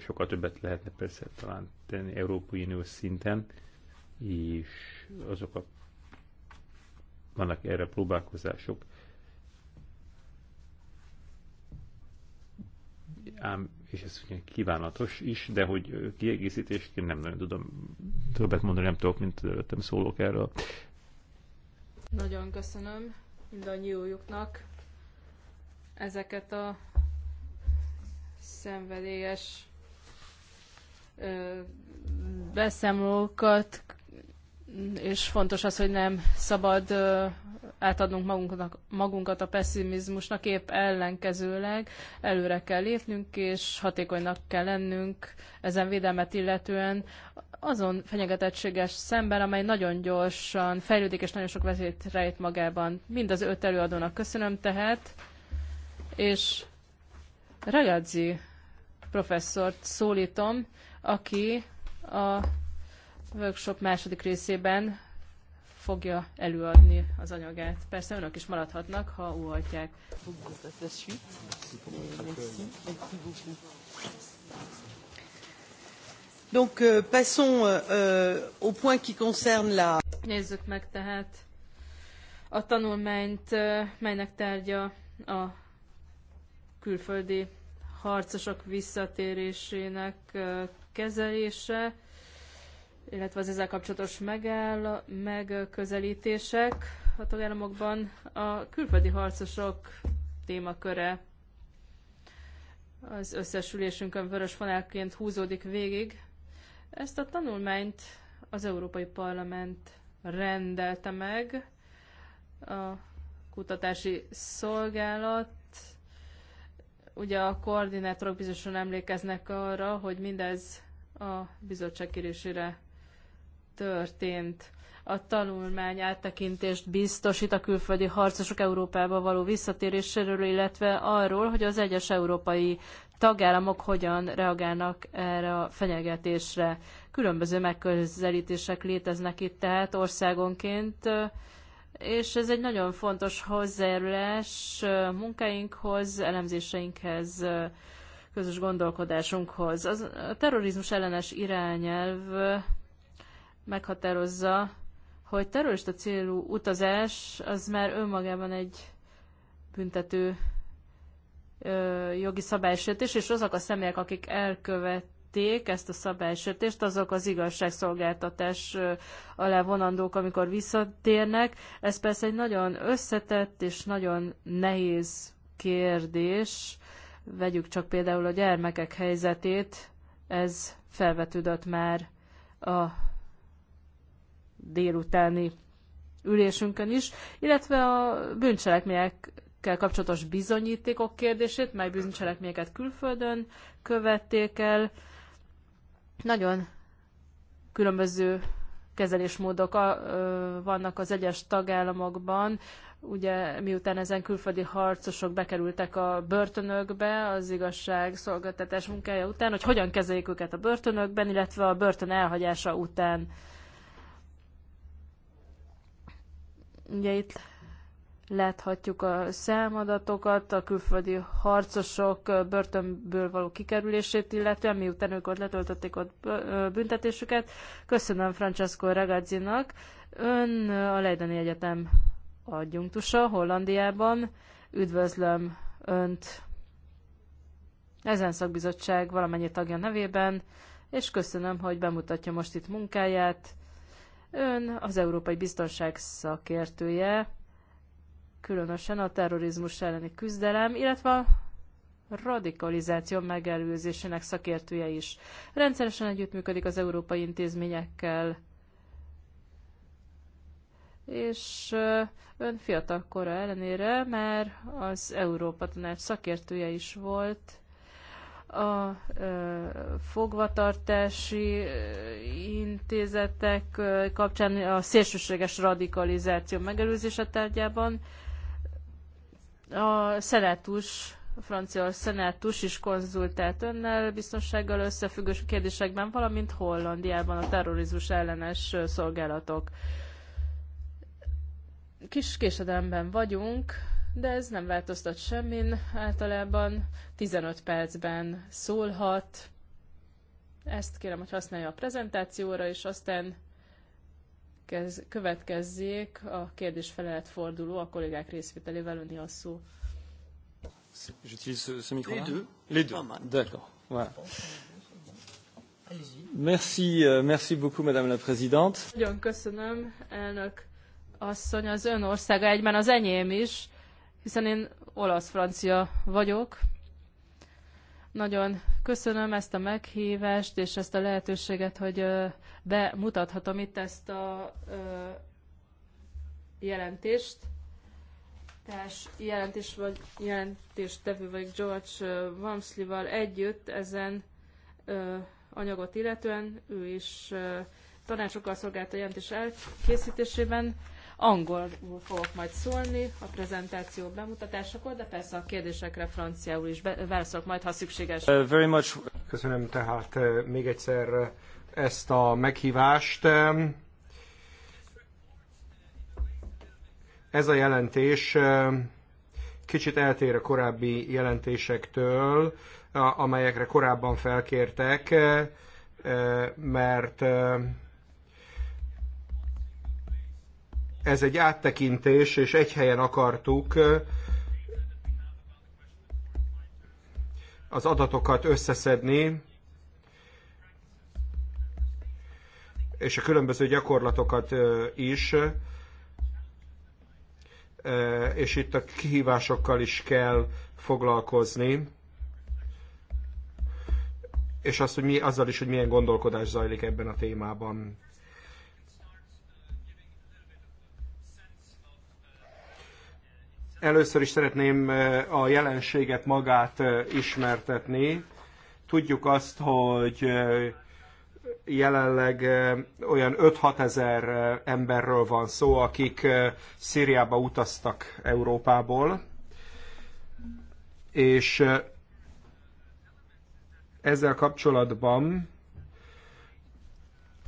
Sokkal többet lehetne persze talán tenni Európai Unió szinten, és azok a vannak erre próbálkozások, ám, és ez ugye kívánatos is, de hogy kiegészítésként nem nagyon tudom többet mondani, nem tudok, mint előttem szólok erről. Nagyon köszönöm mindannyiójuknak ezeket a szenvedélyes ö, beszámolókat, és fontos az, hogy nem szabad ö, átadnunk magunknak, magunkat a pessimizmusnak, épp ellenkezőleg előre kell lépnünk, és hatékonynak kell lennünk ezen védelmet illetően azon fenyegetettséges szemben, amely nagyon gyorsan fejlődik, és nagyon sok veszélyt rejt magában. Mind az öt előadónak köszönöm tehát, és Ragazzi professzort szólítom, aki a workshop második részében fogja előadni az anyagát. Persze önök is maradhatnak, ha óhatják. Donc euh, passons euh, au point qui concerne la... Nézzük meg tehát a tanulmányt, euh, melynek tárgya a külföldi harcosok visszatérésének euh, kezelése illetve az ezzel kapcsolatos megáll, megközelítések a tagállamokban a külföldi harcosok témaköre az összesülésünkön vörös fonálként húzódik végig. Ezt a tanulmányt az Európai Parlament rendelte meg. A kutatási szolgálat ugye a koordinátorok bizonyosan emlékeznek arra, hogy mindez a bizottság kérésére történt. A tanulmány áttekintést biztosít a külföldi harcosok Európába való visszatéréséről, illetve arról, hogy az egyes európai tagállamok hogyan reagálnak erre a fenyegetésre. Különböző megközelítések léteznek itt tehát országonként, és ez egy nagyon fontos hozzájárulás munkáinkhoz, elemzéseinkhez, közös gondolkodásunkhoz. Az, a terrorizmus ellenes irányelv meghatározza, hogy terrorista célú utazás az már önmagában egy büntető ö, jogi szabálysértés, és azok a személyek, akik elkövették ezt a szabálysértést, azok az igazságszolgáltatás ö, alá vonandók, amikor visszatérnek. Ez persze egy nagyon összetett és nagyon nehéz kérdés. Vegyük csak például a gyermekek helyzetét, ez felvetődött már a délutáni ülésünkön is, illetve a bűncselekményekkel kapcsolatos bizonyítékok kérdését, mely bűncselekményeket külföldön követték el. Nagyon különböző kezelésmódok a, ö, vannak az egyes tagállamokban. Ugye miután ezen külföldi harcosok bekerültek a börtönökbe az igazság szolgáltatás munkája után, hogy hogyan kezeljék őket a börtönökben, illetve a börtön elhagyása után. Ö, Ugye itt láthatjuk a számadatokat, a külföldi harcosok börtönből való kikerülését, illetve miután ők ott letöltötték ott büntetésüket. Köszönöm Francesco Ragazzinak. Ön a Leideni Egyetem adjunktusa Hollandiában. Üdvözlöm Önt ezen szakbizottság valamennyi tagja nevében, és köszönöm, hogy bemutatja most itt munkáját Ön az európai biztonság szakértője, különösen a terrorizmus elleni küzdelem, illetve a radikalizáció megelőzésének szakértője is. Rendszeresen együttműködik az európai intézményekkel, és ön fiatal kora ellenére már az Európa Tanács szakértője is volt, a fogvatartási intézetek kapcsán a szélsőséges radikalizáció megelőzése tárgyában. A szenátus, a francia szenátus is konzultált önnel biztonsággal összefüggő kérdésekben, valamint Hollandiában a terrorizmus ellenes szolgálatok. Kis késedelemben vagyunk, de ez nem változtat semmin általában. 15 percben szólhat. Ezt kérem, hogy használja a prezentációra, és aztán kez, következzék a kérdés-felelet forduló a kollégák részvételével önni a szó. J'utilise ce, ce micro-là Les deux. Les deux. D'accord. Voilà. Merci, euh, merci beaucoup, Madame la Présidente. Nagyon köszönöm, elnök asszony, az ön országa egyben az enyém is hiszen én olasz-francia vagyok. Nagyon köszönöm ezt a meghívást és ezt a lehetőséget, hogy bemutathatom itt ezt a jelentést. Társ jelentés vagy jelentéstevő vagy George Wamsley-val együtt ezen anyagot illetően, ő is tanácsokkal szolgált a jelentés elkészítésében. Angolul fogok majd szólni a prezentáció bemutatásakor, de persze a kérdésekre franciául is válaszolok majd, ha szükséges. Uh, very much. Köszönöm tehát uh, még egyszer uh, ezt a meghívást. Um, ez a jelentés um, kicsit eltér a korábbi jelentésektől, amelyekre korábban felkértek, mert um, Ez egy áttekintés, és egy helyen akartuk az adatokat összeszedni, és a különböző gyakorlatokat is, és itt a kihívásokkal is kell foglalkozni, és azt, hogy mi, azzal is, hogy milyen gondolkodás zajlik ebben a témában. Először is szeretném eh, a jelenséget magát eh, ismertetni. Tudjuk azt, hogy eh, jelenleg olyan 5-6 ezer emberről van szó, akik Szíriába utaztak Európából, és ezzel kapcsolatban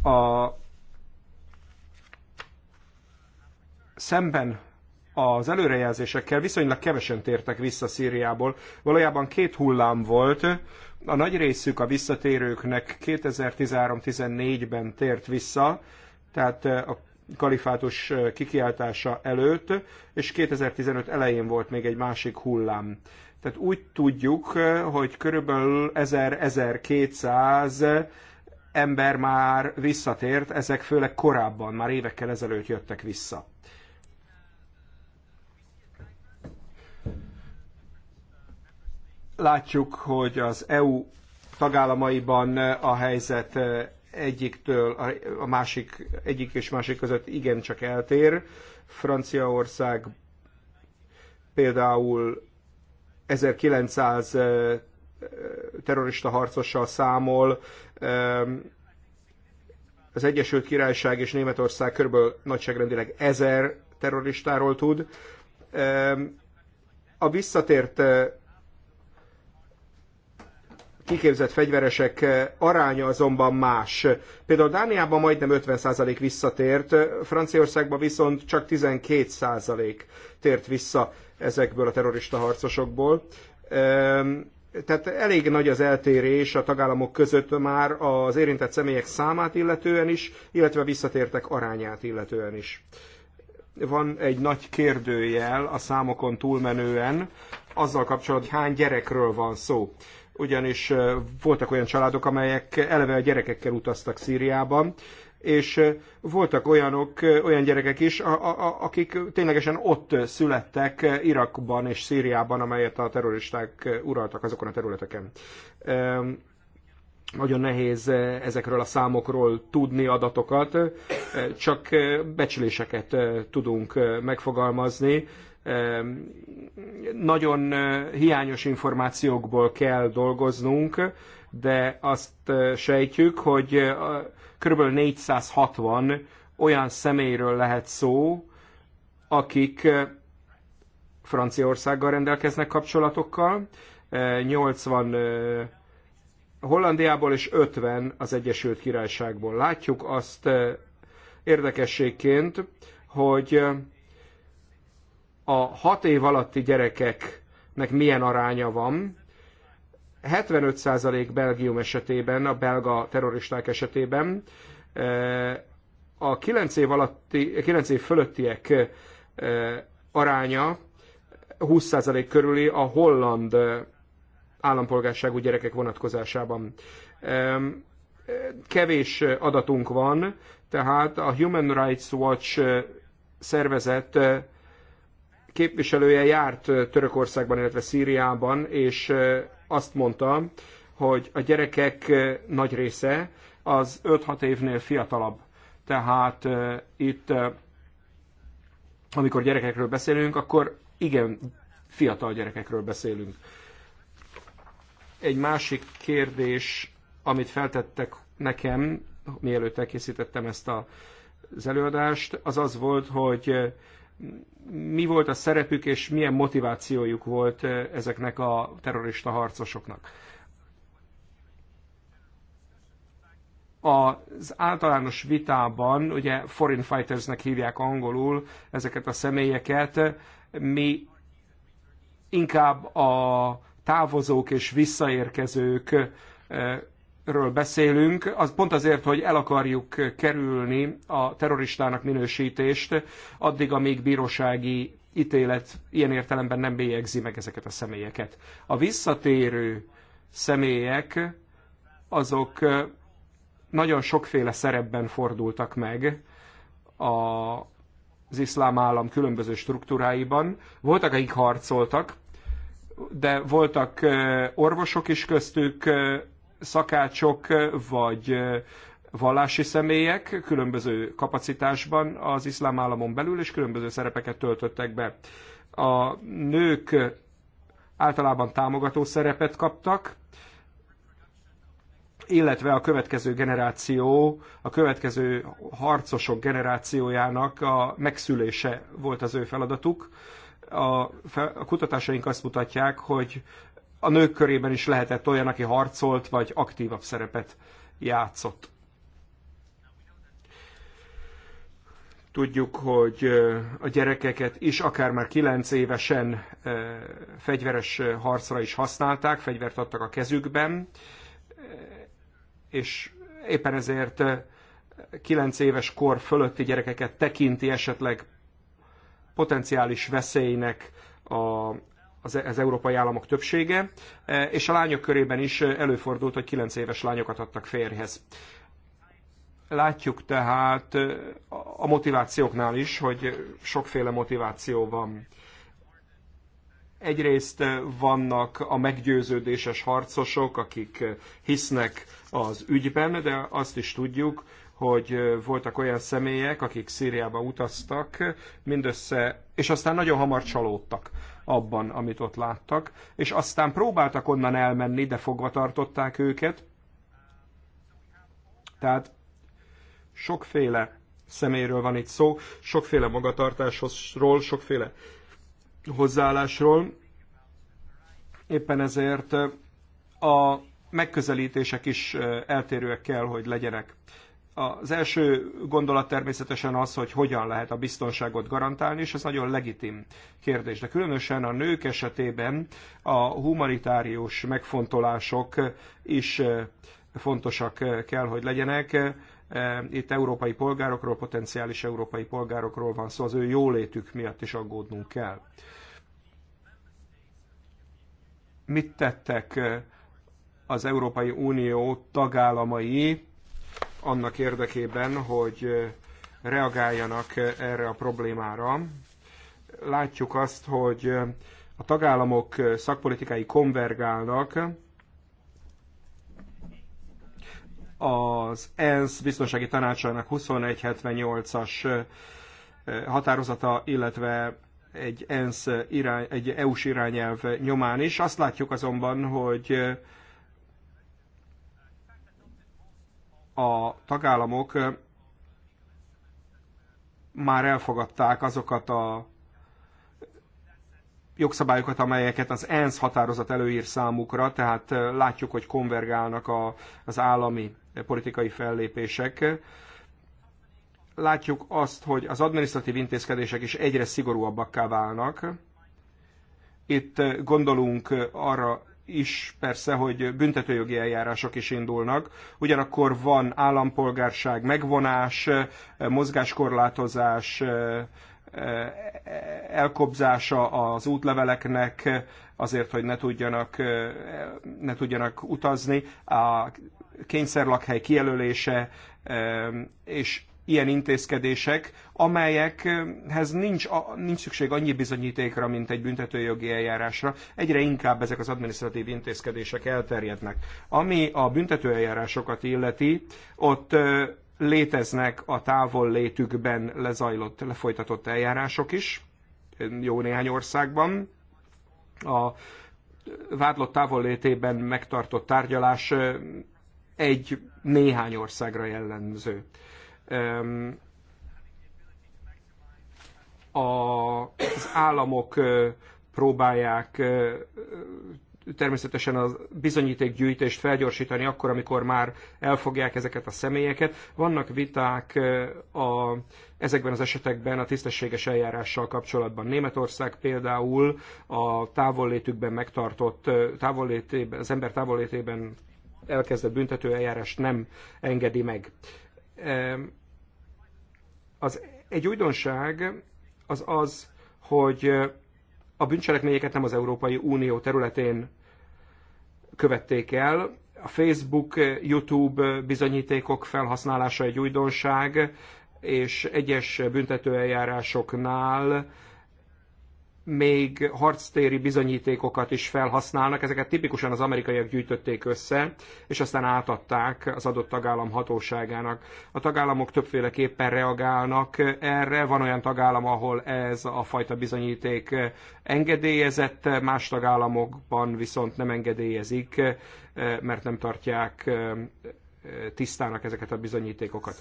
a szemben az előrejelzésekkel viszonylag kevesen tértek vissza Szíriából. Valójában két hullám volt, a nagy részük a visszatérőknek 2013-14-ben tért vissza, tehát eh, a kalifátus eh, kikiáltása előtt, és 2015 elején volt még egy másik hullám. Tehát úgy tudjuk, eh, hogy körülbelül 1000-1200 ember már visszatért, ezek főleg korábban, már évekkel ezelőtt jöttek vissza. Látjuk, hogy az EU tagállamaiban a helyzet egyiktől a másik, egyik és másik között igencsak eltér. Franciaország például 1900 terrorista harcossal számol, az Egyesült Királyság és Németország körülbelül nagyságrendileg ezer terroristáról tud. A visszatért kiképzett fegyveresek eh, aránya azonban más. Például Dániában majdnem 50% visszatért, eh, Franciaországban viszont csak 12% tért vissza ezekből a terrorista harcosokból. Tehát elég nagy az eltérés a tagállamok között már az érintett személyek számát illetően is, illetve a visszatértek arányát illetően is. Van egy nagy kérdőjel a számokon túlmenően, azzal kapcsolatban, hogy hány gyerekről van szó ugyanis voltak olyan családok, amelyek eleve a gyerekekkel utaztak Szíriában, és voltak olyanok, olyan gyerekek is, a, a, akik ténylegesen ott születtek Irakban és Szíriában, amelyet a terroristák uraltak azokon a területeken. Nagyon nehéz ezekről a számokról tudni adatokat, csak becsüléseket tudunk megfogalmazni. Nagyon hiányos információkból kell dolgoznunk, de azt sejtjük, hogy kb. 460 olyan személyről lehet szó, akik Franciaországgal rendelkeznek kapcsolatokkal, 80 Hollandiából és 50 az Egyesült Királyságból. Látjuk azt érdekességként, hogy a 6 év alatti gyerekeknek milyen aránya van. 75% Belgium esetében, a belga terroristák esetében, e, a 9 év, alatti, 9 év fölöttiek e, aránya 20% körüli a holland e, állampolgárságú gyerekek vonatkozásában. Kevés adatunk van, tehát a Human Rights Watch szervezet képviselője járt Törökországban, illetve Szíriában, és azt mondta, hogy a gyerekek nagy része az 5-6 évnél fiatalabb. Tehát itt, amikor gyerekekről beszélünk, akkor igen, fiatal gyerekekről beszélünk. Egy másik kérdés, amit feltettek nekem, mielőtt elkészítettem ezt a, az előadást, az az volt, hogy mi volt a szerepük, és milyen motivációjuk volt eh, ezeknek a terrorista harcosoknak. az általános vitában, ugye foreign fightersnek hívják angolul ezeket a személyeket, mi inkább a távozók és visszaérkezők eh, ről beszélünk, az pont azért, hogy el akarjuk kerülni a terroristának minősítést, addig, amíg bírósági ítélet ilyen értelemben nem bélyegzi meg ezeket a személyeket. A visszatérő személyek azok nagyon sokféle szerepben fordultak meg a, az iszlám állam különböző struktúráiban. Voltak, akik harcoltak, de voltak orvosok is köztük, szakácsok vagy vallási személyek különböző kapacitásban az iszlám államon belül, és különböző szerepeket töltöttek be. A nők általában támogató szerepet kaptak, illetve a következő generáció, a következő harcosok generációjának a megszülése volt az ő feladatuk. A, a kutatásaink azt mutatják, hogy a nők körében is lehetett olyan, aki harcolt, vagy aktívabb szerepet játszott. Tudjuk, hogy a gyerekeket is akár már kilenc évesen fegyveres harcra is használták, fegyvert adtak a kezükben, és éppen ezért kilenc éves kor fölötti gyerekeket tekinti esetleg potenciális veszélynek a az, az európai államok többsége, e, és a lányok körében is előfordult, hogy 9 éves lányokat adtak férjhez. Látjuk tehát e, a motivációknál is, hogy sokféle motiváció van. Egyrészt vannak a meggyőződéses harcosok, akik hisznek az ügyben, de azt is tudjuk, hogy voltak olyan személyek, akik Szíriába utaztak, mindössze, és aztán nagyon hamar csalódtak abban, amit ott láttak, és aztán próbáltak onnan elmenni, de fogva tartották őket. Tehát sokféle szeméről van itt szó, sokféle magatartásról, sokféle hozzáállásról. Éppen ezért a megközelítések is eltérőek kell, hogy legyenek. Az első gondolat természetesen az, hogy hogyan lehet a biztonságot garantálni, és ez nagyon legitim kérdés. De különösen a nők esetében a humanitárius megfontolások is eh, fontosak eh, kell, hogy legyenek. Eh, itt európai polgárokról, potenciális európai polgárokról van szó, az ő jólétük miatt is aggódnunk kell. Mit tettek az Európai Unió tagállamai annak érdekében, hogy reagáljanak erre a problémára. Látjuk azt, hogy a tagállamok szakpolitikai konvergálnak, az ENSZ biztonsági tanácsának 2178-as határozata, illetve egy ENSZ irány, egy EU-s irányelv nyomán is. Azt látjuk azonban, hogy a tagállamok már elfogadták azokat a jogszabályokat, amelyeket az ENSZ határozat előír számukra, tehát látjuk, hogy konvergálnak a, az állami politikai fellépések. Látjuk azt, hogy az administratív intézkedések is egyre szigorúabbakká válnak. Itt gondolunk arra is persze, hogy büntetőjogi eljárások is indulnak, ugyanakkor van állampolgárság megvonás, mozgáskorlátozás, elkobzása az útleveleknek, azért, hogy ne tudjanak, ne tudjanak utazni, a kényszerlakhely kijelölése, és ilyen intézkedések, amelyekhez nincs, nincs szükség annyi bizonyítékra, mint egy büntetőjogi eljárásra. Egyre inkább ezek az administratív intézkedések elterjednek. Ami a büntetőeljárásokat illeti, ott léteznek a távol létükben lezajlott, lefolytatott eljárások is, jó néhány országban. A vádlott távol létében megtartott tárgyalás egy néhány országra jellemző az államok próbálják természetesen a bizonyítékgyűjtést felgyorsítani akkor, amikor már elfogják ezeket a személyeket. Vannak viták a, ezekben az esetekben a tisztességes eljárással kapcsolatban. Németország például a távollétükben megtartott, távollétében, az ember távollétében elkezdett büntető eljárást nem engedi meg. Az, egy újdonság az az, hogy a bűncselekményeket nem az Európai Unió területén követték el. A Facebook, YouTube bizonyítékok felhasználása egy újdonság, és egyes büntetőeljárásoknál még harctéri bizonyítékokat is felhasználnak, ezeket tipikusan az amerikaiak gyűjtötték össze, és aztán átadták az adott tagállam hatóságának. A tagállamok többféleképpen reagálnak erre, van olyan tagállam, ahol ez a fajta bizonyíték engedélyezett, más tagállamokban viszont nem engedélyezik, mert nem tartják tisztának ezeket a bizonyítékokat.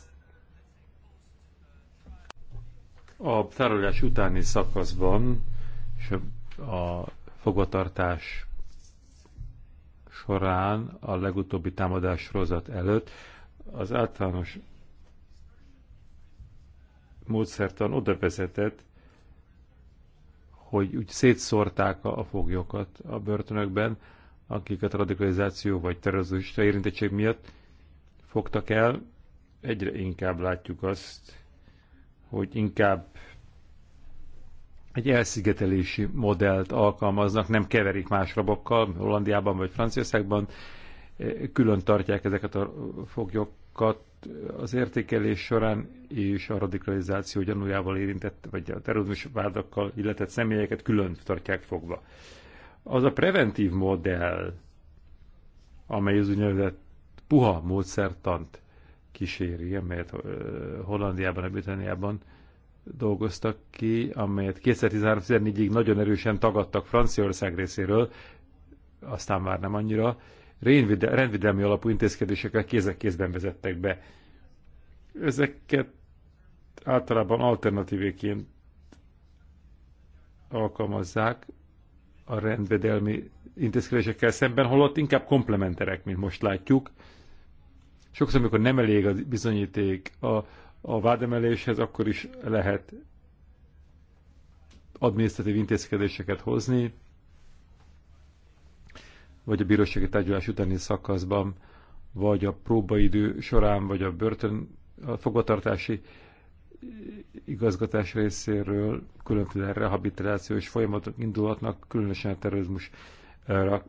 A tárolás utáni szakaszban és a fogvatartás során a legutóbbi támadás sorozat előtt az általános módszertan oda vezetett, hogy úgy szétszórták a foglyokat a börtönökben, akiket a radikalizáció vagy terrorizmusra érintettség miatt fogtak el. Egyre inkább látjuk azt, hogy inkább egy elszigetelési modellt alkalmaznak, nem keverik más rabokkal, Hollandiában vagy Franciaországban, külön tartják ezeket a foglyokat az értékelés során, és a radikalizáció gyanújával érintett, vagy a terrorizmus vádakkal illetett személyeket külön tartják fogva. Az a preventív modell, amely az úgynevezett puha módszertant kíséri, amelyet Hollandiában, a Britániában, dolgoztak ki, amelyet 2013-14-ig nagyon erősen tagadtak Franciaország részéről, aztán már nem annyira, rendvédelmi alapú intézkedéseket kézek kézben vezettek be. Ezeket általában alternatívéként alkalmazzák a rendvédelmi intézkedésekkel szemben, holott inkább komplementerek, mint most látjuk. Sokszor, amikor nem elég a bizonyíték, a, a vádemeléshez, akkor is lehet adminisztratív intézkedéseket hozni, vagy a bírósági tárgyalás utáni szakaszban, vagy a próbaidő során, vagy a börtön a fogvatartási igazgatás részéről különféle rehabilitációs folyamatok indulhatnak, különösen a terrorizmus eh,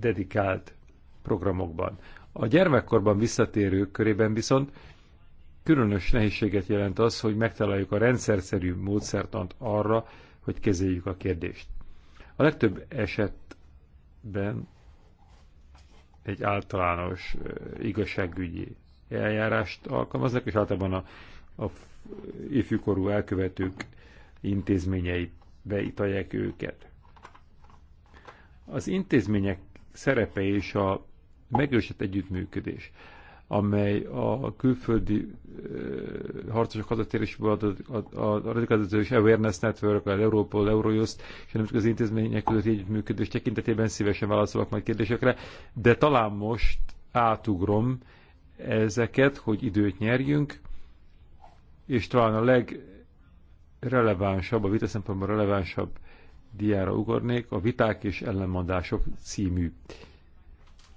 dedikált programokban. A gyermekkorban visszatérők körében viszont különös nehézséget jelent az, hogy megtaláljuk a rendszerszerű módszertant arra, hogy kezeljük a kérdést. A legtöbb esetben egy általános igazságügyi eljárást alkalmaznak, és általában a, a ifjúkorú elkövetők intézményei beitalják őket. Az intézmények szerepe és a megősett együttműködés, amely a külföldi uh, harcosok hazatérésből adott a, a, a radikalizációs awareness network, az Európol, Eurojust és a nemzetközi intézmények közötti együttműködés tekintetében szívesen válaszolok majd kérdésekre, de talán most átugrom ezeket, hogy időt nyerjünk, és talán a legrelevánsabb, a vita szempontból relevánsabb diára ugornék, a viták és ellenmondások című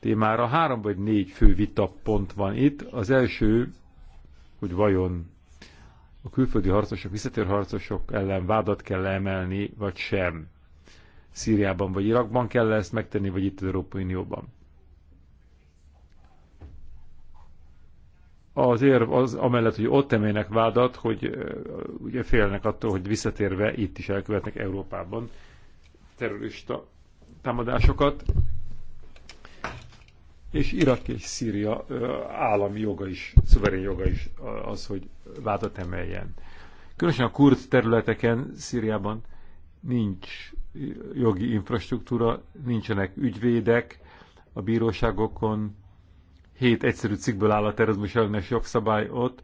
témára. Három vagy négy fő vitapont van itt. Az első, hogy vajon a külföldi harcosok, visszatér harcosok ellen vádat kell emelni, vagy sem. Szíriában vagy Irakban kell -e ezt megtenni, vagy itt az Európai Unióban. Az érv az amellett, hogy ott emelnek vádat, hogy ugye félnek attól, hogy visszatérve itt is elkövetnek Európában terrorista támadásokat és Irak és Szíria állami joga is, szuverén joga is az, hogy vádat emeljen. Különösen a kurd területeken Szíriában nincs jogi infrastruktúra, nincsenek ügyvédek a bíróságokon, hét egyszerű cikkből áll a terrorizmus ellenes jogszabály ott,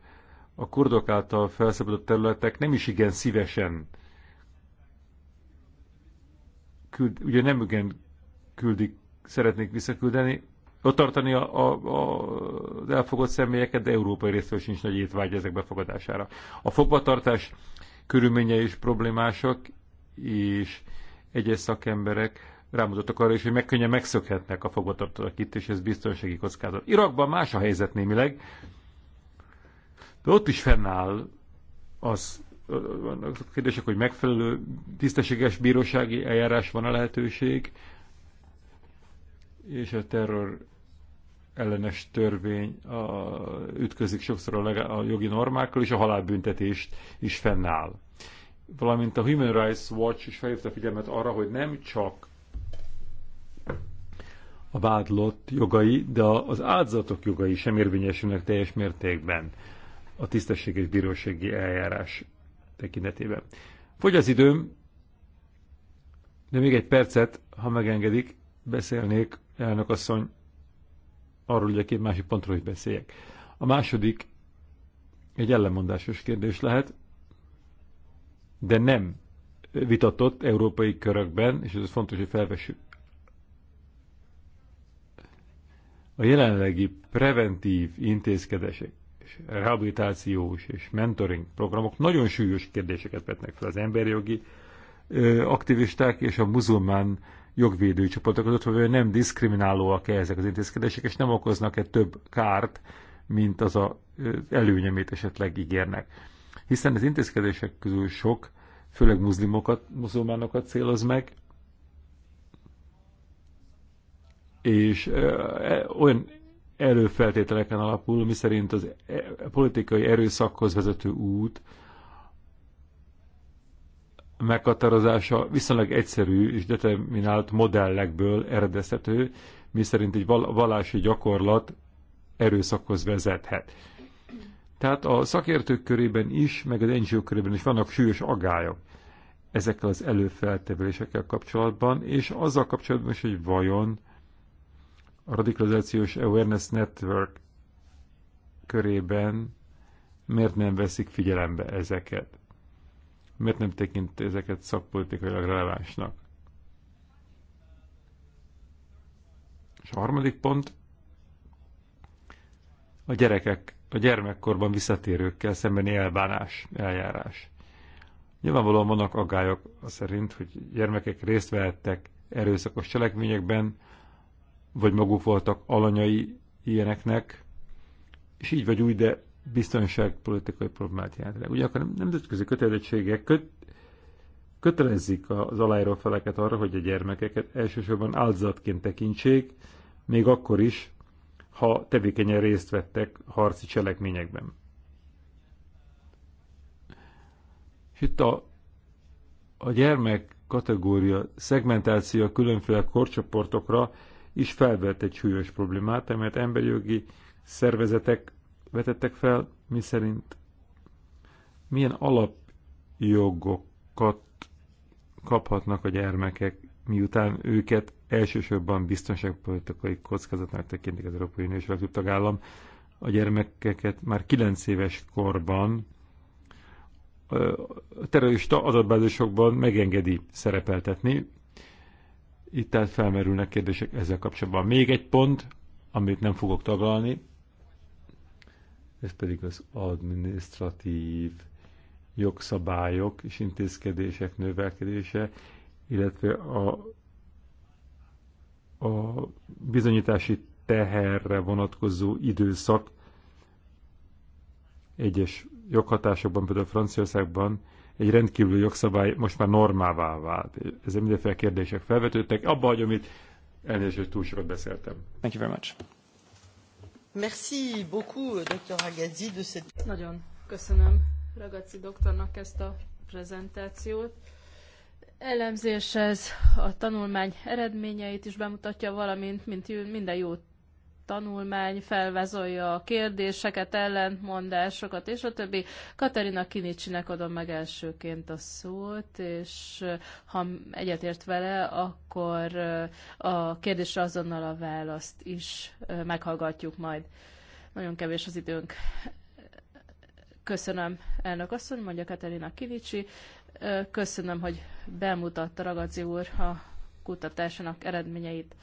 a kurdok által felszabadult területek nem is igen szívesen küld, ugye nem igen küldik, szeretnék visszaküldeni ott tartani a, a, a, az elfogott személyeket, de európai részről sincs nagy étvágy ezek befogadására. A fogvatartás körülményei is problémásak, és egyes szakemberek rámutatok arra is, hogy megkönnyen megszökhetnek a fogvatartók itt, és ez biztonsági kockázat. Irakban más a helyzet némileg, de ott is fennáll az vannak kérdések, hogy megfelelő tisztességes bírósági eljárás van a lehetőség, és a terror ellenes törvény a, ütközik sokszor a, legá, a jogi normákkal, és a halálbüntetést is fennáll. Valamint a Human Rights Watch is felhívta figyelmet arra, hogy nem csak a vádlott jogai, de az áldozatok jogai sem érvényesülnek teljes mértékben a tisztességes bírósági eljárás tekintetében. Fogy az időm, de még egy percet, ha megengedik, beszélnék elnök asszony arról, hogy két másik pontról is beszéljek. A második egy ellenmondásos kérdés lehet, de nem vitatott európai körökben, és ez fontos, hogy felvessük. A jelenlegi preventív intézkedések, és rehabilitációs és mentoring programok nagyon súlyos kérdéseket vetnek fel az emberi jogi aktivisták és a muzulmán jogvédő csoportok között, hogy nem diszkriminálóak-e ezek az intézkedések, és nem okoznak-e több kárt, mint az a előnyemét esetleg ígérnek. Hiszen az intézkedések közül sok, főleg muszlimokat, muzulmánokat céloz meg, és e, olyan előfeltételeken alapul, miszerint az e, politikai erőszakhoz vezető út meghatározása viszonylag egyszerű és determinált modellekből eredezhető, miszerint egy vallási gyakorlat erőszakhoz vezethet. Tehát a szakértők körében is, meg az NGO körében is vannak súlyos agályok ezekkel az előfeltevésekkel kapcsolatban, és azzal kapcsolatban is, hogy vajon a radikalizációs awareness network körében miért nem veszik figyelembe ezeket miért nem tekint ezeket szakpolitikailag relevánsnak? És a harmadik pont, a gyerekek, a gyermekkorban visszatérőkkel szembeni elbánás, eljárás. Nyilvánvalóan vannak aggályok szerint, hogy gyermekek részt vehettek erőszakos cselekményekben, vagy maguk voltak alanyai ilyeneknek, és így vagy úgy, de biztonságpolitikai problémát jelent. Ugye nem nemzetközi kötelezettségek köt, kötelezik az aláíró feleket arra, hogy a gyermekeket elsősorban áldozatként tekintsék, még akkor is, ha tevékenyen részt vettek harci cselekményekben. És itt a, a gyermek kategória szegmentáció különféle korcsoportokra is felvett egy súlyos problémát, amelyet emberi jogi szervezetek vetettek fel, mi szerint milyen alapjogokat kaphatnak a gyermekek, miután őket elsősorban biztonságpolitikai kockázatnak tekintik az Európai Unió és a legtöbb tagállam, a gyermekeket már 9 éves korban terrorista adatbázisokban megengedi szerepeltetni. Itt tehát felmerülnek kérdések ezzel kapcsolatban. Még egy pont, amit nem fogok taglalni, ez pedig az administratív jogszabályok és intézkedések növelkedése, illetve a, a bizonyítási teherre vonatkozó időszak egyes joghatásokban, például Franciaországban egy rendkívüli jogszabály most már normává vált. Ezzel mindenféle kérdések felvetődtek. Abba hagyom itt, elnézést, hogy túl sokat beszéltem. Thank you very much. Merci beaucoup, euh, Dr. de cette... Nagyon köszönöm Ragazzi doktornak ezt a prezentációt. Elemzéshez a tanulmány eredményeit is bemutatja, valamint mint minden jó tanulmány felvezolja a kérdéseket, ellentmondásokat és a többi. Katerina Kinicsinek adom meg elsőként a szót, és ha egyetért vele, akkor a kérdésre azonnal a választ is meghallgatjuk majd. Nagyon kevés az időnk. Köszönöm, elnök asszony, mondja Katerina Kinicsi. Köszönöm, hogy bemutatta Ragazi úr a kutatásának eredményeit.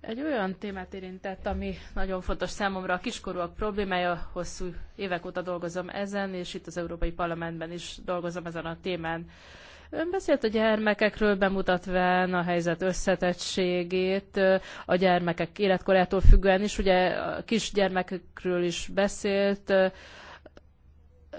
Egy olyan témát érintett, ami nagyon fontos számomra, a kiskorúak problémája, hosszú évek óta dolgozom ezen, és itt az Európai Parlamentben is dolgozom ezen a témán. Ön beszélt a gyermekekről, bemutatván a helyzet összetettségét, a gyermekek életkorától függően is, ugye a kisgyermekekről is beszélt,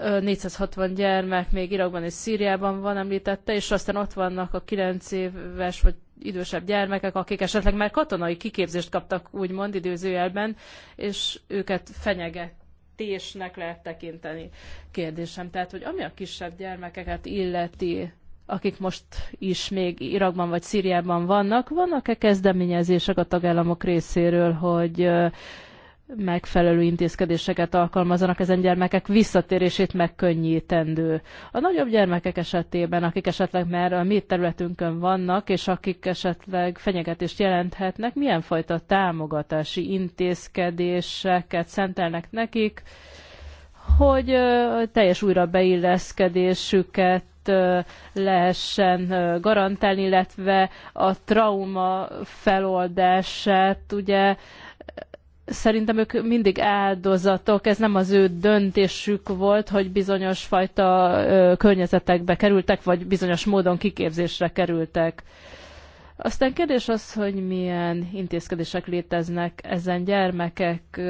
460 gyermek még Irakban és Szíriában van, említette, és aztán ott vannak a 9 éves vagy idősebb gyermekek, akik esetleg már katonai kiképzést kaptak, úgymond időzőjelben, és őket fenyegetésnek lehet tekinteni. Kérdésem, tehát, hogy ami a kisebb gyermekeket illeti, akik most is még Irakban vagy Szíriában vannak, vannak-e kezdeményezések a tagállamok részéről, hogy megfelelő intézkedéseket alkalmazanak ezen gyermekek visszatérését megkönnyítendő. A nagyobb gyermekek esetében, akik esetleg már a mi területünkön vannak, és akik esetleg fenyegetést jelenthetnek, milyen fajta támogatási intézkedéseket szentelnek nekik, hogy teljes újra beilleszkedésüket lehessen garantálni, illetve a trauma feloldását ugye Szerintem ők mindig áldozatok, ez nem az ő döntésük volt, hogy bizonyos fajta környezetekbe kerültek, vagy bizonyos módon kiképzésre kerültek. Aztán kérdés az, hogy milyen intézkedések léteznek ezen gyermekek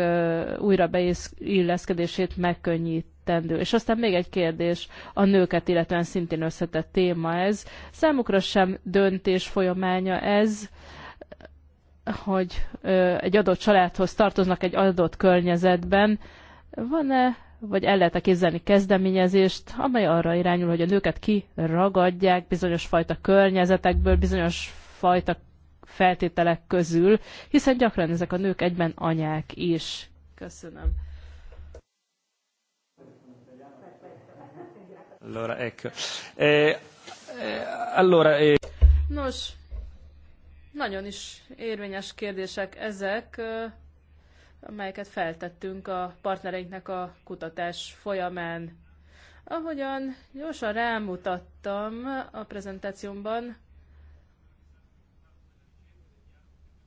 újra beilleszkedését megkönnyítendő. És aztán még egy kérdés, a nőket illetően szintén összetett téma ez. Számukra sem döntés folyamánya ez, hogy egy adott családhoz tartoznak egy adott környezetben, van-e, vagy el lehet -e képzelni kezdeményezést, amely arra irányul, hogy a nőket kiragadják bizonyos fajta környezetekből, bizonyos fajta feltételek közül, hiszen gyakran ezek a nők egyben anyák is. Köszönöm. Allora, ecco. Eh, eh, allora, eh. Nos, nagyon is érvényes kérdések ezek, amelyeket feltettünk a partnereinknek a kutatás folyamán. Ahogyan gyorsan rámutattam a prezentációmban,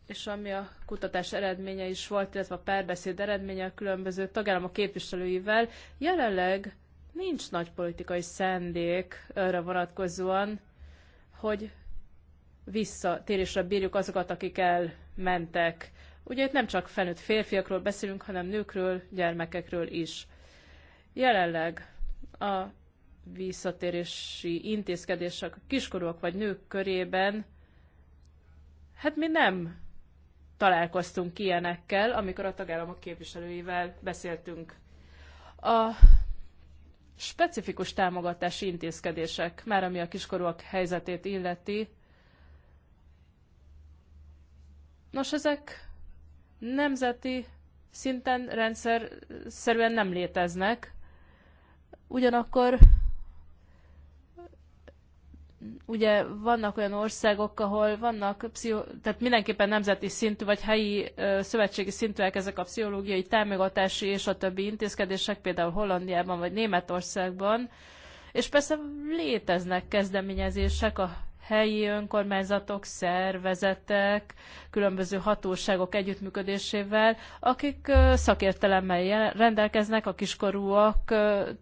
és ami a kutatás eredménye is volt, illetve a párbeszéd eredménye a különböző tagállamok képviselőivel, jelenleg nincs nagy politikai szendék arra vonatkozóan, hogy visszatérésre bírjuk azokat, akik elmentek. Ugye itt nem csak felnőtt férfiakról beszélünk, hanem nőkről, gyermekekről is. Jelenleg a visszatérési intézkedések a kiskorúak vagy nők körében, hát mi nem találkoztunk ilyenekkel, amikor a tagállamok képviselőivel beszéltünk. A specifikus támogatási intézkedések, már ami a kiskorúak helyzetét illeti, Nos, ezek nemzeti szinten rendszer szerűen nem léteznek. Ugyanakkor ugye vannak olyan országok, ahol vannak, pszicho- tehát mindenképpen nemzeti szintű vagy helyi ö, szövetségi szintűek ezek a pszichológiai támogatási és a többi intézkedések, például Hollandiában vagy Németországban, és persze léteznek kezdeményezések a helyi önkormányzatok, szervezetek, különböző hatóságok együttműködésével, akik szakértelemmel rendelkeznek a kiskorúak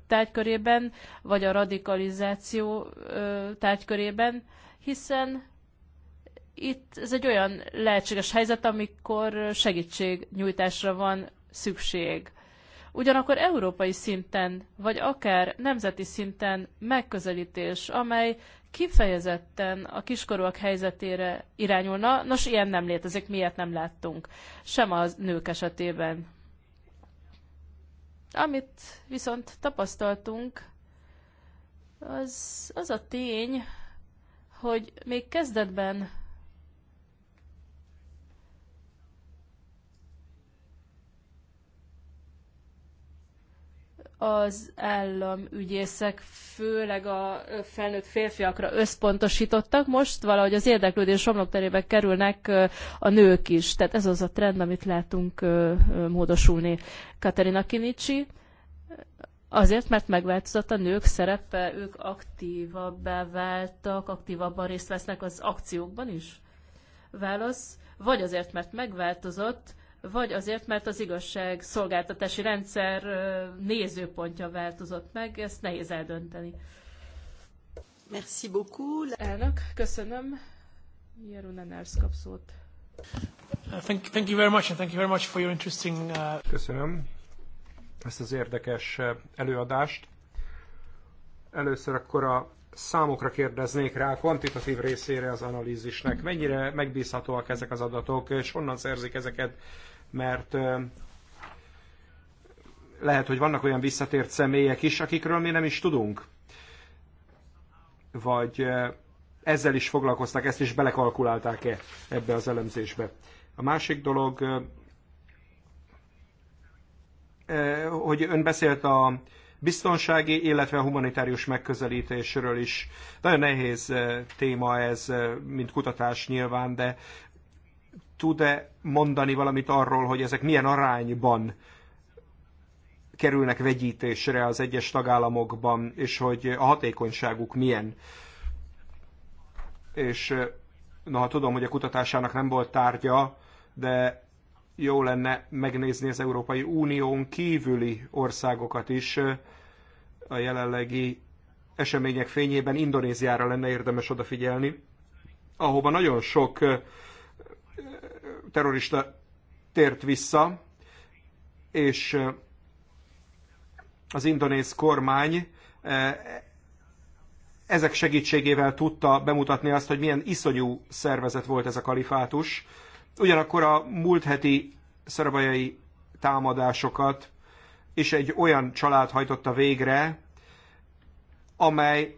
tárgykörében, vagy a radikalizáció tárgykörében, hiszen itt ez egy olyan lehetséges helyzet, amikor segítségnyújtásra van szükség. Ugyanakkor európai szinten, vagy akár nemzeti szinten megközelítés, amely kifejezetten a kiskorúak helyzetére irányulna. Nos, ilyen nem létezik, miért nem láttunk. Sem a nők esetében. Amit viszont tapasztaltunk, az, az a tény, hogy még kezdetben az államügyészek főleg a felnőtt férfiakra összpontosítottak, most valahogy az érdeklődés homlokterébe kerülnek a nők is. Tehát ez az a trend, amit látunk módosulni. Katerina Kinicsi, Azért, mert megváltozott a nők szerepe, ők aktívabbá váltak, aktívabban részt vesznek az akciókban is? Válasz, vagy azért, mert megváltozott, vagy azért, mert az igazság szolgáltatási rendszer nézőpontja változott meg, ezt nehéz eldönteni. Merci beaucoup. Elnök, köszönöm. Jerunen Elsz kap szót. Uh, thank, thank you very much, and thank you very much for your interesting... Uh... Köszönöm ezt az érdekes uh, előadást. Először akkor a számokra kérdeznék rá, a kvantitatív részére az analízisnek. Mennyire megbízhatóak ezek az adatok, és honnan szerzik ezeket mert lehet, hogy vannak olyan visszatért személyek is, akikről mi nem is tudunk. Vagy ezzel is foglalkoztak, ezt is belekalkulálták-e ebbe az elemzésbe. A másik dolog, hogy ön beszélt a biztonsági, illetve a humanitárius megközelítésről is. Nagyon nehéz téma ez, mint kutatás nyilván, de tud-e mondani valamit arról, hogy ezek milyen arányban kerülnek vegyítésre az egyes tagállamokban, és hogy a hatékonyságuk milyen. És noha tudom, hogy a kutatásának nem volt tárgya, de jó lenne megnézni az Európai Unión kívüli országokat is a jelenlegi események fényében Indonéziára lenne érdemes odafigyelni, ahova nagyon sok terrorista tért vissza, és az indonéz kormány ezek segítségével tudta bemutatni azt, hogy milyen iszonyú szervezet volt ez a kalifátus. Ugyanakkor a múlt heti szarabajai támadásokat és egy olyan család hajtotta végre, amely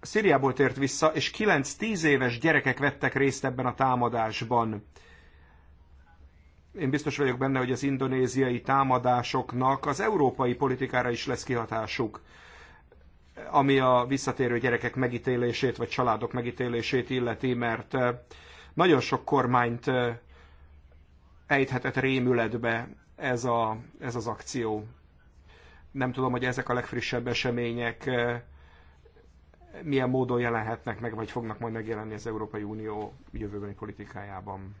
Szíriából tért vissza, és 9-10 éves gyerekek vettek részt ebben a támadásban én biztos vagyok benne, hogy az indonéziai támadásoknak az európai politikára is lesz kihatásuk, ami a visszatérő gyerekek megítélését, vagy családok megítélését illeti, mert nagyon sok kormányt ejthetett rémületbe ez, a, ez az akció. Nem tudom, hogy ezek a legfrissebb események milyen módon jelenhetnek meg, vagy fognak majd megjelenni az Európai Unió jövőbeni politikájában.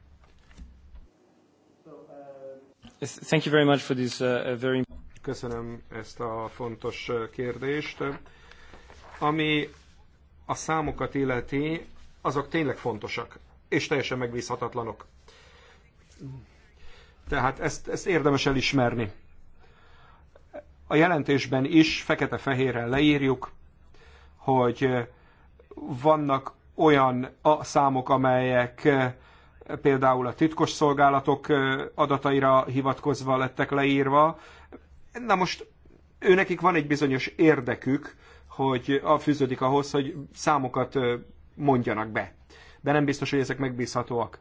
Thank you very much for this uh, uh, very... Köszönöm ezt a fontos uh, kérdést. Ami a számokat illeti, azok tényleg fontosak, és teljesen megbízhatatlanok. Tehát ezt, ezt érdemes elismerni. A jelentésben is fekete-fehéren leírjuk, hogy vannak olyan a számok, amelyek például a titkos szolgálatok adataira hivatkozva lettek leírva. Na most őnekik van egy bizonyos érdekük, hogy a fűződik ahhoz, hogy számokat mondjanak be. De nem biztos, hogy ezek megbízhatóak.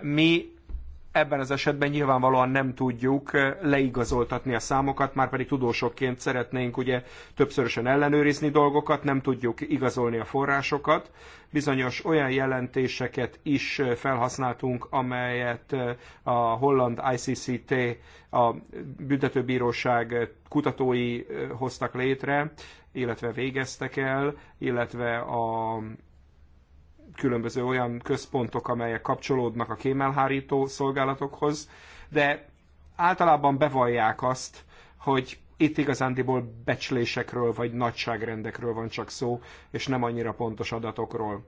Mi Ebben az esetben nyilvánvalóan nem tudjuk eh, leigazoltatni a számokat, már pedig tudósokként szeretnénk ugye többszörösen ellenőrizni dolgokat, nem tudjuk igazolni a forrásokat. Bizonyos olyan jelentéseket is eh, felhasználtunk, amelyet eh, a holland ICCT, a büntetőbíróság kutatói hoztak létre, illetve végeztek el, illetve a különböző olyan központok, amelyek kapcsolódnak a kémelhárító szolgálatokhoz, de általában bevallják azt, hogy itt igazándiból becslésekről vagy nagyságrendekről van csak szó, és nem annyira pontos adatokról.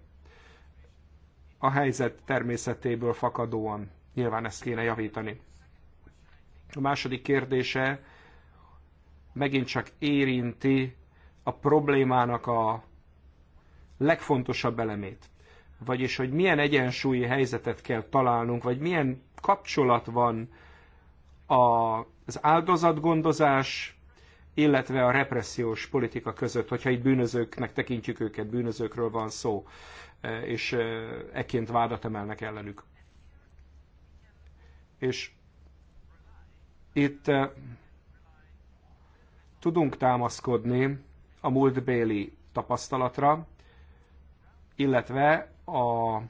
A helyzet természetéből fakadóan nyilván ezt kéne javítani. A második kérdése megint csak érinti a problémának a legfontosabb elemét vagyis hogy milyen egyensúlyi helyzetet kell találnunk, vagy milyen kapcsolat van az áldozatgondozás, illetve a repressziós politika között, hogyha itt bűnözőknek tekintjük őket, bűnözőkről van szó, e, és ekként vádat emelnek ellenük. És itt e, tudunk támaszkodni a múltbéli tapasztalatra, illetve a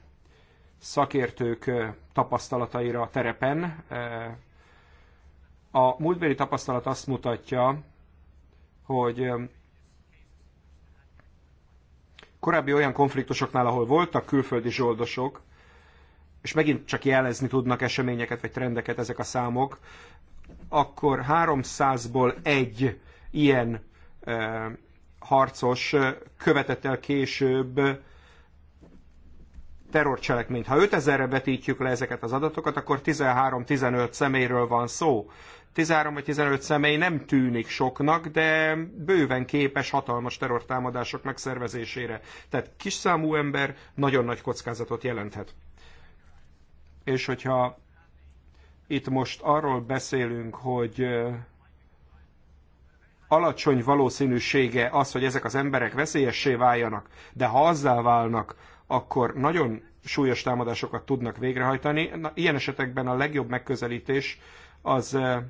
szakértők tapasztalataira a terepen. A múltbeli tapasztalat azt mutatja, hogy korábbi olyan konfliktusoknál, ahol voltak külföldi zsoldosok, és megint csak jelezni tudnak eseményeket vagy trendeket ezek a számok, akkor 300-ból egy ilyen harcos követett el később terrorcselekményt. Ha 5000-re vetítjük le ezeket az adatokat, akkor 13-15 személyről van szó. 13 vagy 15 személy nem tűnik soknak, de bőven képes hatalmas terrortámadások megszervezésére. Tehát kis számú ember nagyon nagy kockázatot jelenthet. És hogyha itt most arról beszélünk, hogy alacsony valószínűsége az, hogy ezek az emberek veszélyessé váljanak, de ha azzá válnak, akkor nagyon súlyos támadásokat tudnak végrehajtani. Na, ilyen esetekben a legjobb megközelítés az eh,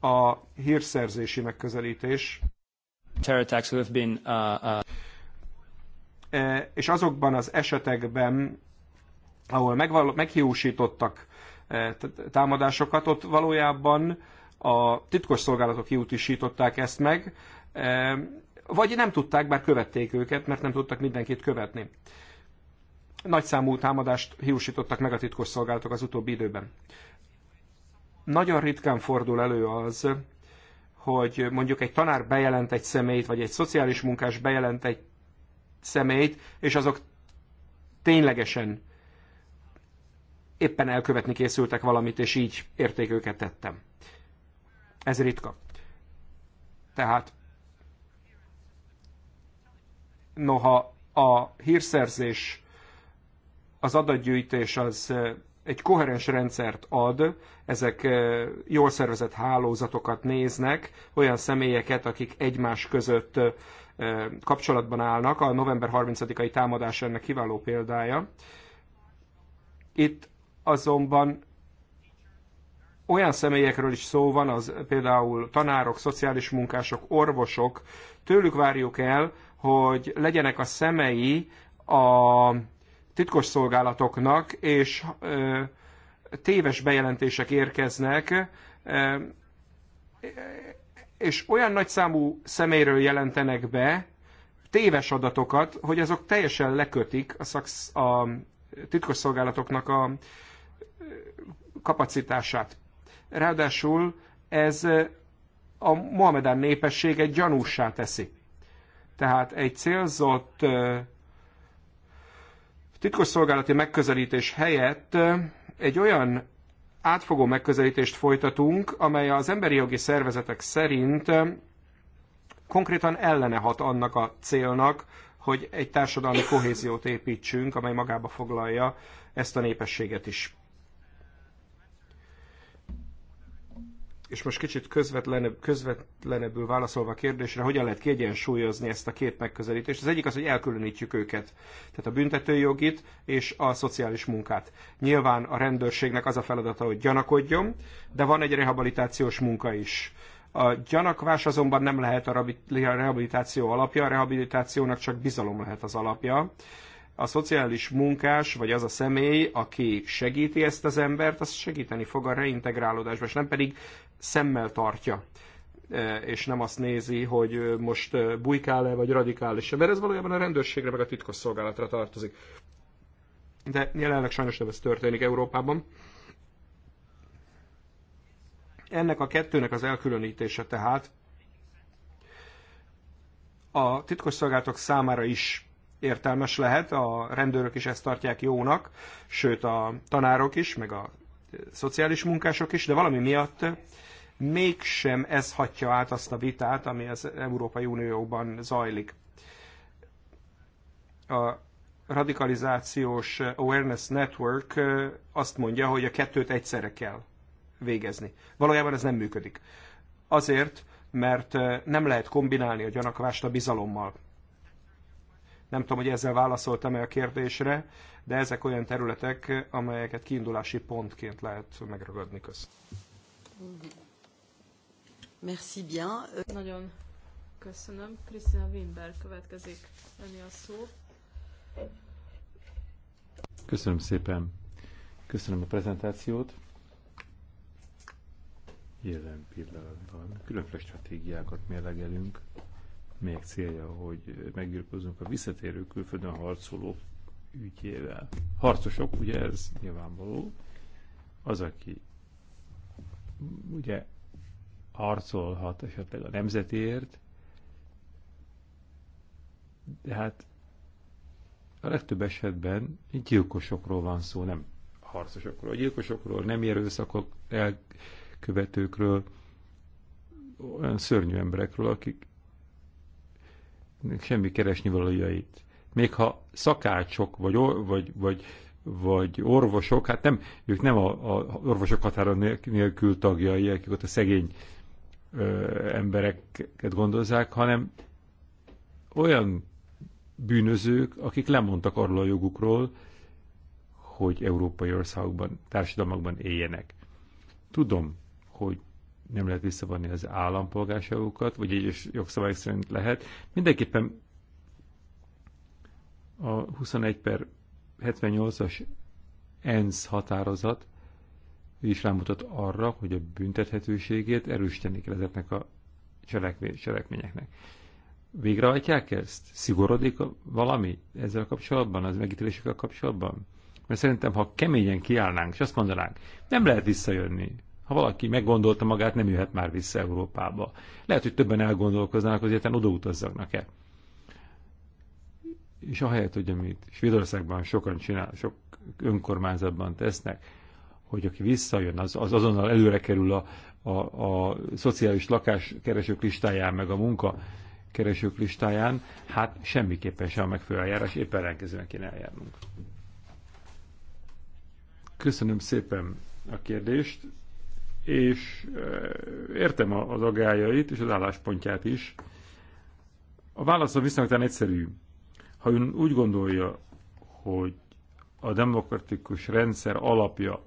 a hírszerzési megközelítés. Terror attacks have been, uh, uh... Eh, és azokban az esetekben, ahol meghiúsítottak eh, támadásokat, ott valójában a titkos szolgálatok hiútisították ezt meg, vagy nem tudták, bár követték őket, mert nem tudtak mindenkit követni. Nagyszámú támadást hiúsítottak meg a titkos szolgálatok az utóbbi időben. Nagyon ritkán fordul elő az, hogy mondjuk egy tanár bejelent egy személyt, vagy egy szociális munkás bejelent egy személyt, és azok ténylegesen éppen elkövetni készültek valamit, és így érték őket tettem. Ez ritka. Tehát Noha a hírszerzés, az adatgyűjtés az egy koherens rendszert ad, ezek jól szervezett hálózatokat néznek, olyan személyeket, akik egymás között kapcsolatban állnak. A november 30-ai támadás ennek kiváló példája. Itt azonban olyan személyekről is szó van, az például tanárok, szociális munkások, orvosok, tőlük várjuk el, hogy legyenek a szemei a titkos szolgálatoknak, és téves bejelentések érkeznek, és olyan nagy számú személyről jelentenek be téves adatokat, hogy azok teljesen lekötik a, szaksz, a titkos szolgálatoknak a kapacitását. Ráadásul ez a Mohamedán népességet gyanúsá teszi. Tehát egy célzott titkosszolgálati megközelítés helyett egy olyan átfogó megközelítést folytatunk, amely az emberi jogi szervezetek szerint konkrétan ellene hat annak a célnak, hogy egy társadalmi kohéziót építsünk, amely magába foglalja ezt a népességet is. és most kicsit közvetlenebb, közvetlenebbül válaszolva a kérdésre, hogyan lehet kiegyensúlyozni ezt a két megközelítést. Az egyik az, hogy elkülönítjük őket, tehát a büntetőjogit és a szociális munkát. Nyilván a rendőrségnek az a feladata, hogy gyanakodjon, de van egy rehabilitációs munka is. A gyanakvás azonban nem lehet a rehabilitáció alapja, a rehabilitációnak csak bizalom lehet az alapja a szociális munkás, vagy az a személy, aki segíti ezt az embert, az segíteni fog a reintegrálódásba, és nem pedig szemmel tartja e, és nem azt nézi, hogy most e, bujkál-e, vagy radikális -e, mert ez valójában a rendőrségre, meg a titkosszolgálatra tartozik. De jelenleg sajnos nem ez történik Európában. Ennek a kettőnek az elkülönítése tehát a titkosszolgálatok számára is értelmes lehet, a rendőrök is ezt tartják jónak, sőt a tanárok is, meg a e, szociális munkások is, de valami miatt mégsem ez hatja át azt a vitát, ami az Európai Unióban zajlik. A radikalizációs Awareness Network e, azt mondja, hogy a kettőt egyszerre kell végezni. Valójában ez nem működik. Azért, mert e, nem lehet kombinálni a gyanakvást a bizalommal. Nem tudom, hogy ezzel válaszoltam-e a kérdésre, de ezek olyan területek, amelyeket kiindulási pontként lehet megragadni. Köszönöm. Merci bien. Nagyon köszönöm. Krisztina Wimber következik. lenni a szó. Köszönöm szépen. Köszönöm a prezentációt. Jelen pillanatban különféle stratégiákat mérlegelünk melyek célja, hogy meggyilkozzunk a visszatérő külföldön harcoló ügyével. Harcosok, ugye ez nyilvánvaló, az, aki ugye harcolhat esetleg a nemzetért, de hát a legtöbb esetben gyilkosokról van szó, nem harcosokról. A gyilkosokról, nem erőszakok elkövetőkről, olyan szörnyű emberekről, akik semmi keresni valójait. Még ha szakácsok, vagy, vagy, vagy, vagy orvosok, hát nem, ők nem a, a orvosok határa nélkül tagjai, akik ott a szegény ö, embereket gondozzák, hanem olyan bűnözők, akik lemondtak arról a jogukról, hogy európai országokban, társadalmakban éljenek. Tudom, hogy nem lehet visszavonni az állampolgárságukat, vagy egyes jogszabályok szerint lehet. Mindenképpen a 21 per 78-as ENSZ határozat is rámutat arra, hogy a büntethetőségét erősíteni kell ezeknek a cselekményeknek. Végrehajtják ezt? Szigorodik valami ezzel kapcsolatban, az megítélésekkel kapcsolatban? Mert szerintem, ha keményen kiállnánk, és azt mondanánk, nem lehet visszajönni, ha valaki meggondolta magát, nem jöhet már vissza Európába. Lehet, hogy többen elgondolkoznának, hogy egyáltalán odautazzaknak e És ahelyett, hogy amit Svédországban sokan csinál, sok önkormányzatban tesznek, hogy aki visszajön, az, az azonnal előre kerül a, a, a szociális lakáskeresők listáján, meg a munka keresők listáján, hát semmiképpen sem a megfelelő eljárás, éppen ellenkezően kéne eljárnunk. Köszönöm szépen a kérdést és értem az agájait és az álláspontját is. A válaszom viszonylag egyszerű. Ha ön úgy gondolja, hogy a demokratikus rendszer alapja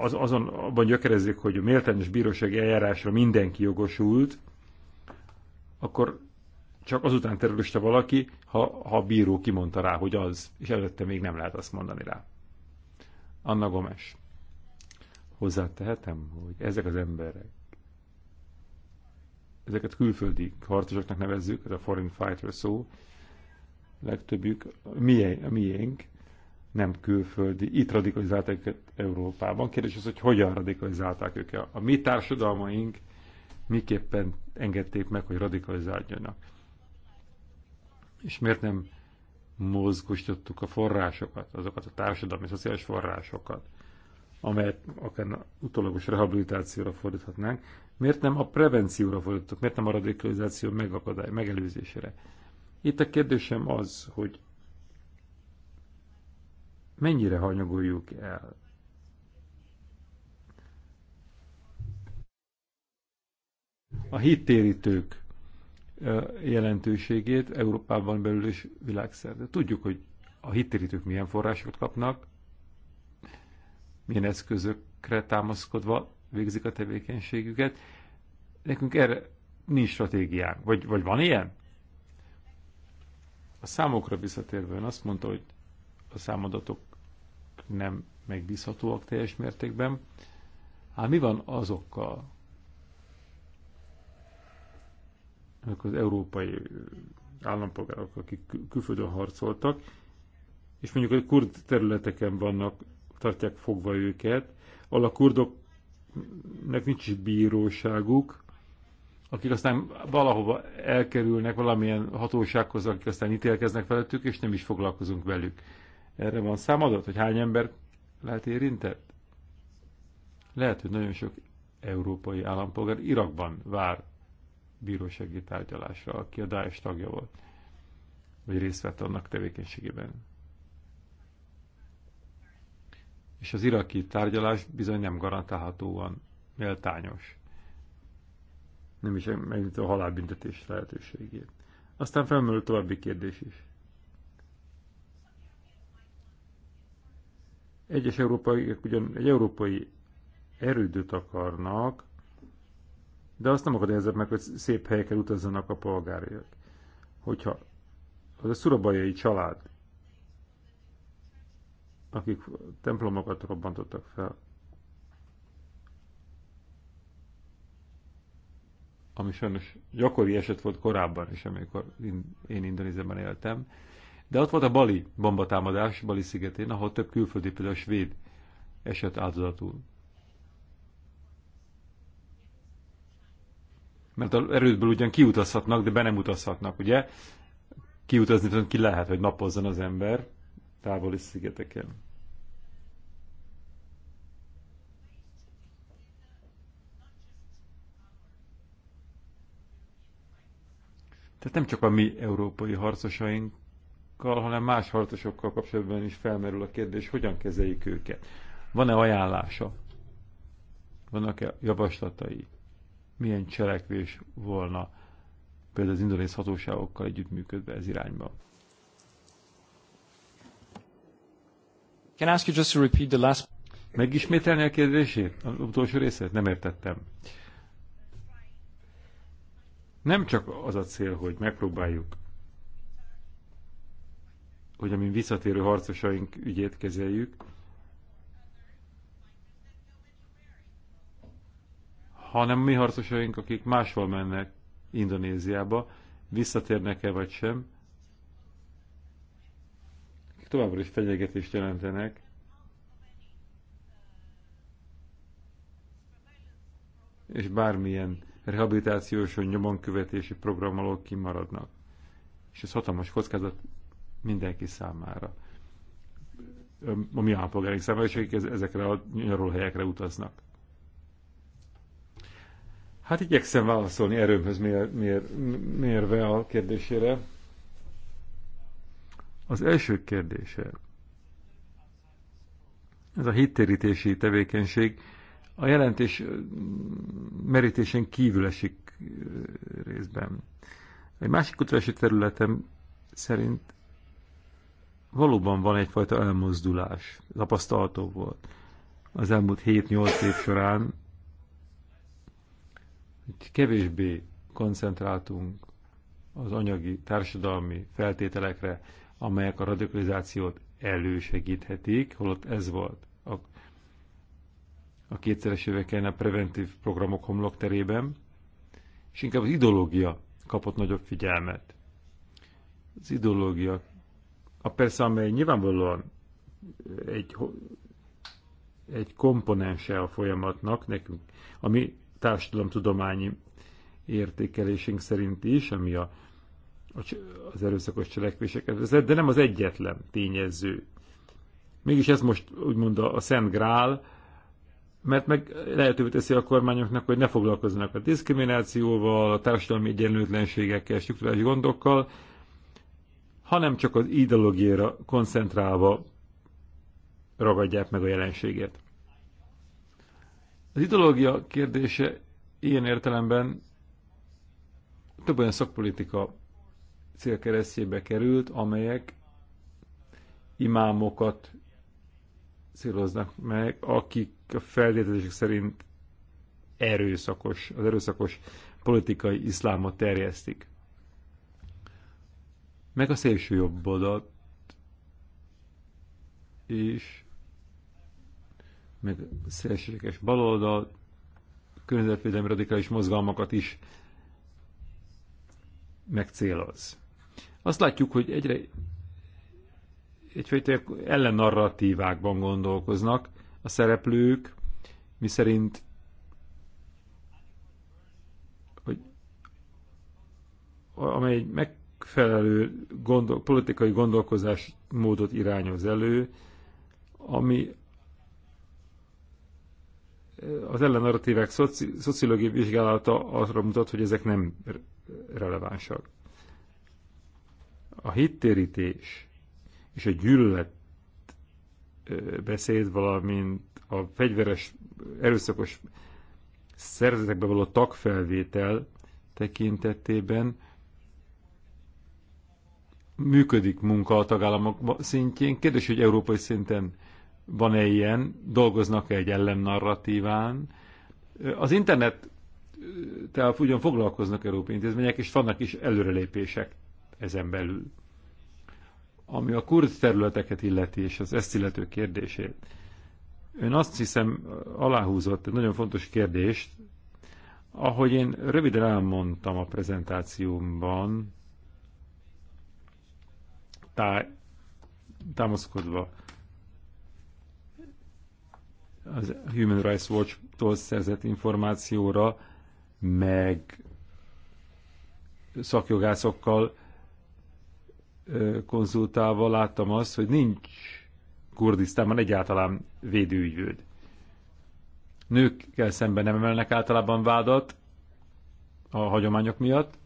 az, azon abban gyökerezik, hogy a méltányos bírósági eljárásra mindenki jogosult, akkor csak azután terrorista valaki, ha, ha a bíró kimondta rá, hogy az, és előtte még nem lehet azt mondani rá. Anna Gomes. Hozzátehetem, hogy ezek az emberek, ezeket külföldi harcosoknak nevezzük, ez a foreign fighter szó, legtöbbjük, miénk, a miénk nem külföldi, itt radikalizálták őket Európában. Kérdés az, hogy hogyan radikalizálták őket. A mi társadalmaink miképpen engedték meg, hogy radikalizáljanak. És miért nem mozgósítottuk a forrásokat, azokat a társadalmi, szociális forrásokat, amelyet akár utólagos rehabilitációra fordíthatnánk, miért nem a prevencióra fordítottuk, miért nem a radikalizáció megakadály, megelőzésére? Itt a kérdésem az, hogy mennyire hanyagoljuk el a hittérítők jelentőségét Európában belül és világszerte. Tudjuk, hogy a hittérítők milyen forrásokat kapnak, milyen eszközökre támaszkodva végzik a tevékenységüket. Nekünk erre nincs stratégiánk. Vagy, vagy van ilyen? A számokra visszatérve ön azt mondta, hogy a számadatok nem megbízhatóak teljes mértékben. Hát mi van azokkal, amikor az európai állampolgárok, akik kül külföldön harcoltak, és mondjuk a kurd területeken vannak tartják fogva őket, a kurdoknak nincs is bíróságuk, akik aztán valahova elkerülnek valamilyen hatósághoz, akik aztán ítélkeznek felettük, és nem is foglalkozunk velük. Erre van számadat, hogy hány ember lehet érintett? Lehet, hogy nagyon sok európai állampolgár Irakban vár bírósági tárgyalásra, aki a Daesh tagja volt, vagy részt vett annak tevékenységében. és az iraki tárgyalás bizony nem garantálhatóan méltányos. Nem is megint a halálbüntetés lehetőségét. Aztán felmerül további kérdés is. Egyes európaiak ugyan egy európai erődöt akarnak, de azt nem akadályozzák meg, hogy szép helyeken utazzanak a polgárok. Hogyha az a szurabajai család akik templomokat robbantottak fel, ami sajnos gyakori eset volt korábban is, amikor én Indonéziában éltem. De ott volt a Bali bombatámadás, Bali szigetén, ahol több külföldi, például a svéd eset áldozatul. Mert az erődből ugyan kiutazhatnak, de be nem utazhatnak, ugye? Kiutazni viszont ki lehet, hogy napozzon az ember távoli szigeteken. Tehát nem csak a mi európai harcosainkkal, hanem más harcosokkal kapcsolatban is felmerül a kérdés, hogyan kezeljük őket. Van-e ajánlása? Vannak-e javaslatai? Milyen cselekvés volna például az indonész hatóságokkal együttműködve ez irányba? Can I ask you just to repeat the last... Megismételni a kérdését? Az utolsó részét? Nem értettem. Nem csak az a cél, hogy megpróbáljuk, hogy a mi visszatérő harcosaink ügyét kezeljük, hanem mi harcosaink, akik máshol mennek Indonéziába, visszatérnek-e vagy sem, továbbra is fenyegetést jelentenek, és bármilyen rehabilitációs vagy nyomonkövetési program alól kimaradnak. És ez hatalmas kockázat mindenki számára. A mi állampolgáraink számára, és akik ezekre a helyekre utaznak. Hát igyekszem válaszolni erőmhöz mér, mér, mérve a kérdésére. Az első kérdése. Ez a hittérítési tevékenység a jelentés merítésen kívül esik részben. Egy másik kutatási területem szerint valóban van egyfajta elmozdulás, tapasztalható volt az elmúlt 7-8 év során, hogy kevésbé koncentráltunk az anyagi, társadalmi feltételekre, amelyek a radikalizációt elősegíthetik, holott ez volt a, a kétszeres éveken a preventív programok homlokterében, és inkább az ideológia kapott nagyobb figyelmet. Az ideológia, a persze, amely nyilvánvalóan egy, egy komponense a folyamatnak, nekünk, ami társadalomtudományi értékelésünk szerint is, ami a az erőszakos cselekvéseket, de nem az egyetlen tényező. Mégis ez most úgymond a Szent Grál, mert meg lehetővé teszi a kormányoknak, hogy ne foglalkozzanak a diszkriminációval, a társadalmi egyenlőtlenségekkel, struktúrális gondokkal, hanem csak az ideológiára koncentrálva ragadják meg a jelenséget. Az ideológia kérdése ilyen értelemben több olyan szakpolitika célkeresztjébe került, amelyek imámokat céloznak meg, akik a feltételezések szerint erőszakos, az erőszakos politikai iszlámot terjesztik. Meg a szélső jobbodat is, meg a szélsőséges baloldalt, környezetvédelmi radikális mozgalmakat is megcéloz azt látjuk, hogy egyre egyfajta ellennarratívákban gondolkoznak a szereplők, miszerint hogy amely megfelelő gondol, politikai gondolkozásmódot irányoz elő, ami az ellenarratívák szoci, szociológiai vizsgálata arra mutat, hogy ezek nem relevánsak a hittérítés és a gyűlölet beszéd, valamint a fegyveres, erőszakos szerzetekbe való tagfelvétel tekintetében működik munka a tagállamok szintjén. Kérdés, hogy európai szinten van-e ilyen, dolgoznak-e egy ellennarratíván. Az internet tehát ugyan foglalkoznak európai intézmények, és vannak is előrelépések ezen belül. Ami a kurd területeket illeti, és az ezt illető kérdését. Ön azt hiszem aláhúzott egy nagyon fontos kérdést, ahogy én röviden elmondtam a prezentációmban, tá, támaszkodva az Human Rights Watch-tól szerzett információra, meg szakjogászokkal konzultálva láttam azt, hogy nincs Kurdisztánban egyáltalán védőügyvőd. Nőkkel szemben nem emelnek általában vádat a hagyományok miatt,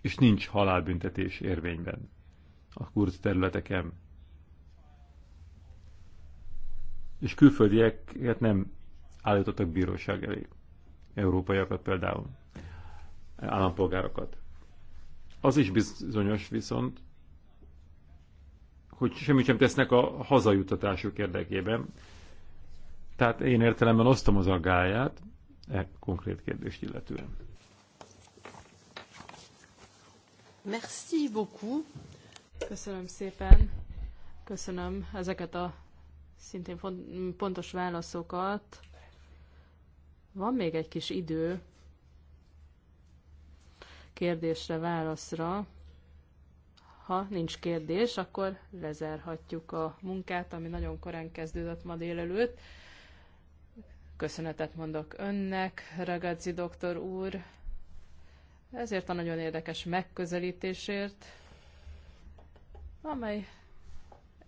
és nincs halálbüntetés érvényben a kurd területeken. És külföldieket nem állítottak bíróság elé. Európaiakat például, állampolgárokat. Az is bizonyos viszont, hogy semmit sem tesznek a hazajutatásuk érdekében. Tehát én értelemben osztom az aggáját e konkrét kérdést illetően. Merci beaucoup. Köszönöm szépen. Köszönöm ezeket a szintén pontos válaszokat. Van még egy kis idő, kérdésre, válaszra. Ha nincs kérdés, akkor lezárhatjuk a munkát, ami nagyon korán kezdődött ma délelőtt. Köszönetet mondok önnek, Ragazzi doktor úr, ezért a nagyon érdekes megközelítésért, amely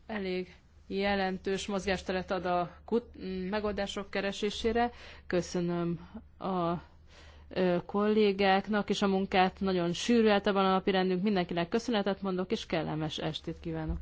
elég jelentős mozgásteret ad a kut- megoldások keresésére. Köszönöm a kollégáknak és a munkát. Nagyon sűrű van a napirendünk. Mindenkinek köszönetet mondok, és kellemes estét kívánok.